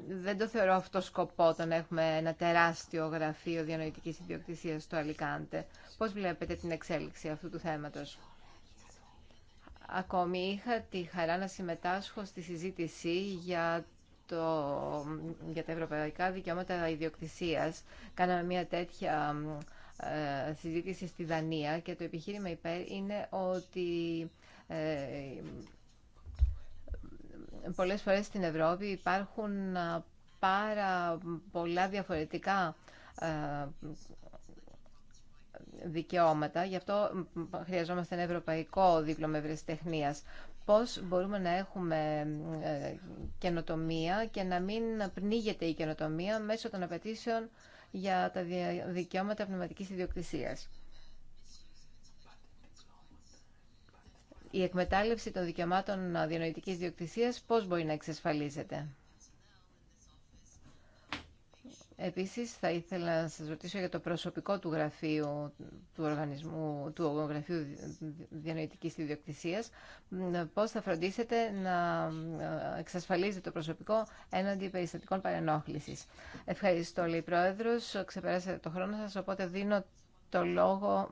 δεν το θεωρώ αυτό σκοπό το να έχουμε ένα τεράστιο γραφείο διανοητική ιδιοκτησία στο Αλικάντε. Πώς βλέπετε την εξέλιξη αυτού του θέματος. Ακόμη είχα τη χαρά να συμμετάσχω στη συζήτηση για, το, για τα ευρωπαϊκά δικαιώματα ιδιοκτησίας. Κάναμε μια τέτοια ε, συζήτηση στη Δανία και το επιχείρημα υπέρ είναι ότι ε, πολλές φορές στην Ευρώπη υπάρχουν πάρα πολλά διαφορετικά δικαιώματα. Γι' αυτό χρειαζόμαστε ένα ευρωπαϊκό δίπλωμα ευρεσιτεχνίας. Πώς μπορούμε να έχουμε ε, καινοτομία και να μην πνίγεται η καινοτομία μέσω των απαιτήσεων για τα δικαιώματα πνευματικής ιδιοκτησίας. η εκμετάλλευση των δικαιωμάτων διανοητικής διοκτησίας πώς μπορεί να εξασφαλίζεται. Επίσης, θα ήθελα να σας ρωτήσω για το προσωπικό του γραφείου του οργανισμού, του γραφείου διανοητικής ιδιοκτησίας, πώς θα φροντίσετε να εξασφαλίζετε το προσωπικό έναντι περιστατικών παρενόχλησης. Ευχαριστώ, λέει Πρόεδρος. Ξεπεράσατε το χρόνο σας, οπότε δίνω το λόγο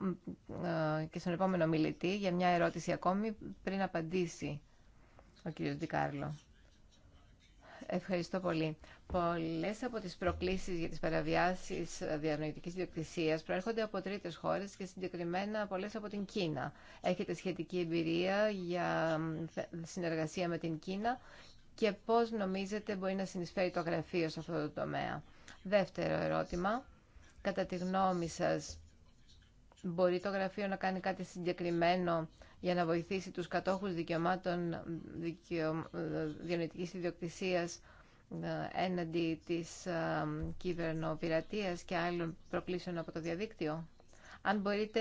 ε, και στον επόμενο μιλητή για μια ερώτηση ακόμη πριν απαντήσει ο κύριος Ντικάρλο. Ευχαριστώ πολύ. Πολλέ από τι προκλήσει για τι παραβιάσει διανοητική διοκτησία προέρχονται από τρίτε χώρε και συγκεκριμένα πολλέ από την Κίνα. Έχετε σχετική εμπειρία για συνεργασία με την Κίνα και πώ νομίζετε μπορεί να συνεισφέρει το γραφείο σε αυτό το τομέα. Δεύτερο ερώτημα. Κατά τη γνώμη σας, Μπορεί το γραφείο να κάνει κάτι συγκεκριμένο για να βοηθήσει τους κατόχους δικαιωμάτων δικαιω... διανοητικής ιδιοκτησίας ε, έναντι της ε, κυβερνοπειρατείας και άλλων προκλήσεων από το διαδίκτυο. Αν μπορείτε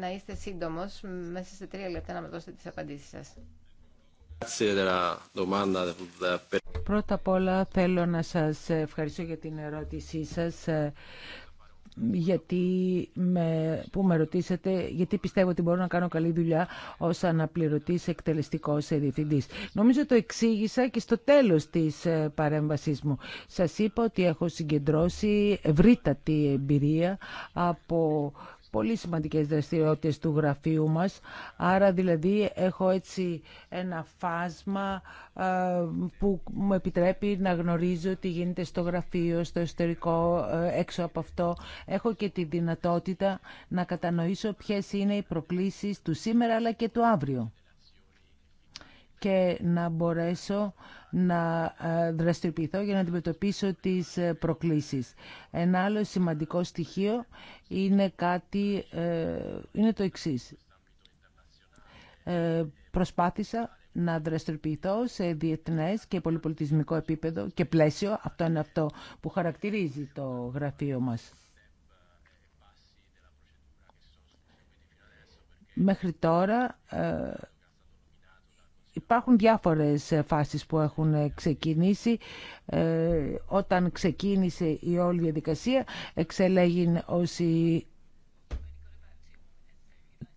να είστε σύντομος, μέσα σε τρία λεπτά να με δώσετε τις απαντήσεις σας. Πρώτα απ' όλα θέλω να σας ευχαριστώ για την ερώτησή σας γιατί που με ρωτήσατε γιατί πιστεύω ότι μπορώ να κάνω καλή δουλειά ως αναπληρωτής εκτελεστικός διευθυντής. Νομίζω το εξήγησα και στο τέλος της ε, παρέμβασής μου. Σας είπα ότι έχω συγκεντρώσει ευρύτατη εμπειρία από πολύ σημαντικές δραστηριότητες του γραφείου μας. Άρα δηλαδή έχω έτσι ένα φάσμα ε, που μου επιτρέπει να γνωρίζω τι γίνεται στο γραφείο, στο εσωτερικό, ε, έξω από αυτό. Έχω και τη δυνατότητα να κατανοήσω ποιες είναι οι προκλήσεις του σήμερα αλλά και του αύριο και να μπορέσω να ε, δραστηριοποιηθώ για να αντιμετωπίσω τις ε, προκλήσεις. Ένα άλλο σημαντικό στοιχείο είναι, κάτι, ε, είναι το εξής. Προσπάθησα να δραστηριοποιηθώ σε διεθνές και πολυπολιτισμικό επίπεδο και πλαίσιο. Αυτό είναι αυτό που χαρακτηρίζει το γραφείο μας. Μέχρι τώρα Υπάρχουν διάφορες ε, φάσεις που έχουν ε, ξεκινήσει. Ε, όταν ξεκίνησε η όλη διαδικασία, εξελέγην ως η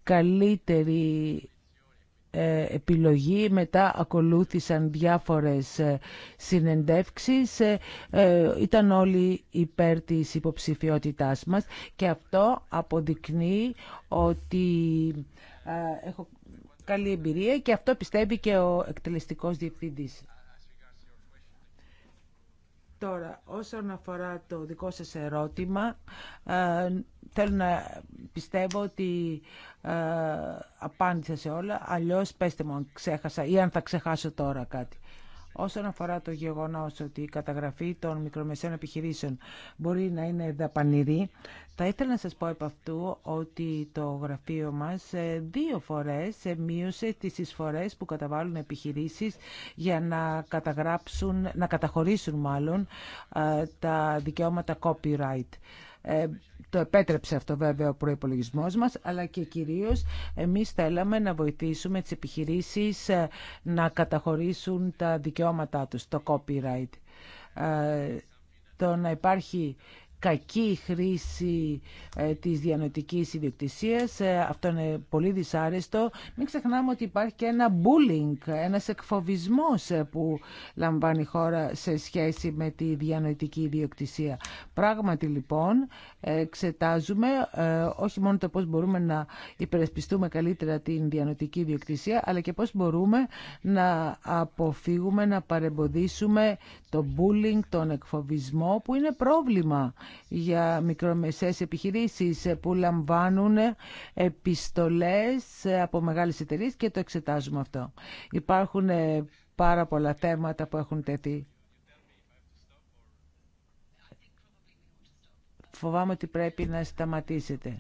καλύτερη επιλογή. Μετά ακολούθησαν διάφορες συνεντεύξεις. Ήταν όλοι υπέρ της υποψηφιότητάς μας και αυτό αποδεικνύει ότι έχω καλή εμπειρία και αυτό πιστεύει και ο εκτελεστικός διευθυντής. Τώρα, όσον αφορά το δικό σας ερώτημα, ε, θέλω να πιστεύω ότι ε, απάντησα σε όλα, αλλιώς πέστε μου αν ξέχασα ή αν θα ξεχάσω τώρα κάτι. Όσον αφορά το γεγονός ότι η καταγραφή των μικρομεσαίων επιχειρήσεων μπορεί να είναι δαπανηρή, θα ήθελα να σας πω επ' αυτού ότι το γραφείο μας ε, δύο φορές ε, μείωσε τις εισφορές που καταβάλουν επιχειρήσεις για να καταγράψουν, να καταχωρήσουν μάλλον ε, τα δικαιώματα copyright. Ε, το επέτρεψε αυτό βέβαια ο προϋπολογισμός μας, αλλά και κυρίως εμείς θέλαμε να βοηθήσουμε τις επιχειρήσεις ε, να καταχωρήσουν τα δικαιώματά τους, το copyright. Ε, το να υπάρχει κακή χρήση ε, της διανοητικής ιδιοκτησίας. Ε, αυτό είναι πολύ δυσάρεστο. Μην ξεχνάμε ότι υπάρχει και ένα bullying, ένας εκφοβισμός ε, που λαμβάνει η χώρα σε σχέση με τη διανοητική ιδιοκτησία. Πράγματι λοιπόν εξετάζουμε όχι μόνο το πώς μπορούμε να υπερασπιστούμε καλύτερα την διανοητική ιδιοκτησία, αλλά και πώς μπορούμε να αποφύγουμε, να παρεμποδίσουμε το bullying, τον εκφοβισμό που είναι πρόβλημα για μικρομεσαίες επιχειρήσεις που λαμβάνουν επιστολές από μεγάλες εταιρείε και το εξετάζουμε αυτό. Υπάρχουν ε, πάρα πολλά θέματα που έχουν τεθεί. Φοβάμαι ότι πρέπει να σταματήσετε.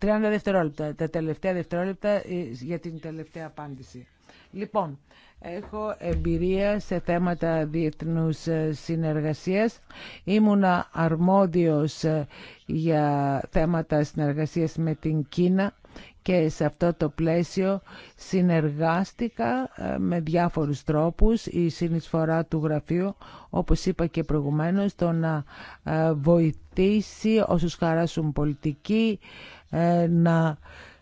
30 δευτερόλεπτα, τα τελευταία δευτερόλεπτα ε, για την τελευταία απάντηση. Λοιπόν, έχω εμπειρία σε θέματα διεθνούς ε, συνεργασίας. Ήμουνα αρμόδιος ε, για θέματα συνεργασίας με την Κίνα και σε αυτό το πλαίσιο συνεργάστηκα με διάφορους τρόπους η συνεισφορά του γραφείου όπως είπα και προηγουμένως το να βοηθήσει όσους χαράσουν πολιτική ε, να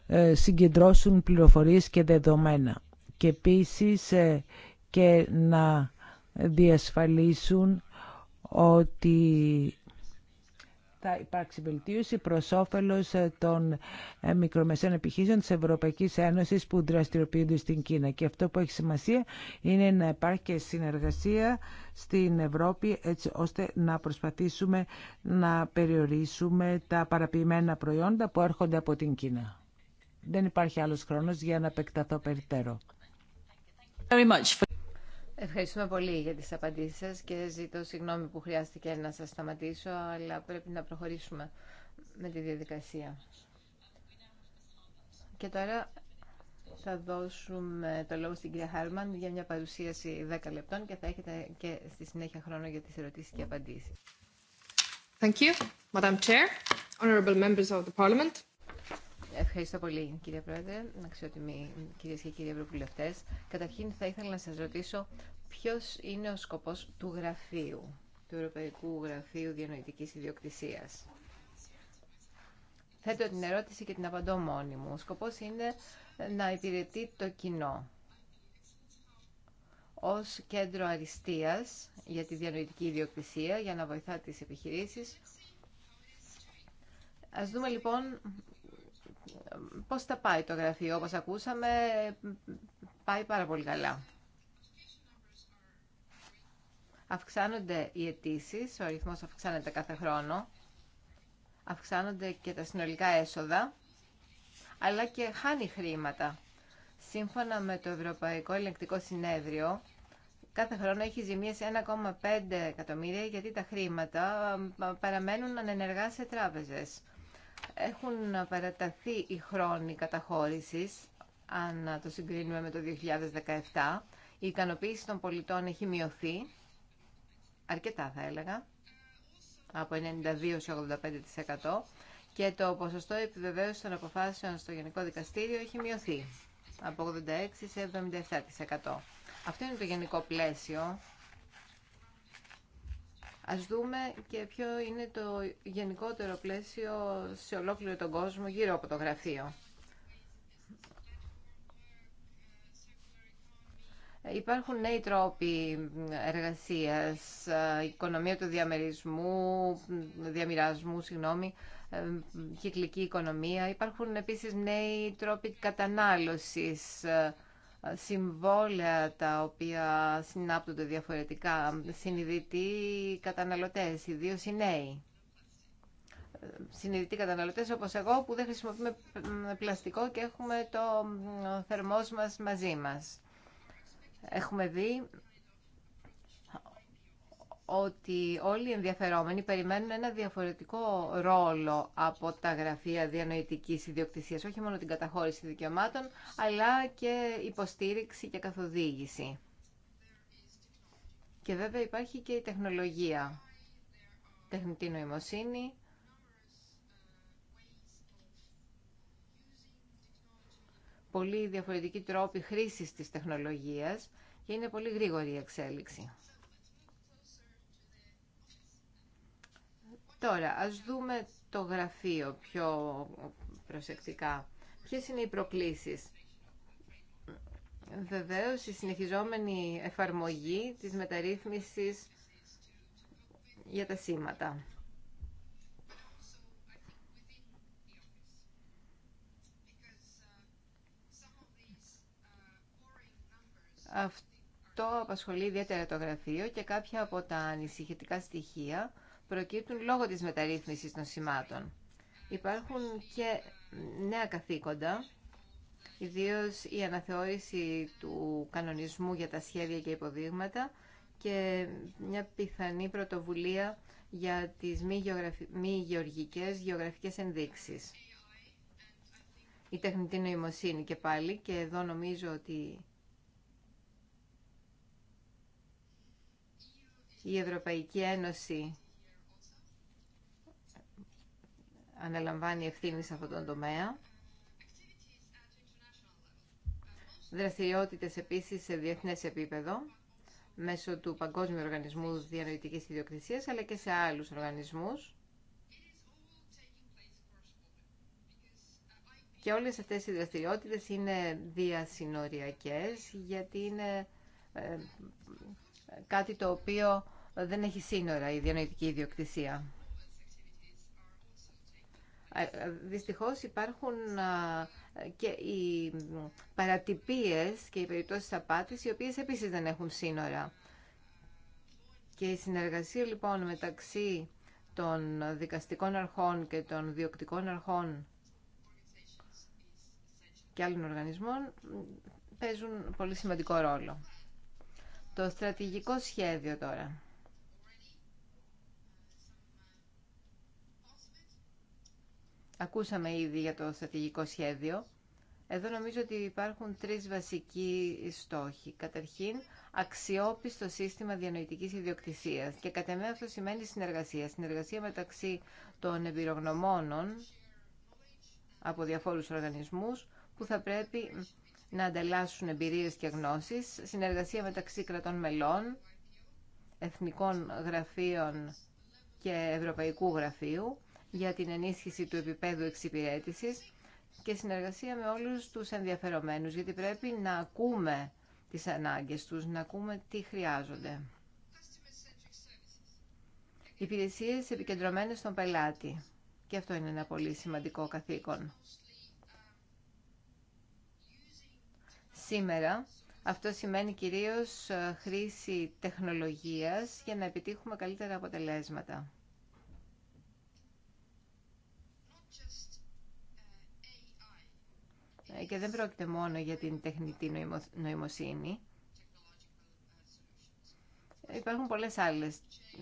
ε, συγκεντρώσουν πληροφορίες και δεδομένα και επίσης ε, και να διασφαλίσουν ότι θα υπάρξει βελτίωση προ όφελο ε, των ε, μικρομεσαίων επιχείρησεων τη Ευρωπαϊκή Ένωση που δραστηριοποιούνται στην Κίνα. Και αυτό που έχει σημασία είναι να υπάρχει και συνεργασία στην Ευρώπη έτσι ώστε να προσπαθήσουμε να περιορίσουμε τα παραποιημένα προϊόντα που έρχονται από την Κίνα. Δεν υπάρχει άλλος χρόνος για να επεκταθώ περιττέρω. Ευχαριστούμε πολύ για τις απαντήσεις σας και ζητώ συγγνώμη που χρειάστηκε να σας σταματήσω, αλλά πρέπει να προχωρήσουμε με τη διαδικασία. Και τώρα θα δώσουμε το λόγο στην κυρία Χάρμαν για μια παρουσίαση 10 λεπτών και θα έχετε και στη συνέχεια χρόνο για τις ερωτήσεις και απαντήσεις. Thank you, Madam Chair, honorable members of the Parliament. Ευχαριστώ πολύ κύριε Πρόεδρε, αξιότιμοι κυρίε και κύριοι Ευρωβουλευτέ. Καταρχήν θα ήθελα να σας ρωτήσω ποιο είναι ο σκοπός του γραφείου, του Ευρωπαϊκού Γραφείου Διανοητικής Ιδιοκτησίας. Θέτω την ερώτηση και την απαντώ μόνη μου. Ο σκοπός είναι να υπηρετεί το κοινό ως κέντρο αριστείας για τη διανοητική ιδιοκτησία, για να βοηθά τις επιχειρήσεις. Ας δούμε λοιπόν πώς τα πάει το γραφείο. Όπως ακούσαμε, πάει πάρα πολύ καλά. Αυξάνονται οι αιτήσει, ο αριθμό αυξάνεται κάθε χρόνο. Αυξάνονται και τα συνολικά έσοδα, αλλά και χάνει χρήματα. Σύμφωνα με το Ευρωπαϊκό Ελεκτικό Συνέδριο, κάθε χρόνο έχει ζημίες 1,5 εκατομμύρια γιατί τα χρήματα παραμένουν ανενεργά σε τράπεζες έχουν παραταθεί οι χρόνοι καταχώρησης, αν το συγκρίνουμε με το 2017. Η ικανοποίηση των πολιτών έχει μειωθεί, αρκετά θα έλεγα, από 92% σε 85% και το ποσοστό επιβεβαίωση των αποφάσεων στο Γενικό Δικαστήριο έχει μειωθεί από 86% σε 77%. Αυτό είναι το γενικό πλαίσιο Ας δούμε και ποιο είναι το γενικότερο πλαίσιο σε ολόκληρο τον κόσμο γύρω από το γραφείο. Υπάρχουν νέοι τρόποι εργασίας, οικονομία του διαμερισμού, διαμοιρασμού, συγγνώμη, κυκλική οικονομία. Υπάρχουν επίσης νέοι τρόποι κατανάλωσης, συμβόλαια τα οποία συνάπτονται διαφορετικά, συνειδητοί καταναλωτές, ιδίως οι νέοι. Συνειδητοί καταναλωτές όπως εγώ που δεν χρησιμοποιούμε πλαστικό και έχουμε το θερμός μας μαζί μας. Έχουμε δει ότι όλοι οι ενδιαφερόμενοι περιμένουν ένα διαφορετικό ρόλο από τα γραφεία διανοητικής ιδιοκτησίας, όχι μόνο την καταχώρηση δικαιωμάτων, αλλά και υποστήριξη και καθοδήγηση. Και βέβαια υπάρχει και η τεχνολογία, τεχνητή νοημοσύνη, πολύ διαφορετικοί τρόποι χρήσης της τεχνολογίας και είναι πολύ γρήγορη η εξέλιξη. Τώρα, ας δούμε το γραφείο πιο προσεκτικά. Ποιες είναι οι προκλήσεις. Βεβαίως, η συνεχιζόμενη εφαρμογή της μεταρρύθμισης για τα σήματα. Αυτό απασχολεί ιδιαίτερα το γραφείο και κάποια από τα ανησυχητικά στοιχεία προκύπτουν λόγω της μεταρρύθμισης των σημάτων. Υπάρχουν και νέα καθήκοντα, ιδίως η αναθεώρηση του κανονισμού για τα σχέδια και υποδείγματα και μια πιθανή πρωτοβουλία για τις μη, γεωγραφι... μη γεωργικές γεωγραφικές ενδείξεις. Η τεχνητή νοημοσύνη και πάλι και εδώ νομίζω ότι η Ευρωπαϊκή Ένωση αναλαμβάνει ευθύνη σε αυτόν τον τομέα. Δραστηριότητες επίσης σε διεθνές επίπεδο μέσω του Παγκόσμιου Οργανισμού Διανοητικής Ιδιοκτησίας αλλά και σε άλλους οργανισμούς. Και όλες αυτές οι δραστηριότητες είναι διασυνοριακές γιατί είναι ε, κάτι το οποίο δεν έχει σύνορα η διανοητική ιδιοκτησία. Ε, ε, δυστυχώς υπάρχουν και οι παρατυπίες και οι περιπτώσεις απάτης, οι οποίες επίσης δεν έχουν σύνορα. Και η συνεργασία λοιπόν μεταξύ των δικαστικών αρχών και των διοκτικών αρχών και άλλων οργανισμών παίζουν πολύ σημαντικό ρόλο. Το στρατηγικό σχέδιο τώρα. Ακούσαμε ήδη για το στρατηγικό σχέδιο. Εδώ νομίζω ότι υπάρχουν τρεις βασικοί στόχοι. Καταρχήν, αξιόπιστο σύστημα διανοητικής ιδιοκτησίας και κατά μένα αυτό σημαίνει συνεργασία. Συνεργασία μεταξύ των εμπειρογνωμόνων από διαφόρους οργανισμούς που θα πρέπει να ανταλλάσσουν εμπειρίες και γνώσεις, συνεργασία μεταξύ κρατών μελών, εθνικών γραφείων και ευρωπαϊκού γραφείου, για την ενίσχυση του επίπεδου εξυπηρέτησης και συνεργασία με όλους τους ενδιαφερομένους, γιατί πρέπει να ακούμε τις ανάγκες τους, να ακούμε τι χρειάζονται. Υπηρεσίες επικεντρωμένες στον πελάτη. Και αυτό είναι ένα πολύ σημαντικό καθήκον. Σήμερα αυτό σημαίνει κυρίως ε, χρήση τεχνολογίας για να επιτύχουμε καλύτερα αποτελέσματα. Ε, και δεν πρόκειται μόνο για την τεχνητή νοημοσύνη. Υπάρχουν πολλές άλλες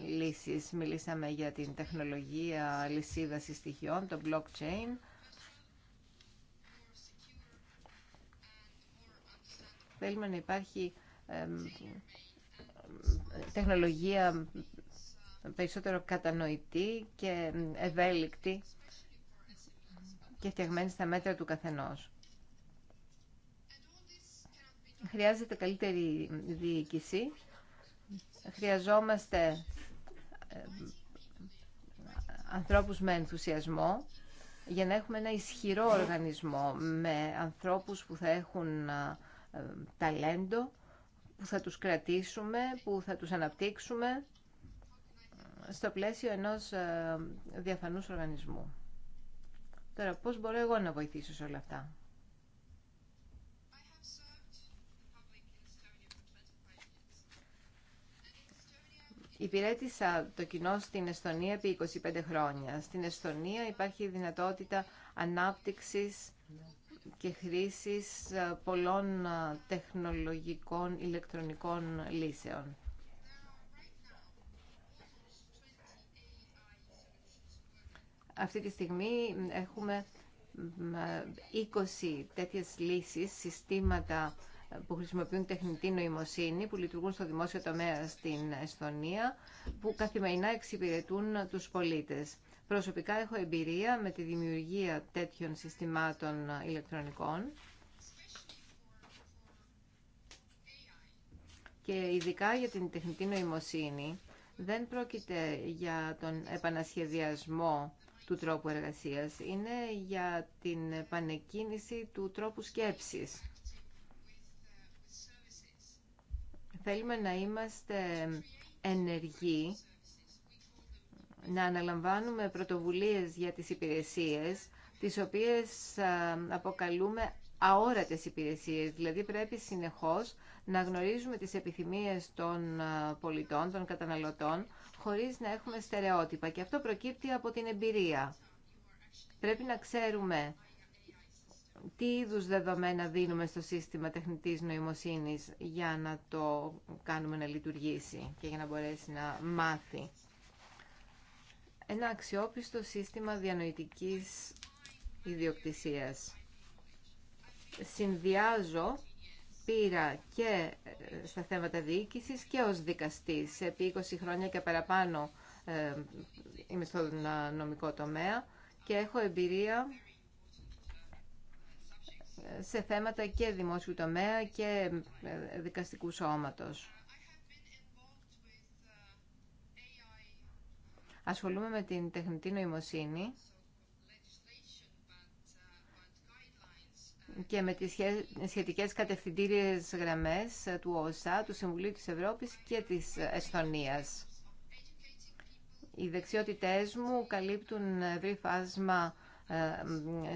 λύσεις. Μιλήσαμε για την τεχνολογία λυσίδα στοιχειών, το blockchain. Θέλουμε να υπάρχει τεχνολογία περισσότερο κατανοητή και ευέλικτη και φτιαγμένη στα μέτρα του καθενός. Χρειάζεται καλύτερη διοίκηση. Χρειαζόμαστε ε, ανθρώπους με ενθουσιασμό για να έχουμε ένα ισχυρό οργανισμό με ανθρώπους που θα έχουν ε, ταλέντο, που θα τους κρατήσουμε, που θα τους αναπτύξουμε στο πλαίσιο ενός ε, διαφανούς οργανισμού. Τώρα, πώς μπορώ εγώ να βοηθήσω σε όλα αυτά. Υπηρέτησα το κοινό στην Εστονία επί 25 χρόνια. Στην Εστονία υπάρχει δυνατότητα ανάπτυξης και χρήσης ε, πολλών ε, τεχνολογικών ηλεκτρονικών λύσεων. Αυτή τη στιγμή έχουμε 20 ε, τέτοιες λύσεις, συστήματα που χρησιμοποιούν τεχνητή νοημοσύνη, που λειτουργούν στο δημόσιο τομέα στην Εστονία, που καθημερινά εξυπηρετούν τους πολίτες. Προσωπικά έχω εμπειρία με τη δημιουργία τέτοιων συστημάτων ηλεκτρονικών και ειδικά για την τεχνητή νοημοσύνη δεν πρόκειται για τον επανασχεδιασμό του τρόπου εργασίας, είναι για την επανεκκίνηση του τρόπου σκέψης. Θέλουμε να είμαστε ενεργοί, να αναλαμβάνουμε πρωτοβουλίες για τις υπηρεσίες, τις οποίες αποκαλούμε αόρατες υπηρεσίες. Δηλαδή πρέπει συνεχώς να γνωρίζουμε τις επιθυμίες των πολιτών, των καταναλωτών, χωρίς να έχουμε στερεότυπα. Και αυτό προκύπτει από την εμπειρία. Πρέπει να ξέρουμε τι είδους δεδομένα δίνουμε στο σύστημα τεχνητής νοημοσύνης για να το κάνουμε να λειτουργήσει και για να μπορέσει να μάθει. Ένα αξιόπιστο σύστημα διανοητικής ιδιοκτησίας. Συνδυάζω πήρα και ε, στα θέματα διοίκησης και ως δικαστής. Επί 20 χρόνια και παραπάνω ε, είμαι στο νομικό τομέα και έχω εμπειρία σε θέματα και δημόσιου τομέα και ε, δικαστικού σώματος. Ασχολούμαι με την τεχνητή νοημοσύνη και με τις σχετικές κατευθυντήριες γραμμές του ΟΣΑ, του Συμβουλίου της Ευρώπης και της Εσθονίας. Οι δεξιότητές μου καλύπτουν ευρύ φάσμα ε,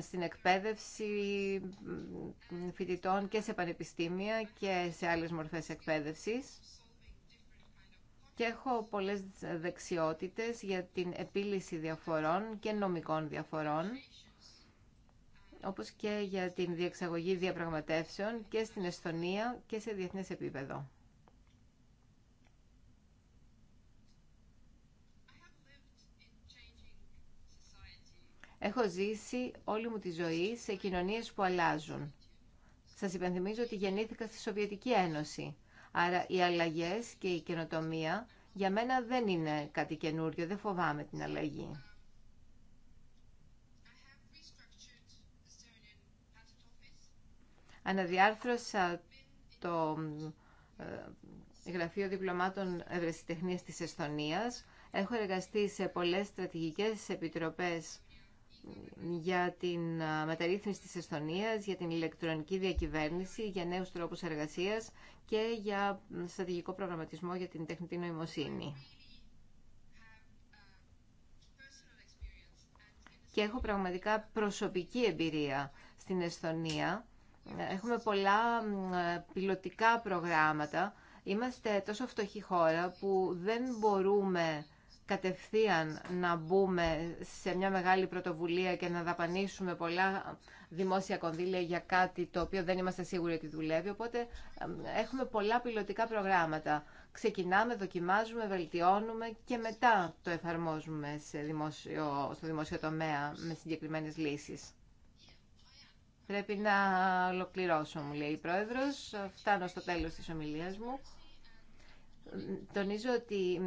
στην εκπαίδευση φοιτητών και σε πανεπιστήμια και σε άλλες μορφές εκπαίδευσης και έχω πολλές δεξιότητες για την επίλυση διαφορών και νομικών διαφορών όπως και για την διεξαγωγή διαπραγματεύσεων και στην Εσθονία και σε διεθνές επίπεδο. Έχω ζήσει όλη μου τη ζωή σε κοινωνίες που αλλάζουν. Σας υπενθυμίζω ότι γεννήθηκα στη Σοβιετική Ένωση. Άρα οι αλλαγές και η καινοτομία για μένα δεν είναι κάτι καινούριο, δεν φοβάμαι την αλλαγή. Αναδιάρθρωσα το ε, Γραφείο Διπλωμάτων Ευρεσιτεχνίας της Εσθονίας. Έχω εργαστεί σε πολλές στρατηγικές επιτροπές για την ε, μεταρρύθμιση της Εστονίας, για την ηλεκτρονική διακυβέρνηση, για νέους τρόπους εργασίας και για στρατηγικό προγραμματισμό για την τεχνητή νοημοσύνη. Και έχω πραγματικά προσωπική εμπειρία στην Εστονία. Έχουμε πολλά ε, πιλωτικά προγράμματα. Είμαστε τόσο φτωχή χώρα που δεν μπορούμε κατευθείαν να μπούμε σε μια μεγάλη πρωτοβουλία και να δαπανίσουμε πολλά δημόσια κονδύλια για κάτι το οποίο δεν είμαστε σίγουροι ότι δουλεύει. Οπότε έχουμε πολλά πιλωτικά προγράμματα. Ξεκινάμε, δοκιμάζουμε, βελτιώνουμε και μετά το εφαρμόζουμε σε δημόσιο, στο δημόσιο τομέα με συγκεκριμένες λύσεις. Πρέπει να ολοκληρώσω, μου λέει η Πρόεδρος. Φτάνω στο τέλος της ομιλίας μου τονίζω ότι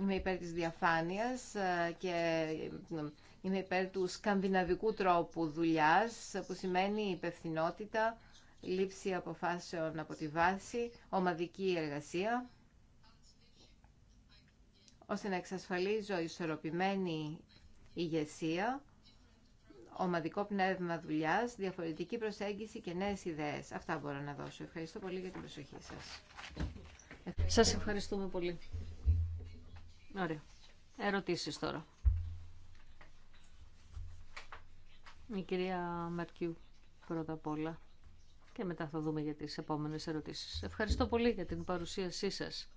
είμαι υπέρ της διαφάνειας ε, και ε, είμαι υπέρ του σκανδιναβικού τρόπου δουλειάς που σημαίνει υπευθυνότητα, λήψη αποφάσεων από τη βάση, ομαδική εργασία ώστε να εξασφαλίζω ισορροπημένη ηγεσία, ομαδικό πνεύμα δουλειάς, διαφορετική προσέγγιση και νέες ιδέες. Αυτά μπορώ να δώσω. Ευχαριστώ πολύ για την προσοχή σας. Σας ευχαριστούμε πολύ. Ωραία. Ερωτήσεις τώρα. Η κυρία Μαρκιού πρώτα απ' όλα και μετά θα δούμε για τις επόμενες ερωτήσεις. Ευχαριστώ πολύ για την παρουσίασή σας.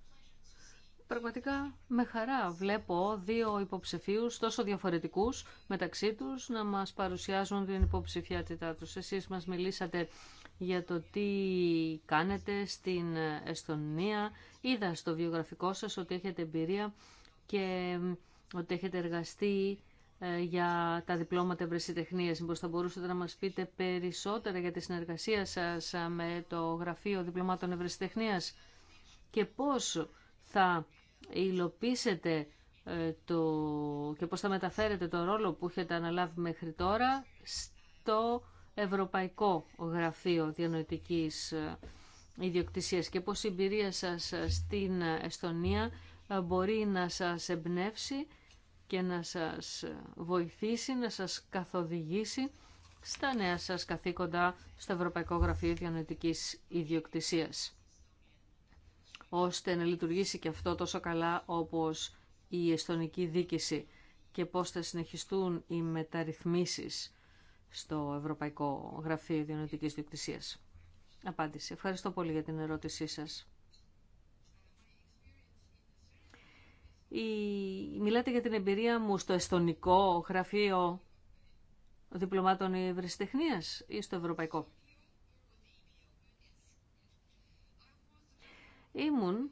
Πραγματικά με χαρά βλέπω δύο υποψηφίους τόσο διαφορετικούς μεταξύ τους να μας παρουσιάζουν την υποψηφιότητά τους. Εσείς μας μιλήσατε για το τι κάνετε στην Εστονία. Είδα στο βιογραφικό σας ότι έχετε εμπειρία και ότι έχετε εργαστεί ε, για τα διπλώματα ευρεσιτεχνίας. Μήπως θα μπορούσατε να μας πείτε περισσότερα για τη συνεργασία σας ε, με το Γραφείο Διπλωμάτων Ευρεσιτεχνίας και πώς θα υλοποιήσετε ε, το... και πώς θα μεταφέρετε το ρόλο που έχετε αναλάβει μέχρι τώρα στο Ευρωπαϊκό Γραφείο Διανοητικής ε, Ιδιοκτησίας και πώς η εμπειρία σας ε, στην Εστονία ε, μπορεί να σας εμπνεύσει και να σας βοηθήσει, να σας καθοδηγήσει στα νέα σας καθήκοντα στο Ευρωπαϊκό Γραφείο Διανοητικής Ιδιοκτησίας ώστε να λειτουργήσει και αυτό τόσο καλά όπως η εστονική δίκηση και πώς θα συνεχιστούν οι μεταρρυθμίσεις στο Ευρωπαϊκό Γραφείο Ιδιωτική Διοκτησία. Απάντηση. Ευχαριστώ πολύ για την ερώτησή σας. Η... Μιλάτε για την εμπειρία μου στο Εστονικό Γραφείο Διπλωμάτων ευρεσιτεχνία ή στο Ευρωπαϊκό. Ήμουν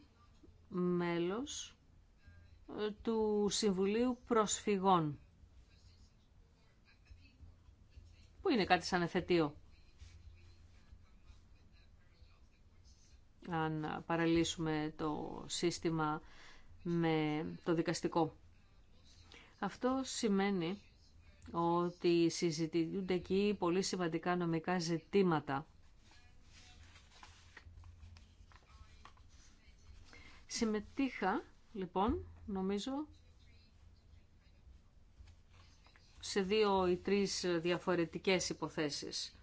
μέλος του Συμβουλίου Προσφυγών που είναι κάτι σαν εθετίο, Αν παραλύσουμε το σύστημα με το δικαστικό. Αυτό σημαίνει ότι συζητούνται εκεί πολύ σημαντικά νομικά ζητήματα. Συμμετείχα, λοιπόν, νομίζω, σε δύο ή τρεις διαφορετικές υποθέσεις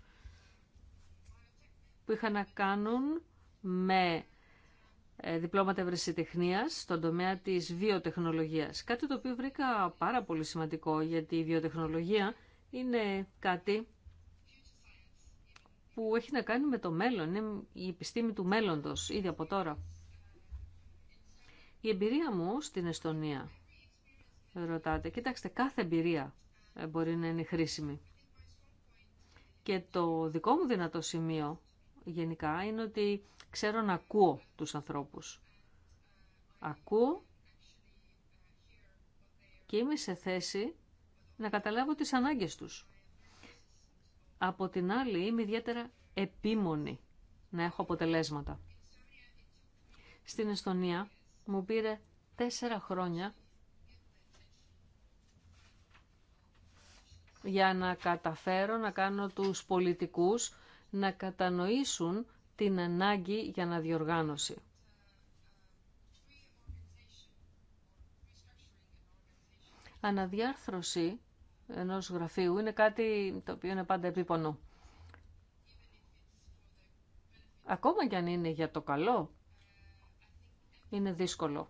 που είχαν να κάνουν με ε, διπλώματα ευρεσιτεχνίας στον τομέα της βιοτεχνολογίας. Κάτι το οποίο βρήκα πάρα πολύ σημαντικό γιατί η βιοτεχνολογία είναι κάτι που έχει να κάνει με το μέλλον, είναι η επιστήμη του μέλλοντος ήδη από τώρα. Η εμπειρία μου στην Εστονία, ρωτάτε, κοιτάξτε κάθε εμπειρία ε, μπορεί να είναι χρήσιμη. Και το δικό μου δυνατό σημείο γενικά είναι ότι ξέρω να ακούω τους ανθρώπους. Ακούω και είμαι σε θέση να καταλάβω τις ανάγκες τους. Από την άλλη είμαι ιδιαίτερα επίμονη να έχω αποτελέσματα. Στην Εστονία μου πήρε τέσσερα χρόνια για να καταφέρω να κάνω τους πολιτικούς να κατανοήσουν την ανάγκη για να αναδιοργάνωση. Αναδιάρθρωση ενός γραφείου είναι κάτι το οποίο είναι πάντα επίπονο. Ακόμα κι αν είναι για το καλό, είναι δύσκολο.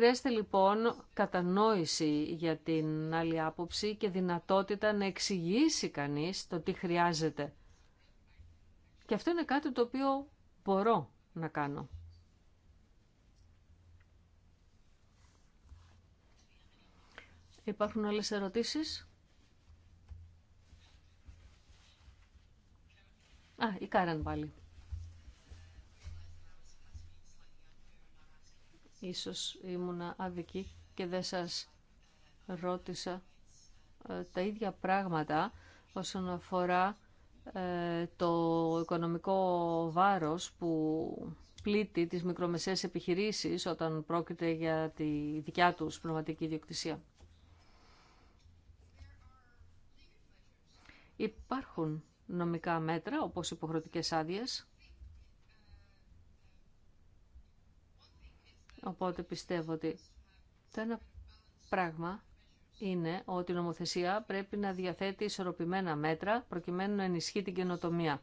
Χρειάζεται λοιπόν κατανόηση για την άλλη άποψη και δυνατότητα να εξηγήσει κανείς το τι χρειάζεται. Και αυτό είναι κάτι το οποίο μπορώ να κάνω. Υπάρχουν άλλες ερωτήσεις. Α, η Κάραν πάλι. Ίσως ήμουνα αδική και δεν σας ρώτησα ε, τα ίδια πράγματα όσον αφορά ε, το οικονομικό βάρος που πλήττει τις μικρομεσαίες επιχειρήσεις όταν πρόκειται για τη δικιά τους πνευματική ιδιοκτησία. Υπάρχουν νομικά μέτρα, όπως υποχρεωτικές άδειες, Οπότε πιστεύω ότι το ένα πράγμα είναι ότι η νομοθεσία πρέπει να διαθέτει ισορροπημένα μέτρα προκειμένου να ενισχύει την καινοτομία.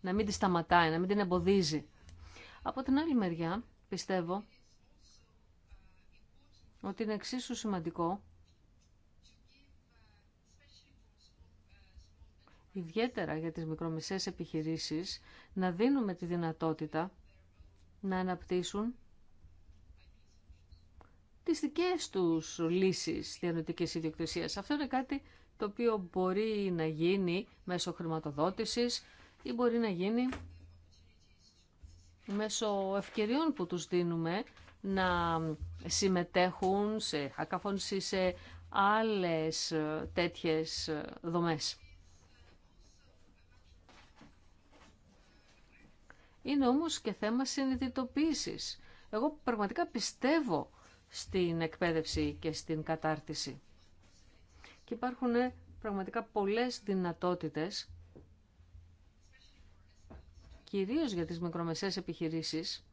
Να μην τη σταματάει, να μην την εμποδίζει. Από την άλλη μεριά πιστεύω ότι είναι εξίσου σημαντικό ιδιαίτερα για τις μικρομεσαίες επιχειρήσεις να δίνουμε τη δυνατότητα να αναπτύσσουν τις δικές του λύσει διανοητική ιδιοκτησία. Αυτό είναι κάτι το οποίο μπορεί να γίνει μέσω χρηματοδότηση ή μπορεί να γίνει μέσω ευκαιριών που τους δίνουμε να συμμετέχουν σε hackathons ή σε άλλες τέτοιες δομές. Είναι όμως και θέμα συνειδητοποίησης. Εγώ πραγματικά πιστεύω στην εκπαίδευση και στην κατάρτιση. Και υπάρχουν ε, πραγματικά πολλές δυνατότητες, κυρίως για τις μικρομεσαίες επιχειρήσεις,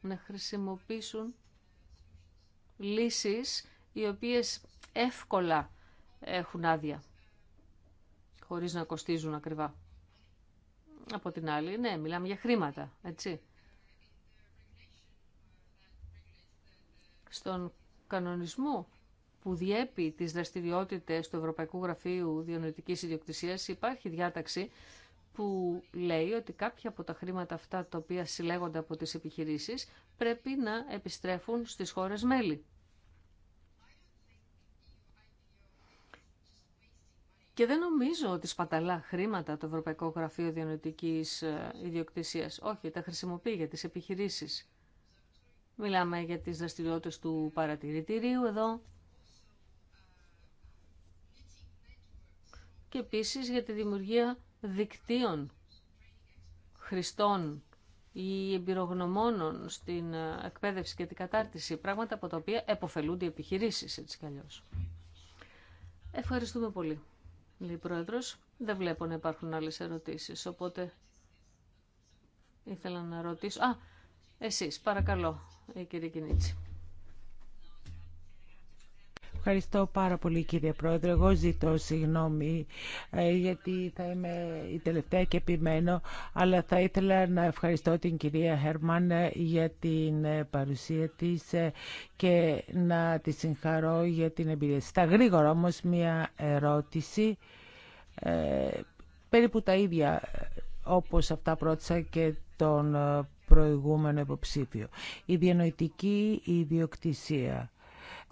να χρησιμοποιήσουν λύσεις οι οποίες εύκολα έχουν άδεια, χωρίς να κοστίζουν ακριβά από την άλλη, ναι, μιλάμε για χρήματα, έτσι. Στον κανονισμό που διέπει τις δραστηριότητες του Ευρωπαϊκού Γραφείου Διανοητικής Ιδιοκτησίας υπάρχει διάταξη που λέει ότι κάποια από τα χρήματα αυτά τα οποία συλλέγονται από τις επιχειρήσεις πρέπει να επιστρέφουν στις χώρες μέλη. Και δεν νομίζω ότι σπαταλά χρήματα το Ευρωπαϊκό Γραφείο Διανοητικής ε, Ιδιοκτησίας. Όχι, τα χρησιμοποιεί για τις επιχειρήσεις. Μιλάμε για τις δραστηριότητες του παρατηρητηρίου εδώ. Και επίσης για τη δημιουργία δικτύων χρηστών ή εμπειρογνωμόνων στην ε, εκπαίδευση και την κατάρτιση, πράγματα από τα οποία εποφελούνται οι επιχειρήσεις έτσι κι αλλιώς. Ευχαριστούμε πολύ λέει Πρόεδρος. Δεν βλέπω να υπάρχουν άλλες ερωτήσεις, οπότε ήθελα να ρωτήσω... Α, εσείς, παρακαλώ, η κυρία Ευχαριστώ πάρα πολύ κύριε Πρόεδρε. Εγώ ζητώ συγγνώμη ε, γιατί θα είμαι η τελευταία και επιμένω, αλλά θα ήθελα να ευχαριστώ την κυρία Χερμάν ε, για την ε, παρουσία της και να τη συγχαρώ για την εμπειρία. Στα γρήγορα όμως μια ερώτηση, περίπου τα ίδια όπως αυτά πρότισα και τον προηγούμενο υποψήφιο. Η διανοητική ιδιοκτησία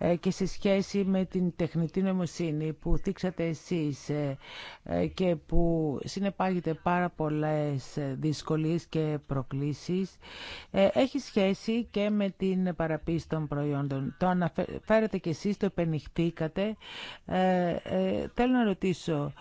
ε, και σε σχέση με την τεχνητή νοημοσύνη που θίξατε εσείς ε, ε, και που συνεπάγεται πάρα πολλές δυσκολίες και προκλήσεις έχει σχέση και με την παραποίηση των προϊόντων. Το αναφέρετε και εσείς, το επενυχτήκατε. Θέλω να ρωτήσω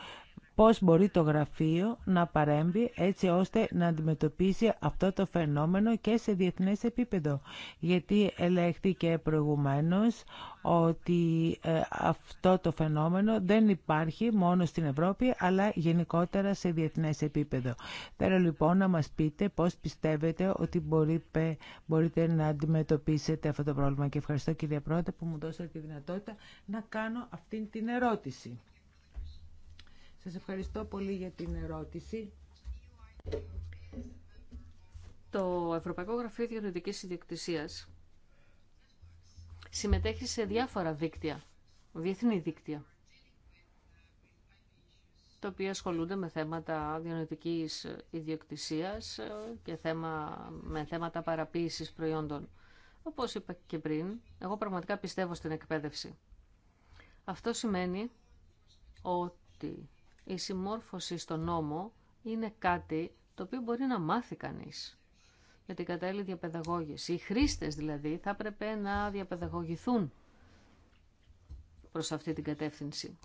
πώς μπορεί το γραφείο να παρέμβει έτσι ώστε να αντιμετωπίσει αυτό το φαινόμενο και σε διεθνές επίπεδο. Γιατί ελέγχθηκε προηγουμένως ότι ε, αυτό το φαινόμενο δεν υπάρχει μόνο στην Ευρώπη αλλά γενικότερα σε διεθνές επίπεδο. Θέλω λοιπόν να μας πείτε πώς πιστεύετε ότι μπορείτε, μπορείτε να αντιμετωπίσετε αυτό το πρόβλημα και ευχαριστώ κυρία Πρόεδρε που μου δώσατε τη δυνατότητα να κάνω αυτή την ερώτηση. Σας ευχαριστώ πολύ για την ερώτηση. Το Ευρωπαϊκό Γραφείο Διανοητικής Ιδιοκτησίας συμμετέχει σε διάφορα δίκτυα, διεθνή δίκτυα, τα οποία ασχολούνται με θέματα διανοητικής ιδιοκτησίας και θέμα, με θέματα παραποίησης προϊόντων. Όπως είπα και πριν, εγώ πραγματικά πιστεύω στην εκπαίδευση. Αυτό σημαίνει ότι η συμμόρφωση στο νόμο είναι κάτι το οποίο μπορεί να μάθει κανείς με την κατάλληλη διαπαιδαγώγηση. Οι χρήστες δηλαδή θα έπρεπε να διαπαιδαγωγηθούν προς αυτή την κατεύθυνση.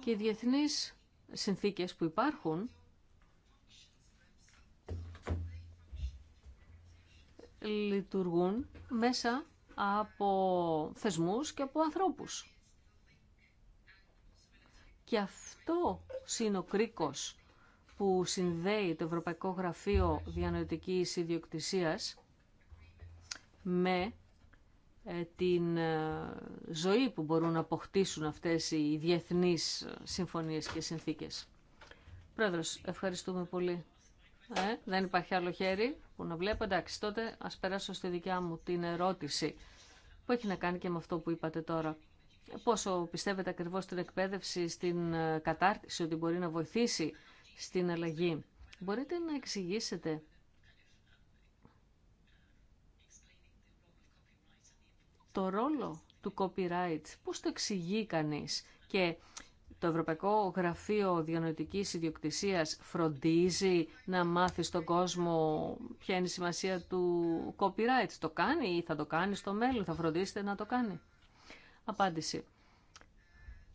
Και οι διεθνείς συνθήκες που υπάρχουν λειτουργούν μέσα από θεσμούς και από ανθρώπους. Και αυτό είναι ο κρίκος που συνδέει το Ευρωπαϊκό Γραφείο Διανοητικής Ιδιοκτησίας με ε, την ε, ζωή που μπορούν να αποκτήσουν αυτές οι διεθνείς συμφωνίες και συνθήκες. Πρόεδρος, ευχαριστούμε πολύ. Ε, δεν υπάρχει άλλο χέρι που να βλέπω. Εντάξει, τότε ας περάσω στη δικιά μου την ερώτηση που έχει να κάνει και με αυτό που είπατε τώρα πόσο πιστεύετε ακριβώς την εκπαίδευση, στην ε, κατάρτιση ότι μπορεί να βοηθήσει στην αλλαγή. Μπορείτε να εξηγήσετε το ρόλο του copyright, πώς το εξηγεί κανείς και το Ευρωπαϊκό Γραφείο Διανοητικής Ιδιοκτησίας φροντίζει να μάθει στον κόσμο ποια είναι η σημασία του copyright. Το κάνει ή θα το κάνει στο μέλλον, θα φροντίσετε να το κάνει. Απάντηση.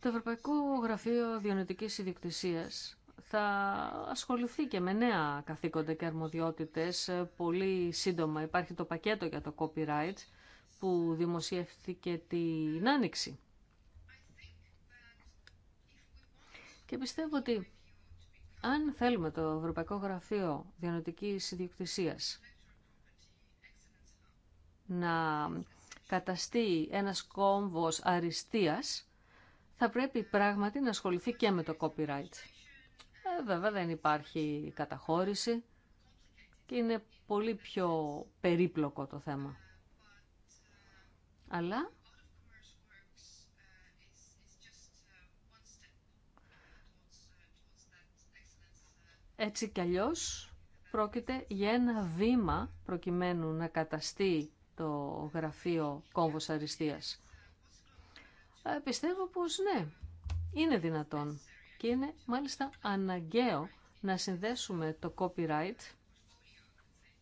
Το Ευρωπαϊκό Γραφείο Διονυτικής Ιδιοκτησίας θα ασχοληθεί και με νέα καθήκοντα και αρμοδιότητες πολύ σύντομα. Υπάρχει το πακέτο για το copyright που δημοσιεύθηκε την Άνοιξη. Και πιστεύω ότι αν θέλουμε το Ευρωπαϊκό Γραφείο διονοτική Ιδιοκτησίας να καταστεί ένας κόμβος αριστείας, θα πρέπει πράγματι να ασχοληθεί και με το copyright. Ε, βέβαια δεν υπάρχει καταχώρηση και είναι πολύ πιο περίπλοκο το θέμα. Αλλά έτσι κι αλλιώς πρόκειται για ένα βήμα προκειμένου να καταστεί το γραφείο Κόμβος Αριστείας. Ε, πιστεύω πως ναι, είναι δυνατόν και είναι μάλιστα αναγκαίο να συνδέσουμε το copyright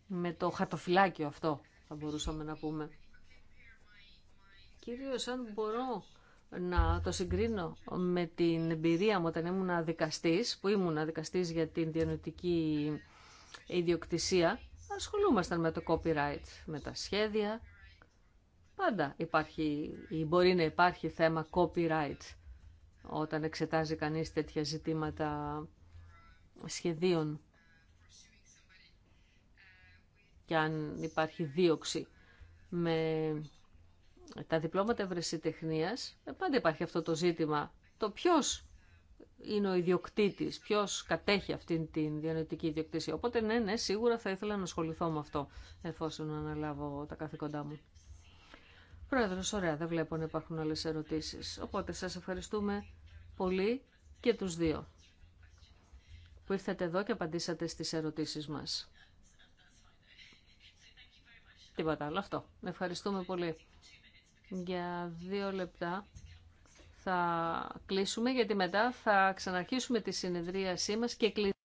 με το χαρτοφυλάκιο αυτό, θα μπορούσαμε να πούμε. Κυρίως αν μπορώ να το συγκρίνω με την εμπειρία μου όταν ήμουν δικαστής, που ήμουν δικαστής για την διανοητική ιδιοκτησία, ασχολούμασταν με το copyright, με τα σχέδια. Πάντα υπάρχει ή μπορεί να υπάρχει θέμα copyright όταν εξετάζει κανείς τέτοια ζητήματα σχεδίων και αν υπάρχει δίωξη με τα διπλώματα ευρεσιτεχνίας, πάντα υπάρχει αυτό το ζήτημα. Το ποιος είναι ο ιδιοκτήτη. Ποιο κατέχει αυτήν την διανοητική ιδιοκτησία. Οπότε ναι, ναι, σίγουρα θα ήθελα να ασχοληθώ με αυτό, εφόσον αναλάβω τα καθήκοντά μου. Πρόεδρος, ωραία, δεν βλέπω να υπάρχουν άλλες ερωτήσεις. Οπότε σας ευχαριστούμε πολύ και τους δύο που ήρθατε εδώ και απαντήσατε στις ερωτήσεις μας. Τίποτα άλλο αυτό. Ευχαριστούμε πολύ. Για δύο λεπτά θα κλείσουμε γιατί μετά θα ξαναρχίσουμε τη συνεδρίασή μας και